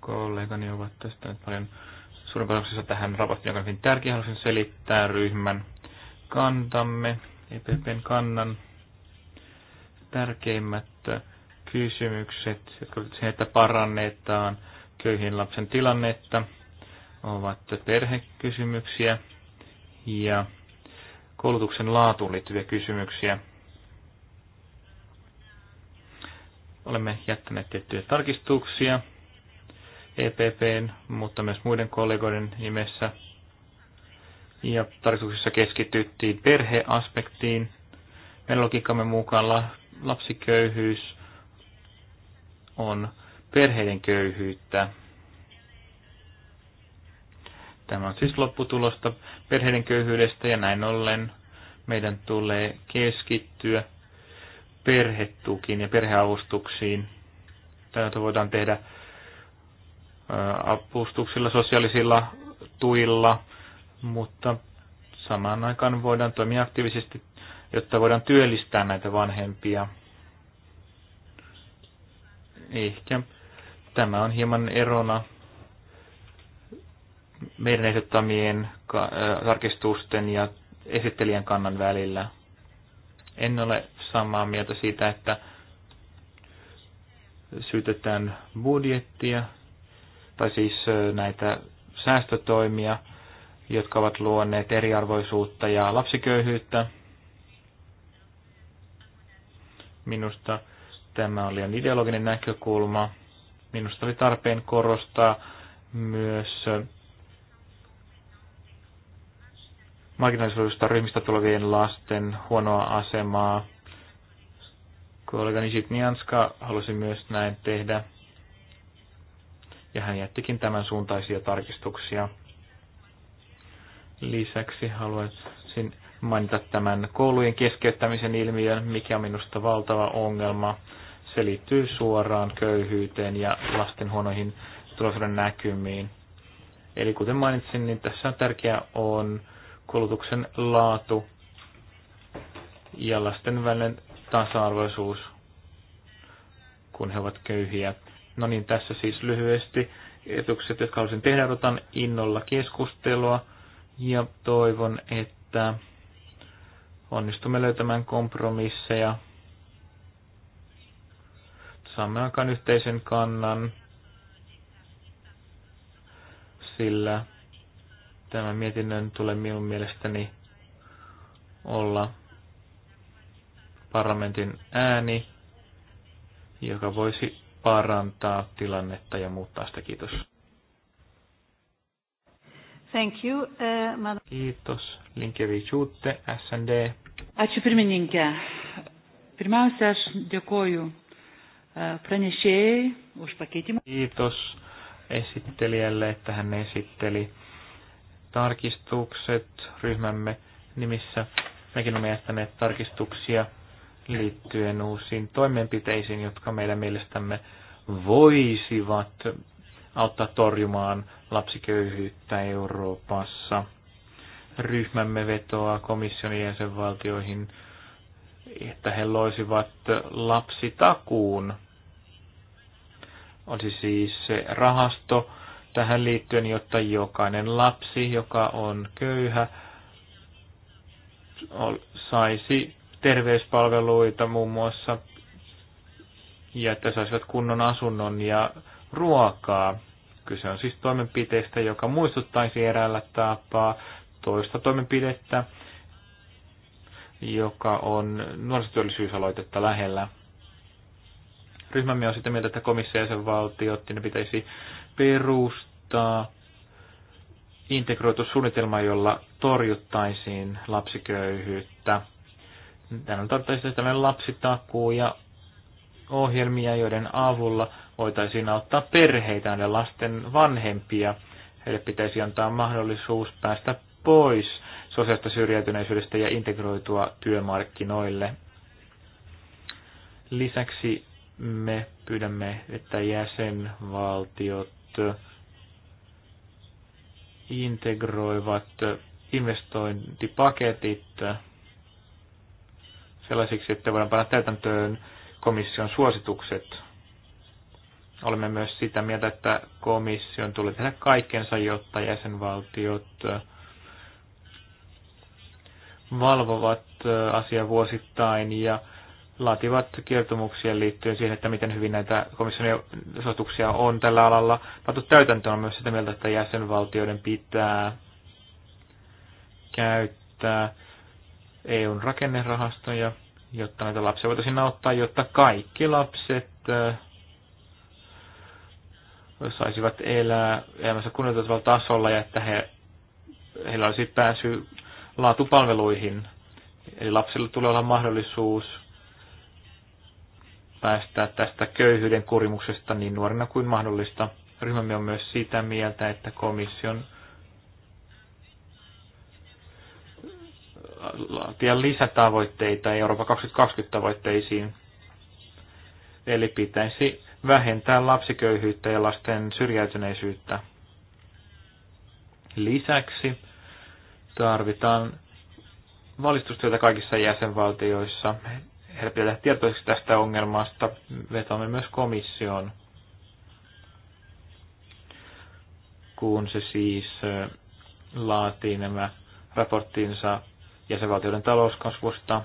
kollegani ovat tästä nyt paljon suurin tähän raportin, joka on hyvin tärkeä. Haluaisin selittää ryhmän kantamme, EPPn kannan tärkeimmät kysymykset, jotka ovat siihen, että parannetaan köyhien lapsen tilannetta, ovat perhekysymyksiä, ja koulutuksen laatuun liittyviä kysymyksiä. Olemme jättäneet tiettyjä tarkistuksia EPPn, mutta myös muiden kollegoiden nimessä. Ja tarkistuksessa keskityttiin perheaspektiin. Meidän logiikkamme mukaan lapsiköyhyys on perheiden köyhyyttä Tämä on siis lopputulosta perheiden köyhyydestä ja näin ollen meidän tulee keskittyä perhetukiin ja perheavustuksiin, Tätä voidaan tehdä avustuksilla, sosiaalisilla tuilla, mutta samaan aikaan voidaan toimia aktiivisesti, jotta voidaan työllistää näitä vanhempia. Ehkä tämä on hieman erona meidän ehdottamien tarkistusten ja esittelijän kannan välillä. En ole samaa mieltä siitä, että syytetään budjettia, tai siis näitä säästötoimia, jotka ovat luoneet eriarvoisuutta ja lapsiköyhyyttä. Minusta tämä oli liian ideologinen näkökulma. Minusta oli tarpeen korostaa myös marginalisoidusta ryhmistä tulevien lasten huonoa asemaa. Kollegani Jitnianska halusi myös näin tehdä, ja hän jättikin tämän suuntaisia tarkistuksia. Lisäksi haluaisin mainita tämän koulujen keskeyttämisen ilmiön, mikä on minusta valtava ongelma. Se liittyy suoraan köyhyyteen ja lasten huonoihin tulosuuden näkymiin. Eli kuten mainitsin, niin tässä on tärkeää on kulutuksen laatu ja lasten välinen tasa-arvoisuus, kun he ovat köyhiä. No niin, tässä siis lyhyesti etukset, jotka haluaisin tehdä. otan innolla keskustelua ja toivon, että onnistumme löytämään kompromisseja. Saamme aikaan yhteisen kannan, sillä Tämä mietinnön tulee minun mielestäni olla parlamentin ääni, joka voisi parantaa tilannetta ja muuttaa sitä. Kiitos. Thank you, uh, Kiitos. Linkevičiūtė, SND. Ačiū pirmininkė. Pirmiausia, aš dėkoju uh, pranešėjai už pakeitimą. Kiitos esittelijälle, että hän esitteli tarkistukset ryhmämme nimissä. Mekin olemme jättäneet tarkistuksia liittyen uusiin toimenpiteisiin, jotka meidän mielestämme voisivat auttaa torjumaan lapsiköyhyyttä Euroopassa. Ryhmämme vetoaa komission jäsenvaltioihin, että he loisivat lapsitakuun. On siis rahasto, tähän liittyen, jotta jokainen lapsi, joka on köyhä, saisi terveyspalveluita muun muassa ja että saisivat kunnon asunnon ja ruokaa. Kyse on siis toimenpiteestä, joka muistuttaisi eräällä tapaa toista toimenpidettä, joka on nuorisotyöllisyysaloitetta lähellä. Ryhmämme on sitä mieltä, että komissio ja sen valtiot, ne pitäisi perustaa tota, integroitu suunnitelma, jolla torjuttaisiin lapsiköyhyyttä. Täällä on tarvittaisiin tällainen lapsitakuu ja ohjelmia, joiden avulla voitaisiin auttaa perheitä ja lasten vanhempia. Heille pitäisi antaa mahdollisuus päästä pois sosiaalista syrjäytyneisyydestä ja integroitua työmarkkinoille. Lisäksi me pyydämme, että jäsenvaltiot integroivat investointipaketit sellaisiksi, että voidaan panna täytäntöön komission suositukset. Olemme myös sitä mieltä, että komission tulee tehdä kaikkensa, jotta jäsenvaltiot valvovat äh, asiaa vuosittain ja laativat kertomuksia liittyen siihen, että miten hyvin näitä komission suosituksia on tällä alalla. Pantu täytäntöön on myös sitä mieltä, että jäsenvaltioiden pitää käyttää EUn rakennerahastoja, jotta näitä lapsia voitaisiin auttaa, jotta kaikki lapset äh, saisivat elää elämässä kunnioitettavalla tasolla ja että he, heillä olisi pääsy laatupalveluihin. Eli lapsilla tulee olla mahdollisuus päästä tästä köyhyyden kurimuksesta niin nuorena kuin mahdollista. Ryhmämme on myös sitä mieltä, että komission laatia lisätavoitteita Euroopan 2020 tavoitteisiin. Eli pitäisi vähentää lapsiköyhyyttä ja lasten syrjäytyneisyyttä. Lisäksi tarvitaan valistustyötä kaikissa jäsenvaltioissa heidän pitää tietoiseksi tästä ongelmasta. Vetomme myös komission kun se siis laatii nämä raporttinsa jäsenvaltioiden talouskasvusta.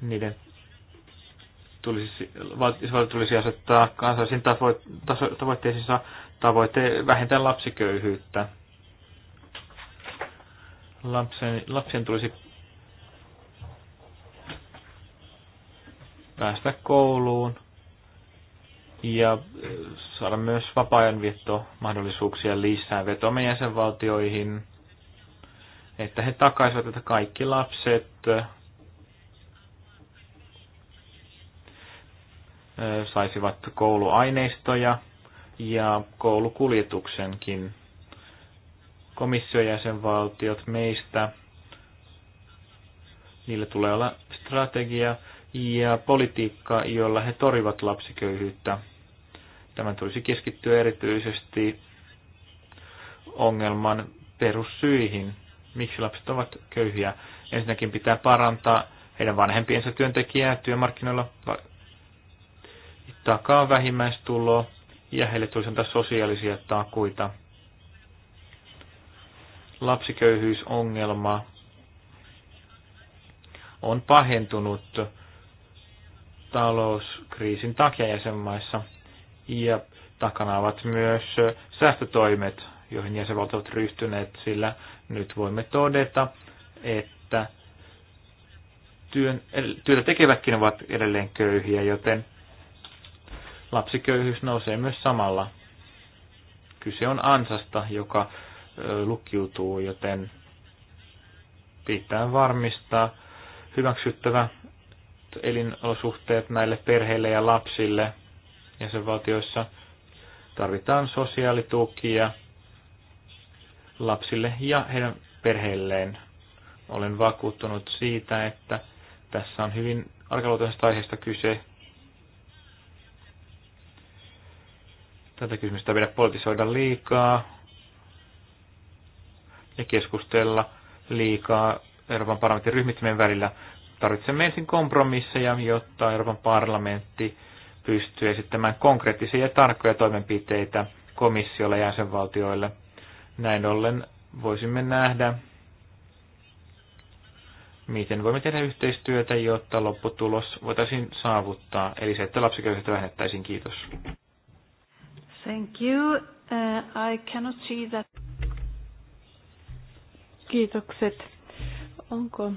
Niiden tulisi, valtio tulisi asettaa kansallisiin tavoitteisiinsa tavoite vähentää lapsiköyhyyttä. Lapsen, lapsen tulisi päästä kouluun ja äh, saada myös vapaa mahdollisuuksia lisää vetomme jäsenvaltioihin, että he takaisivat, että kaikki lapset äh, saisivat kouluaineistoja ja koulukuljetuksenkin komissiojäsenvaltiot meistä. niille tulee olla strategia ja politiikka, jolla he torivat lapsiköyhyyttä. Tämän tulisi keskittyä erityisesti ongelman perussyihin, miksi lapset ovat köyhiä. Ensinnäkin pitää parantaa heidän vanhempiensa työntekijää työmarkkinoilla, takaa vähimmäistuloa ja heille tulisi antaa sosiaalisia takuita. Lapsiköyhyysongelma on pahentunut talouskriisin takia jäsenmaissa. Ja takana ovat myös säästötoimet, joihin jäsenvaltiot ovat ryhtyneet, sillä nyt voimme todeta, että työn, työtä tekevätkin ovat edelleen köyhiä, joten lapsiköyhyys nousee myös samalla. Kyse on ansasta, joka lukkiutuu, joten pitää varmistaa hyväksyttävä elinolosuhteet näille perheille ja lapsille ja valtioissa Tarvitaan sosiaalitukia lapsille ja heidän perheilleen. Olen vakuuttunut siitä, että tässä on hyvin arkaluontoisesta aiheesta kyse. Tätä kysymystä pidä politisoida liikaa ja keskustella liikaa Euroopan parlamentin ryhmittymien välillä tarvitsemme ensin kompromisseja, jotta Euroopan parlamentti pystyy esittämään konkreettisia ja tarkkoja toimenpiteitä komissiolle ja jäsenvaltioille. Näin ollen voisimme nähdä, miten voimme tehdä yhteistyötä, jotta lopputulos voitaisiin saavuttaa. Eli se, että lapsiköyhyyttä vähennettäisiin. Kiitos. Thank you. Uh, I cannot see that. Kiitokset. Onko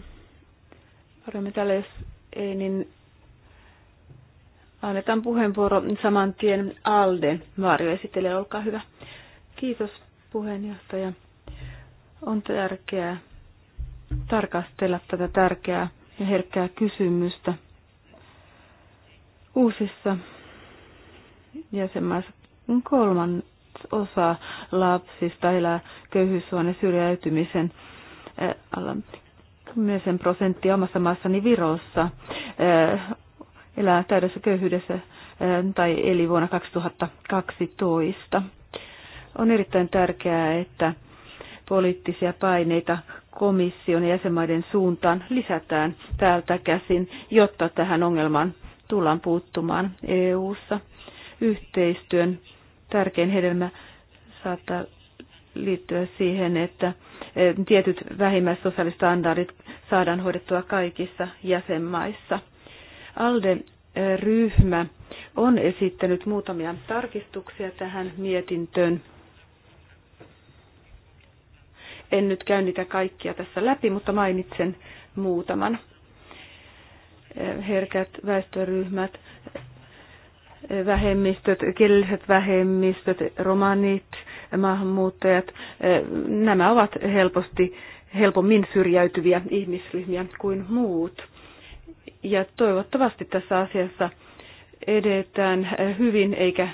paremmin täällä, jos ei, niin annetaan puheenvuoro saman tien Alden esittelee, Olkaa hyvä. Kiitos puheenjohtaja. On tärkeää tarkastella tätä tärkeää ja herkkää kysymystä. Uusissa jäsenmaissa kolman osa lapsista elää köyhyyshuone syrjäytymisen alla. 10 prosenttia omassa maassani Virossa eh, elää täydessä köyhyydessä eh, tai eli vuonna 2012. On erittäin tärkeää, että poliittisia paineita komission ja jäsenmaiden suuntaan lisätään täältä käsin, jotta tähän ongelmaan tullaan puuttumaan EU-ssa. Yhteistyön tärkein hedelmä saattaa liittyä siihen, että eh, tietyt vähimmäissosiaalistandardit saadaan hoidettua kaikissa jäsenmaissa. ALDE-ryhmä eh, on esittänyt muutamia tarkistuksia tähän mietintöön. En nyt käy niitä kaikkia tässä läpi, mutta mainitsen muutaman. Eh, herkät väestöryhmät, vähemmistöt, kielelliset vähemmistöt, romanit, maahanmuuttajat. Nämä ovat helposti helpommin syrjäytyviä ihmisryhmiä kuin muut. Ja toivottavasti tässä asiassa edetään hyvin eikä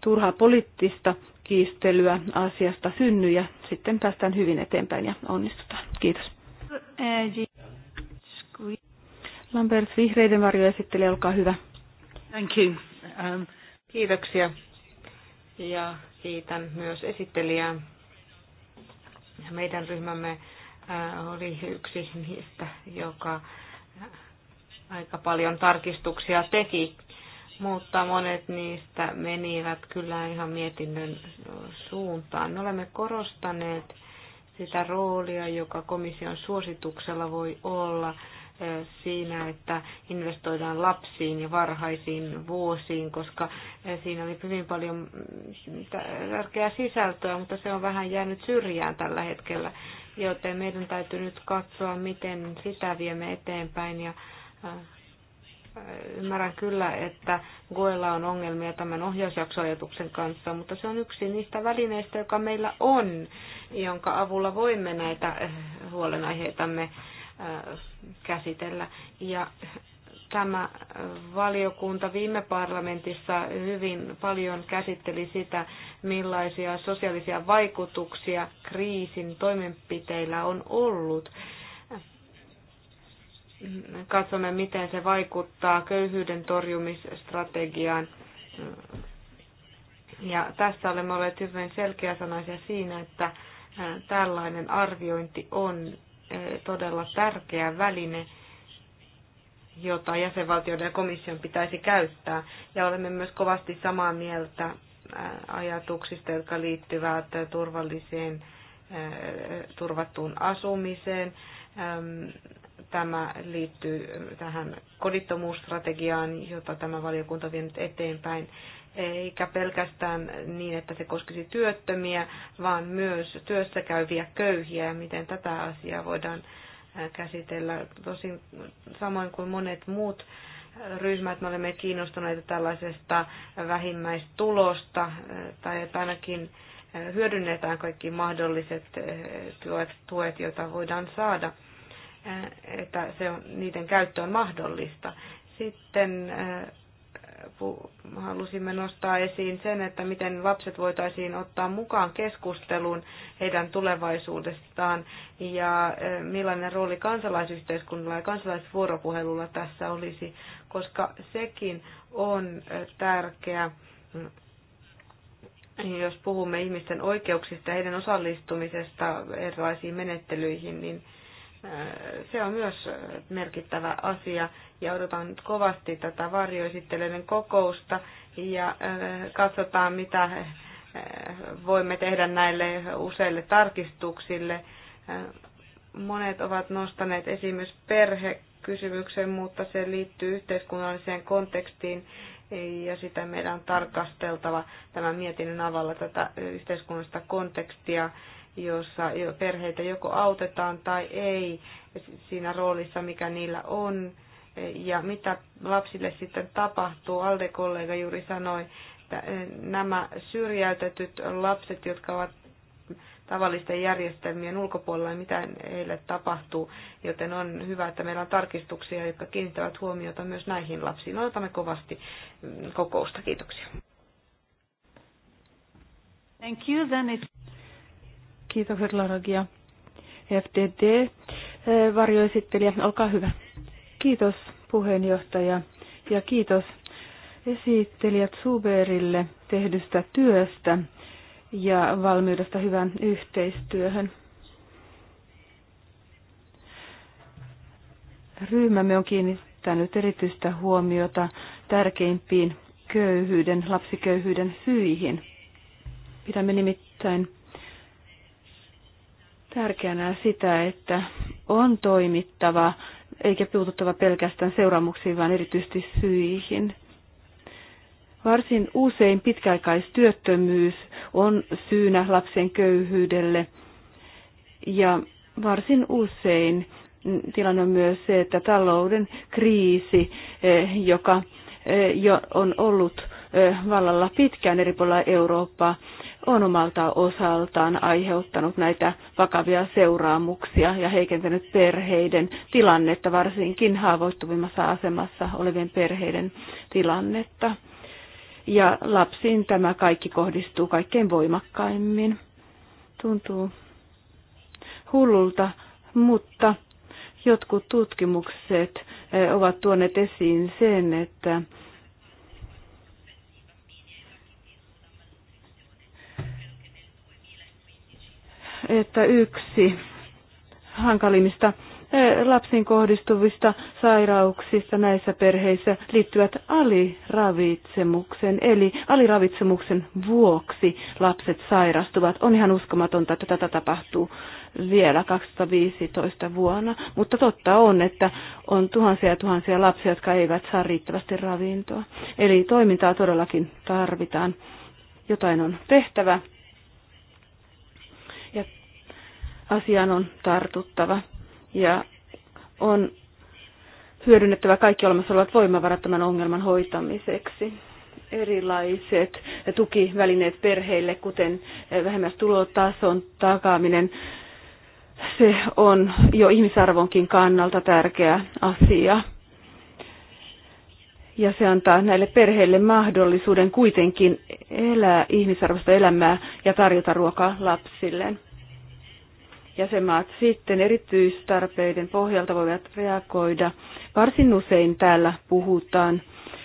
turhaa poliittista kiistelyä asiasta synny ja sitten päästään hyvin eteenpäin ja onnistutaan. Kiitos. Lambert Vihreiden esitteli, olkaa hyvä. Thank you. Um, kiitoksia. Ja Kiitän myös esittelijää. Meidän ryhmämme äh, oli yksi niistä, joka aika paljon tarkistuksia teki, mutta monet niistä menivät kyllä ihan mietinnön suuntaan. Me olemme korostaneet sitä roolia, joka komission suosituksella voi olla siinä, että investoidaan lapsiin ja varhaisiin vuosiin, koska siinä oli hyvin paljon mm, tärkeää sisältöä, mutta se on vähän jäänyt syrjään tällä hetkellä. Joten meidän täytyy nyt katsoa, miten sitä viemme eteenpäin ja ymmärrän kyllä, että Goella on ongelmia tämän ohjausjaksoajatuksen kanssa, mutta se on yksi niistä välineistä, joka meillä on, jonka avulla voimme näitä huolenaiheitamme käsitellä. Ja tämä valiokunta viime parlamentissa hyvin paljon käsitteli sitä, millaisia sosiaalisia vaikutuksia kriisin toimenpiteillä on ollut. Katsomme, miten se vaikuttaa köyhyyden torjumisstrategiaan. Ja tässä olemme olleet hyvin selkeäsanaisia siinä, että tällainen arviointi on todella tärkeä väline, jota jäsenvaltioiden ja komission pitäisi käyttää. Ja olemme myös kovasti samaa mieltä ajatuksista, jotka liittyvät turvalliseen turvattuun asumiseen. Tämä liittyy tähän kodittomuusstrategiaan, jota tämä valiokunta on vienyt eteenpäin eikä pelkästään niin, että se koskisi työttömiä, vaan myös työssä käyviä köyhiä ja miten tätä asiaa voidaan käsitellä. Tosin samoin kuin monet muut ryhmät, me olemme kiinnostuneita tällaisesta vähimmäistulosta tai että ainakin hyödynnetään kaikki mahdolliset tuet, tuet joita voidaan saada, että se on, niiden käyttö on mahdollista. Sitten halusimme nostaa esiin sen, että miten lapset voitaisiin ottaa mukaan keskusteluun heidän tulevaisuudestaan ja e, millainen rooli kansalaisyhteiskunnalla ja kansalaisvuoropuhelulla tässä olisi, koska sekin on e, tärkeä, mm, jos puhumme ihmisten oikeuksista ja heidän osallistumisesta erilaisiin menettelyihin, niin e, se on myös merkittävä asia ja odotan nyt kovasti tätä varjoesittelyiden kokousta ja katsotaan, mitä voimme tehdä näille useille tarkistuksille. Monet ovat nostaneet esiin myös perhekysymyksen, mutta se liittyy yhteiskunnalliseen kontekstiin ja sitä meidän on tarkasteltava tämän mietinnön avalla tätä yhteiskunnallista kontekstia, jossa perheitä joko autetaan tai ei siinä roolissa, mikä niillä on ja mitä lapsille sitten tapahtuu. Alde-kollega juuri sanoi, että eh, nämä syrjäytetyt lapset, jotka ovat tavallisten järjestelmien ulkopuolella ja mitä heille tapahtuu, joten on hyvä, että meillä on tarkistuksia, jotka kiinnittävät huomiota myös näihin lapsiin. Odotamme kovasti mm, kokousta. Kiitoksia. Thank you, then it's... Kiitokset Laragia. FDD, eh, varjoesittelijä, olkaa hyvä. Kiitos puheenjohtaja ja kiitos esittelijät Suberille tehdystä työstä ja valmiudesta hyvän yhteistyöhön. Ryhmämme on kiinnittänyt erityistä huomiota tärkeimpiin köyhyyden, lapsiköyhyyden syihin. Pidämme nimittäin tärkeänä sitä, että on toimittava eikä puututtava pelkästään seuraamuksiin, vaan erityisesti syihin. Varsin usein pitkäaikaistyöttömyys on syynä lapsen köyhyydelle ja varsin usein tilanne on myös se, että talouden kriisi, eh, joka eh, jo on ollut eh, vallalla pitkään eri puolilla Eurooppaa, on omalta osaltaan aiheuttanut näitä vakavia seuraamuksia ja heikentänyt perheiden tilannetta, varsinkin haavoittuvimmassa asemassa olevien perheiden tilannetta. Ja lapsiin tämä kaikki kohdistuu kaikkein voimakkaimmin. Tuntuu hullulta, mutta jotkut tutkimukset eh, ovat tuoneet esiin sen, että että yksi hankalimmista eh, lapsiin kohdistuvista sairauksista näissä perheissä liittyvät aliravitsemukseen, eli aliravitsemuksen vuoksi lapset sairastuvat. On ihan uskomatonta, että tätä tapahtuu vielä 2015 vuonna, mutta totta on, että on tuhansia ja tuhansia lapsia, jotka eivät saa riittävästi ravintoa. Eli toimintaa todellakin tarvitaan. Jotain on tehtävä asiaan on tartuttava ja on hyödynnettävä kaikki olemassa olevat voimavarat tämän ongelman hoitamiseksi. Erilaiset tukivälineet perheille, kuten vähemmästulotason takaaminen, se on jo ihmisarvonkin kannalta tärkeä asia. Ja se antaa näille perheille mahdollisuuden kuitenkin elää ihmisarvoista elämää ja tarjota ruokaa lapsilleen jäsenmaat sitten erityistarpeiden pohjalta voivat reagoida. Varsin usein täällä puhutaan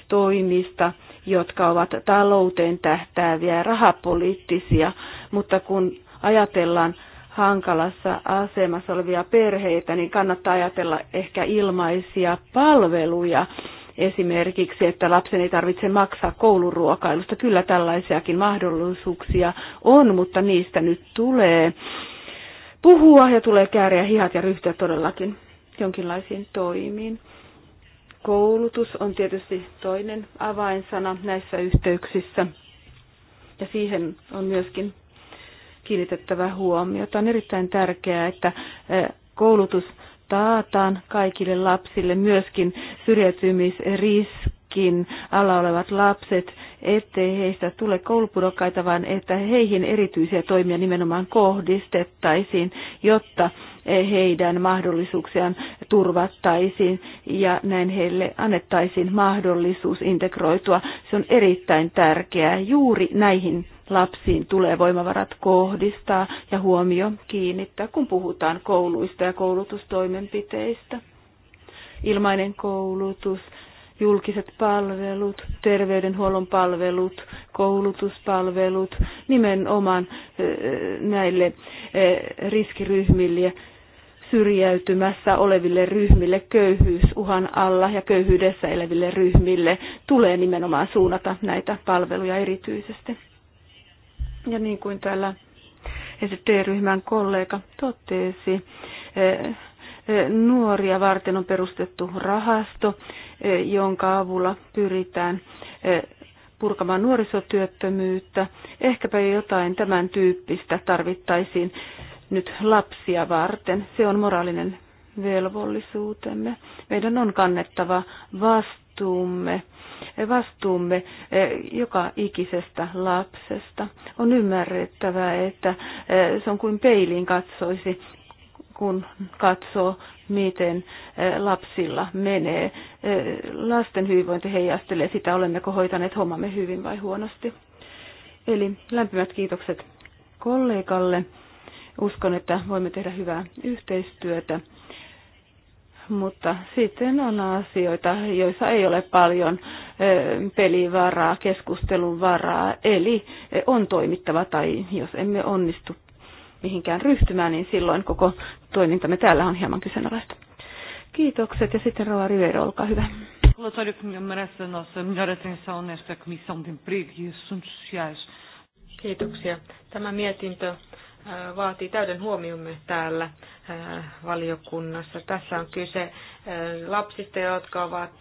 toimista, jotka ovat talouteen tähtääviä rahapoliittisia, mutta kun ajatellaan hankalassa asemassa olevia perheitä, niin kannattaa ajatella ehkä ilmaisia palveluja. Esimerkiksi, että lapsen ei tarvitse maksaa kouluruokailusta. Kyllä tällaisiakin mahdollisuuksia on, mutta niistä nyt tulee puhua ja tulee kääriä hihat ja ryhtyä todellakin jonkinlaisiin toimiin. Koulutus on tietysti toinen avainsana näissä yhteyksissä ja siihen on myöskin kiinnitettävä huomiota. On erittäin tärkeää, että eh, koulutus taataan kaikille lapsille myöskin syrjäytymisriski kaikkiin alla olevat lapset, ettei heistä tule koulupudokkaita, vaan että heihin erityisiä toimia nimenomaan kohdistettaisiin, jotta heidän mahdollisuuksiaan turvattaisiin ja näin heille annettaisiin mahdollisuus integroitua. Se on erittäin tärkeää. Juuri näihin lapsiin tulee voimavarat kohdistaa ja huomio kiinnittää, kun puhutaan kouluista ja koulutustoimenpiteistä ilmainen koulutus julkiset palvelut, terveydenhuollon palvelut, koulutuspalvelut nimenomaan näille riskiryhmille syrjäytymässä oleville ryhmille, köyhyysuhan alla ja köyhyydessä eläville ryhmille tulee nimenomaan suunnata näitä palveluja erityisesti. Ja niin kuin täällä ST-ryhmän kollega totesi, nuoria varten on perustettu rahasto, jonka avulla pyritään purkamaan nuorisotyöttömyyttä. Ehkäpä jotain tämän tyyppistä tarvittaisiin nyt lapsia varten. Se on moraalinen velvollisuutemme. Meidän on kannettava vastuumme, vastuumme joka ikisestä lapsesta. On ymmärrettävä, että se on kuin peiliin katsoisi kun katsoo, miten eh, lapsilla menee. Eh, lasten hyvinvointi heijastelee sitä, olemmeko hoitaneet hommamme hyvin vai huonosti. Eli lämpimät kiitokset kollegalle. Uskon, että voimme tehdä hyvää yhteistyötä. Mutta sitten on asioita, joissa ei ole paljon eh, pelivaraa, keskustelun varaa, eli on toimittava tai jos emme onnistu mihinkään ryhtymään, niin silloin koko toimintamme täällä on hieman kyseenalaista. Kiitokset ja sitten Roa Rivero, olkaa hyvä. E Kiitoksia. Tämä mietintö vaatii täyden huomiomme täällä valiokunnassa. Tässä on kyse lapsista, jotka ovat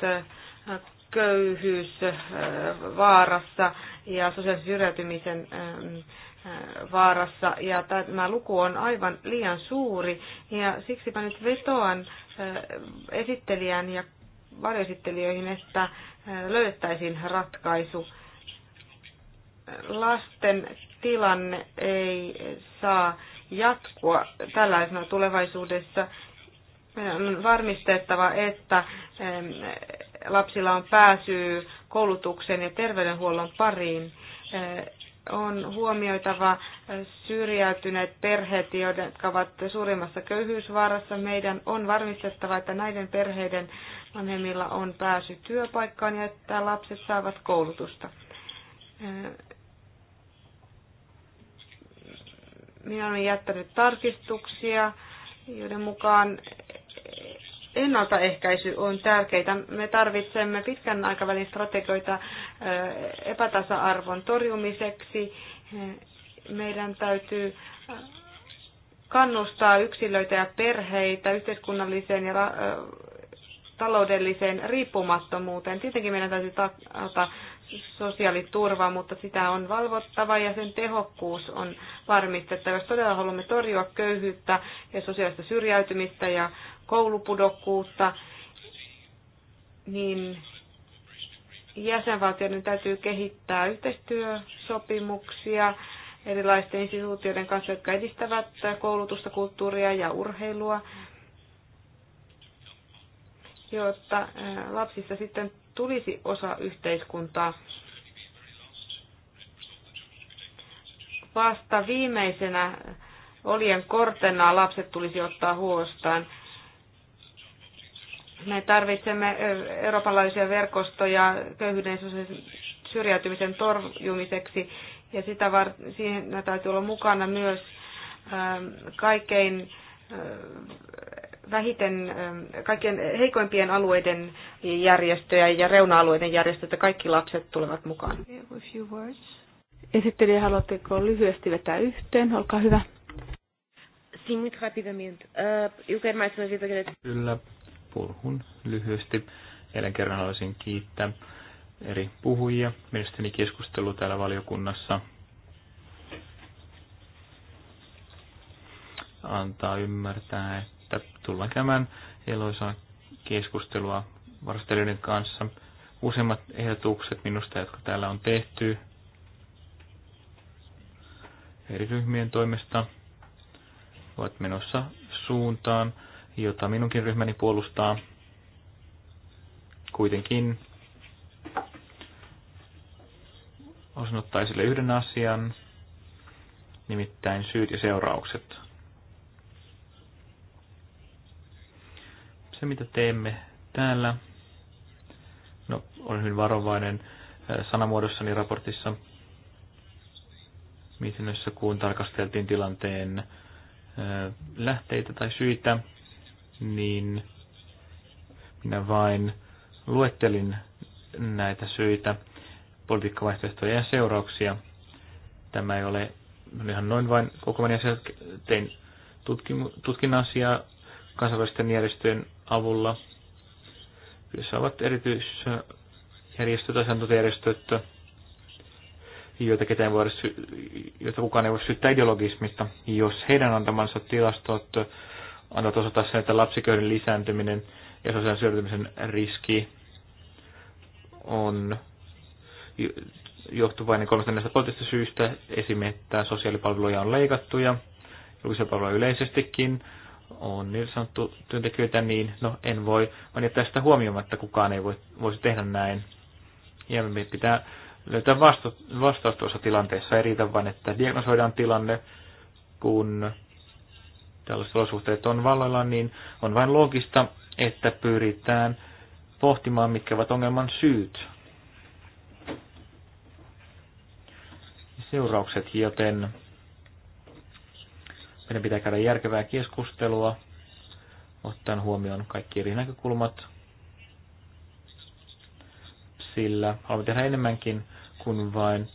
köyhyysvaarassa ja sosiaalisen syrjäytymisen vaarassa ja tämä luku on aivan liian suuri ja mä nyt vetoan esittelijän ja varjoesittelijöihin, että löydettäisiin ratkaisu. Lasten tilanne ei saa jatkua tällaisena tulevaisuudessa. On varmistettava, että lapsilla on pääsy koulutukseen ja terveydenhuollon pariin on huomioitava syrjäytyneet perheet, jotka ovat suurimmassa köyhyysvaarassa. Meidän on varmistettava, että näiden perheiden vanhemmilla on pääsy työpaikkaan ja että lapset saavat koulutusta. Minä olen jättänyt tarkistuksia, joiden mukaan ennaltaehkäisy on tärkeää. Me tarvitsemme pitkän aikavälin strategioita epätasa-arvon torjumiseksi. Meidän täytyy kannustaa yksilöitä ja perheitä yhteiskunnalliseen ja taloudelliseen riippumattomuuteen. Tietenkin meidän täytyy taata sosiaaliturva, mutta sitä on valvottava ja sen tehokkuus on varmistettava. Jos todella haluamme torjua köyhyyttä ja sosiaalista syrjäytymistä ja koulupudokkuutta, niin jäsenvaltioiden täytyy kehittää yhteistyösopimuksia erilaisten instituutioiden kanssa, jotka edistävät koulutusta, kulttuuria ja urheilua, jotta lapsista sitten tulisi osa yhteiskuntaa. Vasta viimeisenä olien kortena lapset tulisi ottaa huostaan. Me tarvitsemme eurooppalaisia verkostoja köyhyyden syrjäytymisen torjumiseksi ja sitä var- siihen täytyy olla mukana myös kaikkein vähiten kaikkien heikoimpien alueiden järjestöjä ja reuna-alueiden järjestöjä, kaikki lapset tulevat mukaan. Esittelijä, haluatteko lyhyesti vetää yhteen? Olkaa hyvä. Sim, muito rapidamente. Uh, eh, eu quero mais uma vez agradecer. Kyllä, puhun lyhyesti. Eilen kerran haluaisin kiittää eri puhujia. Mielestäni keskustelu täällä valiokunnassa antaa ymmärtää, että tullaan käymään eloisaa keskustelua varastelijoiden kanssa. Useimmat ehdotukset minusta, jotka täällä on tehty eri ryhmien toimesta, ovat menossa suuntaan, jota minunkin ryhmäni puolustaa. Kuitenkin osin ottaa esille yhden asian, nimittäin syyt ja seuraukset. Se, mitä teemme täällä, no, olen hyvin varovainen eh, sanamuodossani raportissa, mietinnössä, kun tarkasteltiin tilanteen eh, lähteitä tai syitä, niin minä vain luettelin näitä syitä, politiikkavaihtoehtoja ja seurauksia. Tämä ei ole ihan noin vain koko ajan tein tutkin asiaa kansainvälisten järjestöjen avulla, jossa ovat erityisjärjestöt, asiantuntijärjestöt, joita, ketään voi, joita kukaan ei voi syyttää ideologismista, jos heidän antamansa tilastot antavat osoittaa sen, että lapsiköyden lisääntyminen ja sosiaalisen syrjäytymisen riski on johtuvainen kolmesta näistä poliittisista syistä, esim. että sosiaalipalveluja on leikattu ja julkisia palveluja yleisestikin on niin sanottu työntekijöitä, niin no en voi vaan jättää sitä huomioimatta, kukaan ei voi, voisi tehdä näin. Ja me pitää löytää vastaus tuossa tilanteessa, ei riitä vain, että diagnosoidaan tilanne, kun tällaiset olosuhteet on vallalla, niin on vain loogista, että pyritään pohtimaan, mitkä ovat ongelman syyt. Seuraukset, joten meidän pitää käydä järkevää keskustelua, ottaen huomioon kaikki eri näkökulmat, sillä haluamme tehdä enemmänkin kuin vain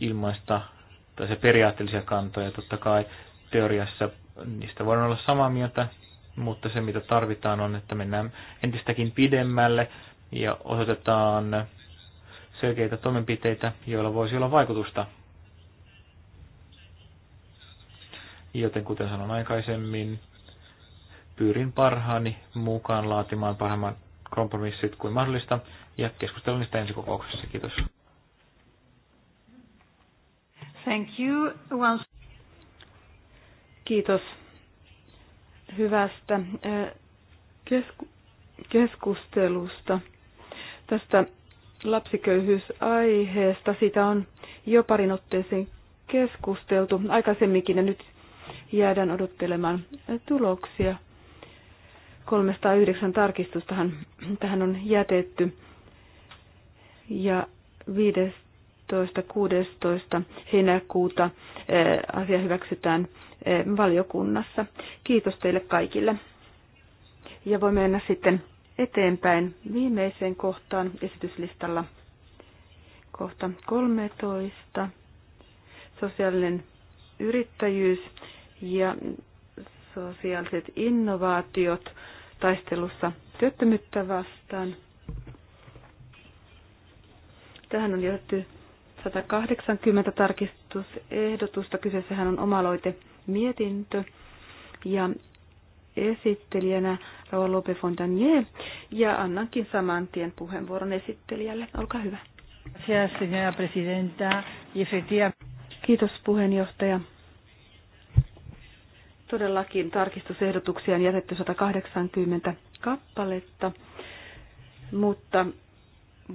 ilmaista tai se periaatteellisia kantoja. Totta kai teoriassa niistä voidaan olla samaa mieltä, mutta se mitä tarvitaan on, että mennään entistäkin pidemmälle ja osoitetaan selkeitä toimenpiteitä, joilla voisi olla vaikutusta. Joten kuten sanon aikaisemmin, pyrin parhaani mukaan laatimaan parhaimmat kompromissit kuin mahdollista ja keskustelen niistä ensi kokouksessa. Kiitos. Thank you. Once... Kiitos hyvästä eh, kesku- keskustelusta tästä lapsiköyhyysaiheesta. Sitä on jo parin otteeseen keskusteltu aikaisemminkin ja nyt jäädään odottelemaan tuloksia. 309 tarkistustahan tähän on jätetty ja viides. 16. heinäkuuta eh, asia hyväksytään eh, valiokunnassa. Kiitos teille kaikille. Ja voimme mennä sitten eteenpäin viimeiseen kohtaan esityslistalla. Kohta 13. Sosiaalinen yrittäjyys ja sosiaaliset innovaatiot taistelussa työttömyyttä vastaan. Tähän on jätetty 180 tarkistusehdotusta. Kyseessähän on omaloite mietintö ja esittelijänä Raul Lope Fontanier. Ja annankin saman tien puheenvuoron esittelijälle. Olkaa hyvä. Kiitos puheenjohtaja. Todellakin tarkistusehdotuksia on jätetty 180 kappaletta, mutta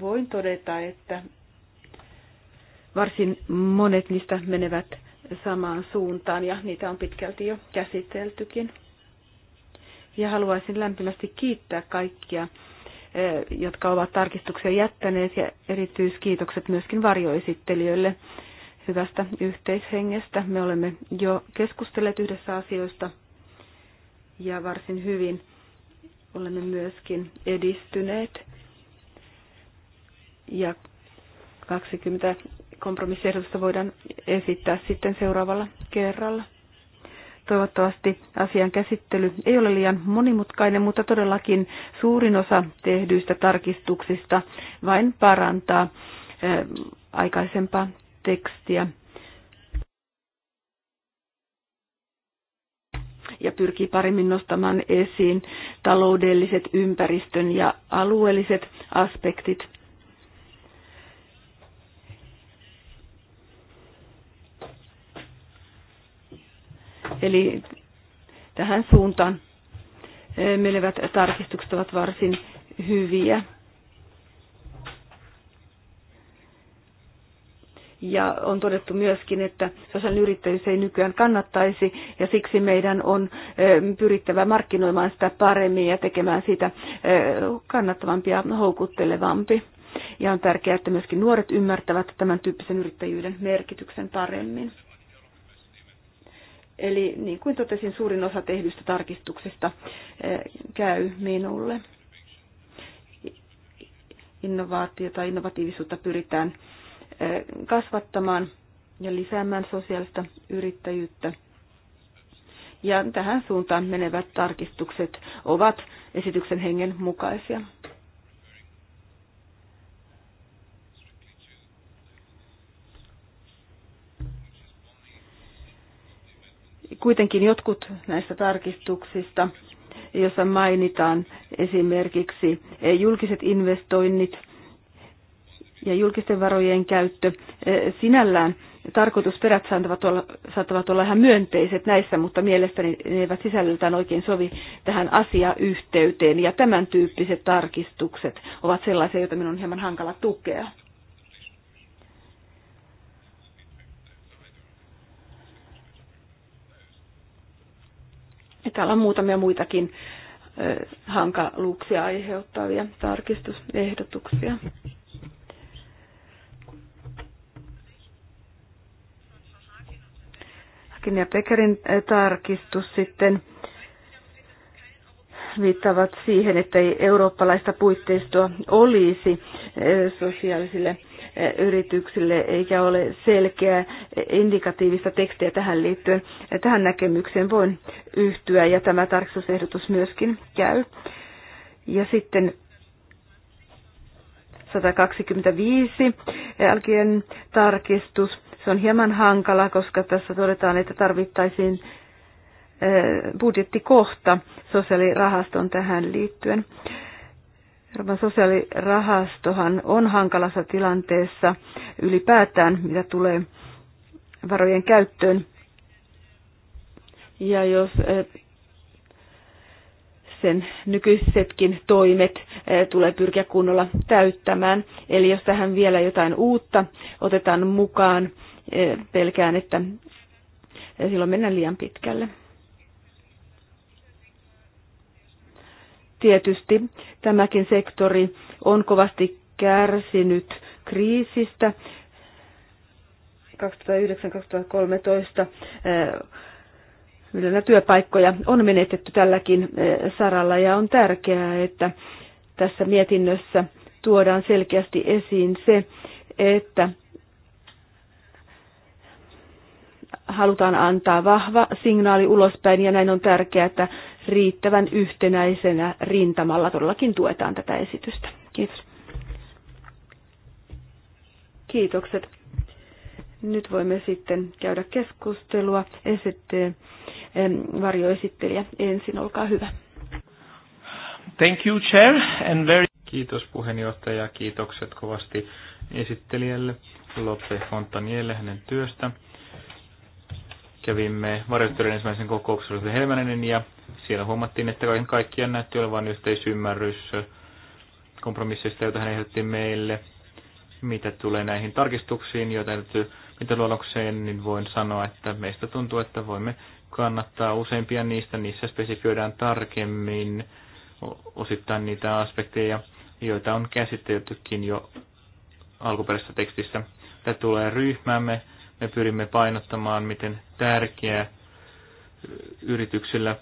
voin todeta, että varsin monet niistä menevät samaan suuntaan ja niitä on pitkälti jo käsiteltykin. Ja haluaisin lämpimästi kiittää kaikkia, eh, jotka ovat tarkistuksia jättäneet ja erityiskiitokset myöskin varjoesittelijöille hyvästä yhteishengestä. Me olemme jo keskustelleet yhdessä asioista ja varsin hyvin olemme myöskin edistyneet. Ja 20 kompromissiehdotusta voidaan esittää sitten seuraavalla kerralla. Toivottavasti asian käsittely ei ole liian monimutkainen, mutta todellakin suurin osa tehdyistä tarkistuksista vain parantaa aikaisempaa tekstiä ja pyrkii paremmin nostamaan esiin taloudelliset, ympäristön ja alueelliset aspektit Eli tähän suuntaan eh, menevät tarkistukset ovat varsin hyviä. Ja on todettu myöskin, että sosiaalinen yrittäjyys ei nykyään kannattaisi ja siksi meidän on eh, pyrittävä markkinoimaan sitä paremmin ja tekemään sitä eh, kannattavampi ja houkuttelevampi. Ja on tärkeää, että myöskin nuoret ymmärtävät tämän tyyppisen yrittäjyyden merkityksen paremmin. Eli niin kuin totesin, suurin osa tehdystä tarkistuksesta eh, käy minulle. Innovaatiota, innovatiivisuutta pyritään eh, kasvattamaan ja lisäämään sosiaalista yrittäjyyttä. Ja tähän suuntaan menevät tarkistukset ovat esityksen hengen mukaisia. Kuitenkin jotkut näistä tarkistuksista, joissa mainitaan esimerkiksi eh, julkiset investoinnit ja julkisten varojen käyttö, eh, sinällään tarkoitusperät saattavat olla, saattavat olla ihan myönteiset näissä, mutta mielestäni ne eivät sisällöltään oikein sovi tähän asiayhteyteen. Ja tämän tyyppiset tarkistukset ovat sellaisia, joita minun on hieman hankala tukea. Täällä on muutamia muitakin hankaluuksia aiheuttavia tarkistusehdotuksia. Hakin ja Pekerin tarkistus sitten viittaavat siihen, että ei eurooppalaista puitteistoa olisi sosiaalisille yrityksille eikä ole selkeää indikatiivista tekstiä tähän liittyen. Tähän näkemykseen voin yhtyä ja tämä tarkistusehdotus myöskin käy. Ja sitten 125 jälkien eh, tarkistus. Se on hieman hankala, koska tässä todetaan, että tarvittaisiin eh, budjettikohta sosiaalirahaston tähän liittyen. Euroopan sosiaalirahastohan on hankalassa tilanteessa ylipäätään, mitä tulee varojen käyttöön. Ja jos eh, sen nykyisetkin toimet eh, tulee pyrkiä kunnolla täyttämään. Eli jos tähän vielä jotain uutta otetaan mukaan, eh, pelkään, että silloin mennään liian pitkälle. Tietysti tämäkin sektori on kovasti kärsinyt kriisistä. 2009-2013 Kyllä eh, työpaikkoja on menetetty tälläkin eh, saralla ja on tärkeää, että tässä mietinnössä tuodaan selkeästi esiin se, että halutaan antaa vahva signaali ulospäin ja näin on tärkeää, että riittävän yhtenäisenä rintamalla todellakin tuetaan tätä esitystä. Kiitos. Kiitokset. Nyt voimme sitten käydä keskustelua. Esitte, varjoesittelijä ensin, olkaa hyvä. Thank you, Chair, and very... Kiitos puheenjohtaja, kiitokset kovasti esittelijälle Lotte Fontanielle hänen työstä. Kävimme varjoittelijan ensimmäisen kokouksen Helmänen ja siellä huomattiin, että kaiken kaikkiaan näytti olevan yhteisymmärrys kompromisseista, joita hän ehdotti meille. Mitä tulee näihin tarkistuksiin, joita täytyy mitä luonnokseen, niin voin sanoa, että meistä tuntuu, että voimme kannattaa useimpia niistä. Niissä spesifioidaan tarkemmin osittain niitä aspekteja, joita on käsiteltykin jo alkuperäisessä tekstissä. Tämä tulee ryhmämme. Me pyrimme painottamaan, miten tärkeää yrityksillä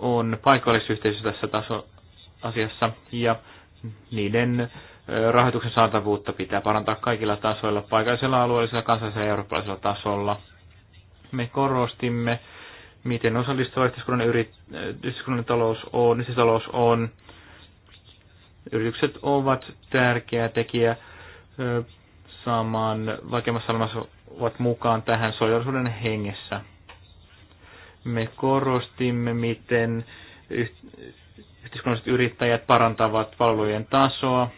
on paikallisyhteisö tässä taso asiassa ja niiden rahoituksen saatavuutta pitää parantaa kaikilla tasoilla, paikallisella, alueellisella, kansallisella ja eurooppalaisella tasolla. Me korostimme, miten osallistava yhteiskunnan, yrit, yhteiskunnan talous on, talous on. Yritykset ovat tärkeä tekijä saamaan vaikeimmassa olemassa ovat mukaan tähän solidarisuuden hengessä. Me korostimme, miten yhteiskunnalliset yrittäjät parantavat palvelujen tasoa.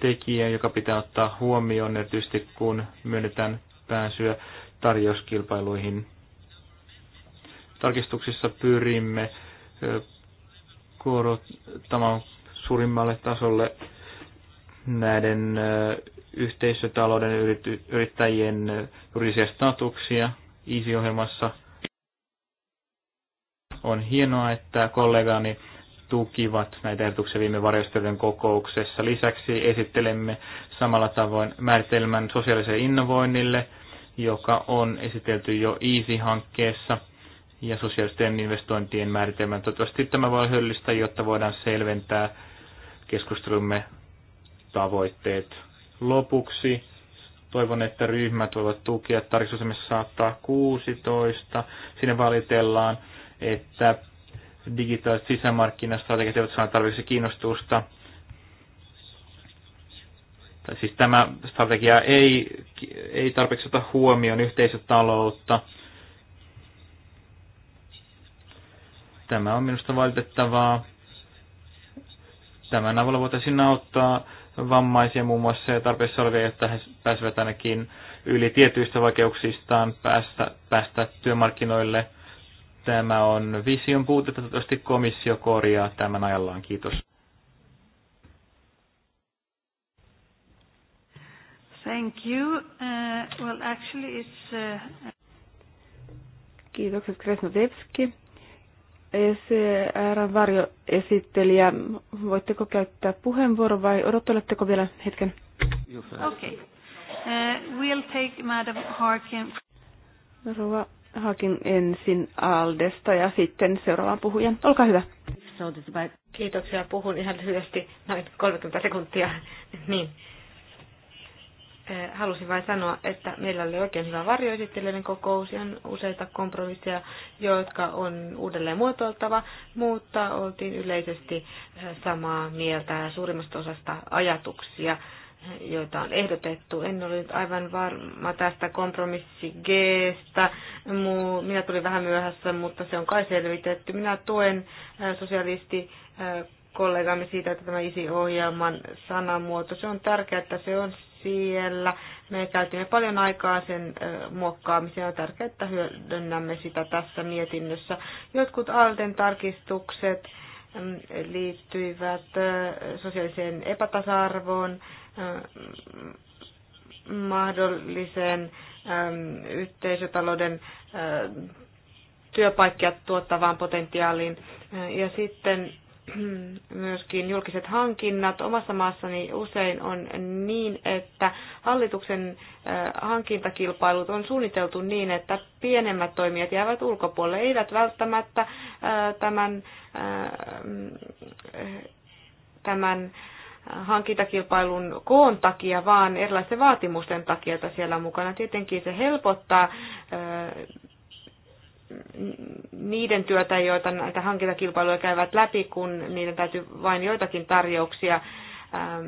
Tekijä, joka pitää ottaa huomioon erityisesti kun myönnetään pääsyä tarjouskilpailuihin. Tarkistuksissa pyrimme korottamaan suurimmalle tasolle näiden yhteisötalouden yrittäjien juridisia statuksia. Easy-ohjelmassa. On hienoa, että kollegani tukivat näitä ehdotuksia viime varjostelujen kokouksessa. Lisäksi esittelemme samalla tavoin määritelmän sosiaaliselle innovoinnille, joka on esitelty jo Easy-hankkeessa ja sosiaalisten investointien määritelmän. Toivottavasti tämä voi hyllistä, jotta voidaan selventää keskustelumme tavoitteet. Lopuksi Toivon, että ryhmät voivat tukea tarkistusemissa saattaa 16. Siinä valitellaan, että digitaaliset sisämarkkinastrategiat eivät saa tarvitse kiinnostusta. Tai siis tämä strategia ei, ei tarpeeksi ota huomioon yhteisötaloutta. Tämä on minusta valitettavaa. Tämän avulla voitaisiin auttaa vammaisia muun muassa ja tarpeessa olevia, että he pääsevät ainakin yli tietyistä vaikeuksistaan päästä, päästä työmarkkinoille. Tämä on vision puute, toivottavasti komissio korjaa tämän ajallaan. Kiitos. Thank you. Uh, well, actually it's... Uh... Kiitokset Kresnodevski. ECRn varjoesittelijä. Voitteko käyttää puheenvuoro vai odotteletteko vielä hetken? Okay. Uh, eh, we'll take Madam Harkin. Rova Harkin ensin Aldesta ja sitten seuraavan puhujan. Olkaa hyvä. Kiitoksia. Puhun ihan lyhyesti, noin 30 sekuntia. niin Eh, halusin vain sanoa, että meillä oli oikein hyvä varjoesittelyiden kokous ja on useita kompromisseja, jotka on uudelleen muotoiltava, mutta oltiin yleisesti eh, samaa mieltä ja suurimmasta osasta ajatuksia, eh, joita on ehdotettu. En ole nyt aivan varma tästä kompromissi Gstä. Minä tulin vähän myöhässä, mutta se on kai selvitetty. Minä tuen sosialisti kollegamme siitä, että tämä isi ohjelman sanamuoto, se on tärkeää, että se on siellä. Me käytimme paljon aikaa sen muokkaamiseen ja tärkeää, että hyödynnämme sitä tässä mietinnössä. Jotkut Alten tarkistukset mm, liittyivät sosiaaliseen epätasa-arvoon, mahdolliseen yhteisötalouden työpaikkia tuottavaan potentiaaliin. Ja sitten Hmm, myöskin julkiset hankinnat. Omassa maassani usein on niin, että hallituksen hankintakilpailut on suunniteltu niin, että pienemmät toimijat jäävät ulkopuolelle, eivät välttämättä tämän, mm, tämän hankintakilpailun koon takia, vaan erilaisten vaatimusten takia, että siellä on mukana. Tietenkin se helpottaa niiden työtä, joita näitä hankintakilpailuja käyvät läpi, kun niiden täytyy vain joitakin tarjouksia ähm,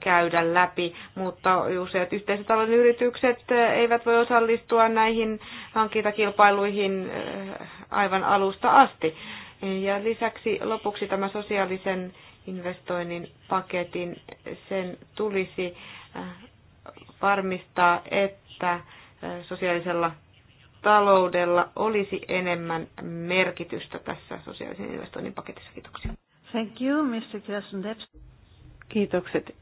käydä läpi, mutta useat yhteisötalouden yritykset äh, eivät voi osallistua näihin hankintakilpailuihin äh, aivan alusta asti. Ja lisäksi lopuksi tämä sosiaalisen investoinnin paketin, sen tulisi äh, varmistaa, että sosiaalisella taloudella olisi enemmän merkitystä tässä sosiaalisen investoinnin paketissa. Kiitoksia. Thank you, Mr. Kirsten Kiitokset.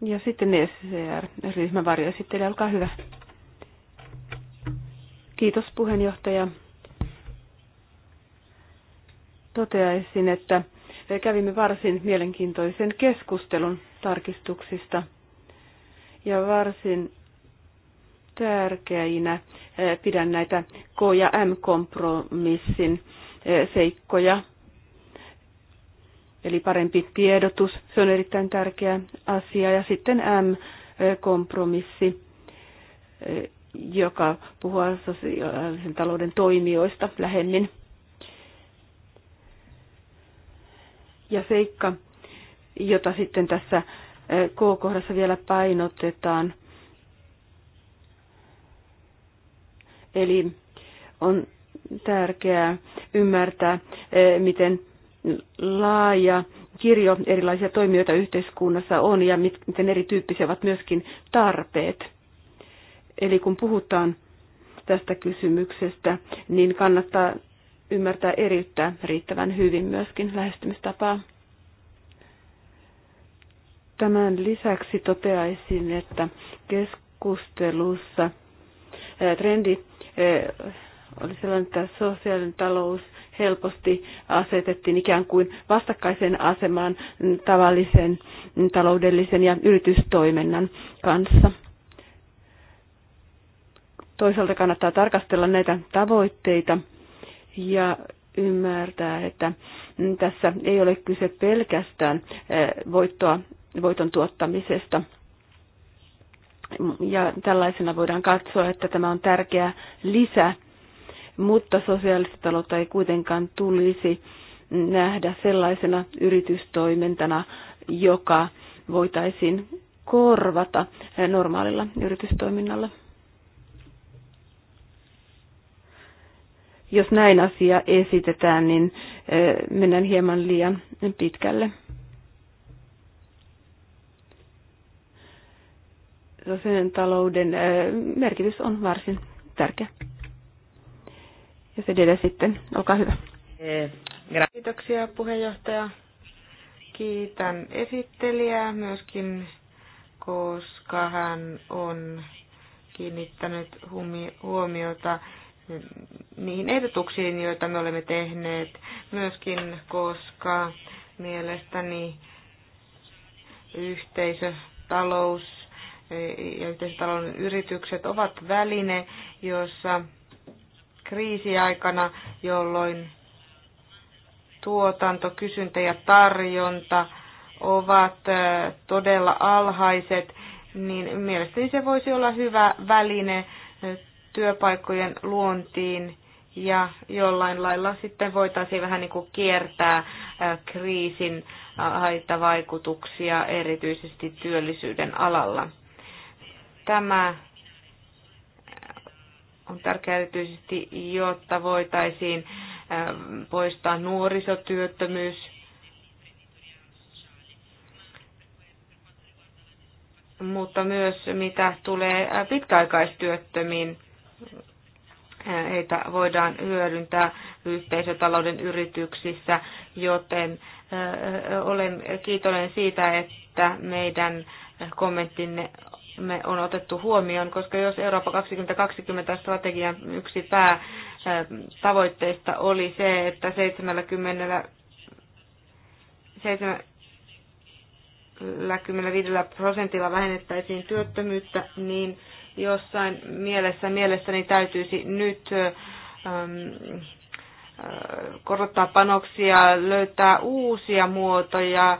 Ja sitten scr ryhmän varjoesittelijä, olkaa hyvä. Kiitos puheenjohtaja. Toteaisin, että kävimme varsin mielenkiintoisen keskustelun tarkistuksista ja varsin tärkeinä eh, pidän näitä K- ja M-kompromissin eh, seikkoja. Eli parempi tiedotus, se on erittäin tärkeä asia. Ja sitten M-kompromissi, eh, joka puhuu sosiaalisen talouden toimijoista lähemmin. Ja seikka, jota sitten tässä K-kohdassa vielä painotetaan – Eli on tärkeää ymmärtää, eh, miten laaja kirjo erilaisia toimijoita yhteiskunnassa on ja miten erityyppisiä ovat myöskin tarpeet. Eli kun puhutaan tästä kysymyksestä, niin kannattaa ymmärtää eriyttää riittävän hyvin myöskin lähestymistapaa. Tämän lisäksi toteaisin, että keskustelussa trendi oli sellainen, että sosiaalinen talous helposti asetettiin ikään kuin vastakkaiseen asemaan tavallisen mm, taloudellisen ja yritystoiminnan kanssa. Toisaalta kannattaa tarkastella näitä tavoitteita ja ymmärtää, että mm, tässä ei ole kyse pelkästään voittoa, voiton tuottamisesta – ja tällaisena voidaan katsoa, että tämä on tärkeä lisä, mutta sosiaalista taloutta ei kuitenkaan tulisi nähdä sellaisena yritystoimintana, joka voitaisiin korvata normaalilla yritystoiminnalla. Jos näin asia esitetään, niin eh, mennään hieman liian pitkälle. sosiaalinen talouden merkitys on varsin tärkeä. Ja se edelleen sitten, olkaa hyvä. Kiitoksia puheenjohtaja. Kiitän esittelijää myöskin, koska hän on kiinnittänyt huomiota niihin ehdotuksiin, joita me olemme tehneet, myöskin koska mielestäni yhteisötalous ja yhteisötalouden yritykset ovat väline, jossa kriisiaikana, jolloin tuotanto, kysyntä ja tarjonta ovat todella alhaiset, niin mielestäni se voisi olla hyvä väline työpaikkojen luontiin ja jollain lailla sitten voitaisiin vähän niin kuin kiertää kriisin haittavaikutuksia erityisesti työllisyyden alalla. Tämä on tärkeää erityisesti, jotta voitaisiin poistaa nuorisotyöttömyys. Mutta myös mitä tulee pitkäaikaistyöttömiin, heitä voidaan hyödyntää yhteisötalouden yrityksissä, joten olen kiitollinen siitä, että meidän kommenttinne me on otettu huomioon, koska jos Eurooppa 2020 strategian yksi pää äh, tavoitteista oli se, että 70, 75 prosentilla vähennettäisiin työttömyyttä, niin jossain mielessä mielestäni täytyisi nyt ähm, äh, korottaa panoksia, löytää uusia muotoja, äh,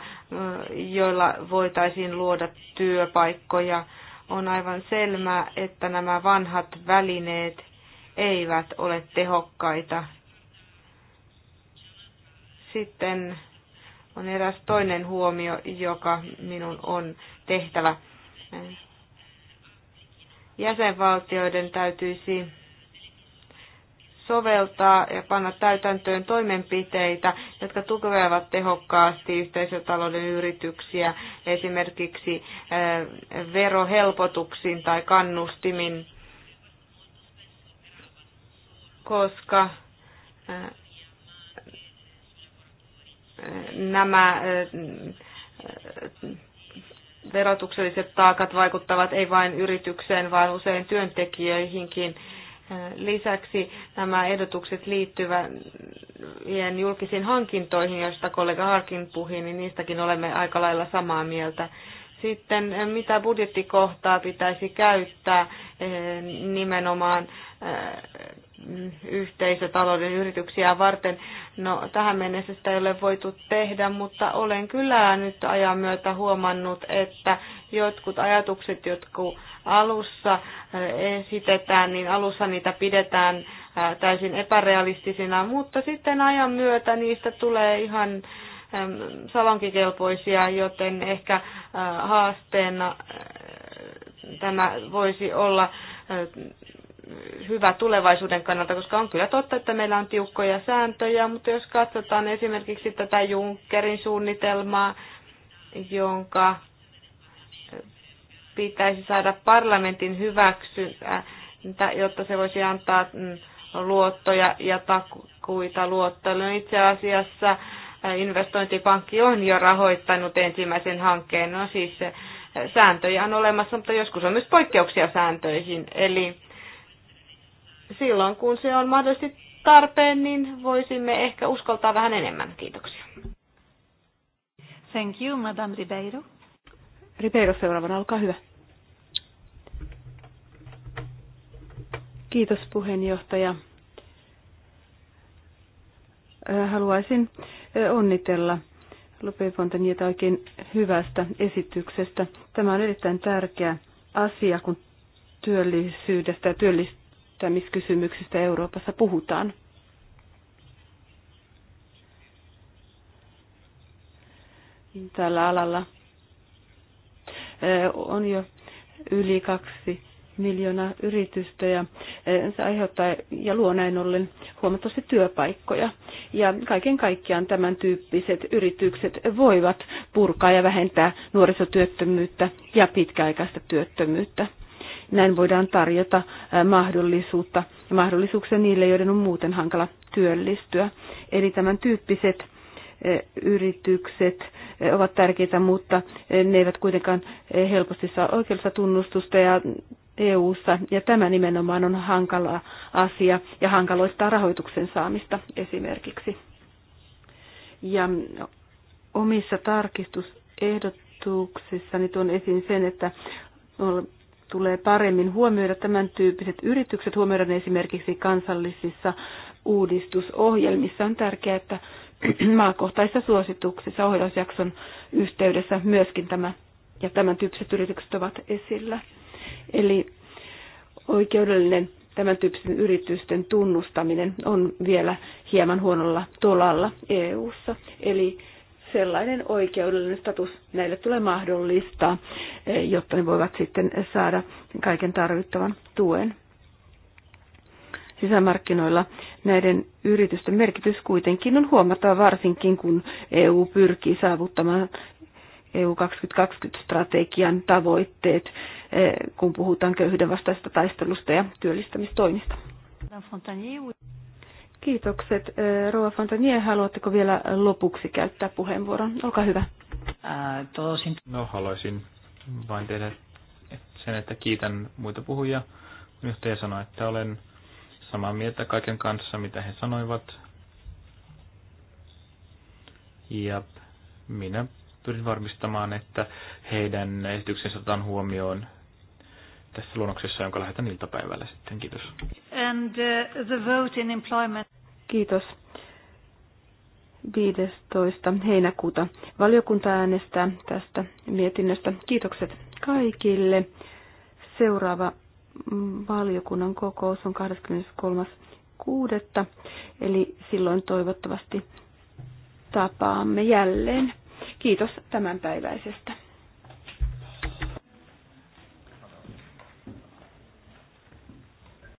joilla voitaisiin luoda työpaikkoja on aivan selmä, että nämä vanhat välineet eivät ole tehokkaita. Sitten on eräs toinen huomio, joka minun on tehtävä. Jäsenvaltioiden täytyisi soveltaa ja panna täytäntöön toimenpiteitä, jotka tukevat tehokkaasti yhteisötalouden yrityksiä esimerkiksi eh, verohelpotuksin tai kannustimin, koska eh, nämä eh, verotukselliset taakat vaikuttavat ei vain yritykseen, vaan usein työntekijöihinkin Lisäksi nämä ehdotukset liittyvät julkisiin hankintoihin, joista kollega Harkin puhui, niin niistäkin olemme aika lailla samaa mieltä. Sitten mitä budjettikohtaa pitäisi käyttää eh, nimenomaan eh, yhteisötalouden yrityksiä varten. No, tähän mennessä sitä ei ole voitu tehdä, mutta olen kyllä nyt ajan myötä huomannut, että jotkut ajatukset, jotkut alussa esitetään, niin alussa niitä pidetään täysin epärealistisina, mutta sitten ajan myötä niistä tulee ihan salonkikelpoisia, joten ehkä haasteena tämä voisi olla hyvä tulevaisuuden kannalta, koska on kyllä totta, että meillä on tiukkoja sääntöjä, mutta jos katsotaan esimerkiksi tätä Junckerin suunnitelmaa, jonka pitäisi saada parlamentin hyväksyntä, jotta se voisi antaa mm, luottoja ja takuita luottoille. Itse asiassa äh, investointipankki on jo rahoittanut ensimmäisen hankkeen. No siis äh, sääntöjä on olemassa, mutta joskus on myös poikkeuksia sääntöihin. Eli silloin kun se on mahdollisesti tarpeen, niin voisimme ehkä uskaltaa vähän enemmän. Kiitoksia. Thank you, Madame Ribeiro. Ribeiro seuraavana, olkaa hyvä. Kiitos puheenjohtaja. Haluaisin onnitella Lope Fontanieta oikein hyvästä esityksestä. Tämä on erittäin tärkeä asia, kun työllisyydestä ja työllistämiskysymyksistä Euroopassa puhutaan. Tällä alalla on jo yli kaksi miljoonaa yritystä ja se aiheuttaa ja luo näin ollen huomattavasti työpaikkoja. Ja kaiken kaikkiaan tämän tyyppiset yritykset voivat purkaa ja vähentää nuorisotyöttömyyttä ja pitkäaikaista työttömyyttä. Näin voidaan tarjota mahdollisuutta ja mahdollisuuksia niille, joiden on muuten hankala työllistyä. Eli tämän tyyppiset yritykset ovat tärkeitä, mutta ne eivät kuitenkaan helposti saa oikeudellista tunnustusta ja EU-ssa, ja tämä nimenomaan on hankala asia ja hankaloittaa rahoituksen saamista esimerkiksi. Ja omissa tarkistusehdotuksissani tuon esiin sen, että tulee paremmin huomioida tämän tyyppiset yritykset, huomioida ne esimerkiksi kansallisissa uudistusohjelmissa. On tärkeää, että maakohtaisissa suosituksissa ohjausjakson yhteydessä myöskin tämä ja tämän tyyppiset yritykset ovat esillä. Eli oikeudellinen tämän tyyppisten yritysten tunnustaminen on vielä hieman huonolla tolalla EU-ssa. Eli sellainen oikeudellinen status näille tulee mahdollistaa, eh, jotta ne voivat sitten saada kaiken tarvittavan tuen sisämarkkinoilla näiden yritysten merkitys kuitenkin on huomattava varsinkin, kun EU pyrkii saavuttamaan EU 2020-strategian tavoitteet, eh, kun puhutaan köyhyyden vastaisesta taistelusta ja työllistämistoimista. Kiitokset. Eh, Rova Fontanier, haluatteko vielä lopuksi käyttää puheenvuoron? Olkaa hyvä. No haluaisin vain tehdä sen, että kiitän muita puhujia. Johtaja sanoa, että olen samaa mieltä kaiken kanssa, mitä he sanoivat. Ja minä pyrin varmistamaan, että heidän esityksensä otetaan huomioon tässä luonnoksessa, jonka lähetän iltapäivällä sitten. Kiitos. And uh, the vote in employment. Kiitos. 15. heinäkuuta valiokunta äänestää tästä mietinnöstä. Kiitokset kaikille. Seuraava valiokunnan kokous on 23.6. Eli silloin toivottavasti tapaamme jälleen. Kiitos tämänpäiväisestä.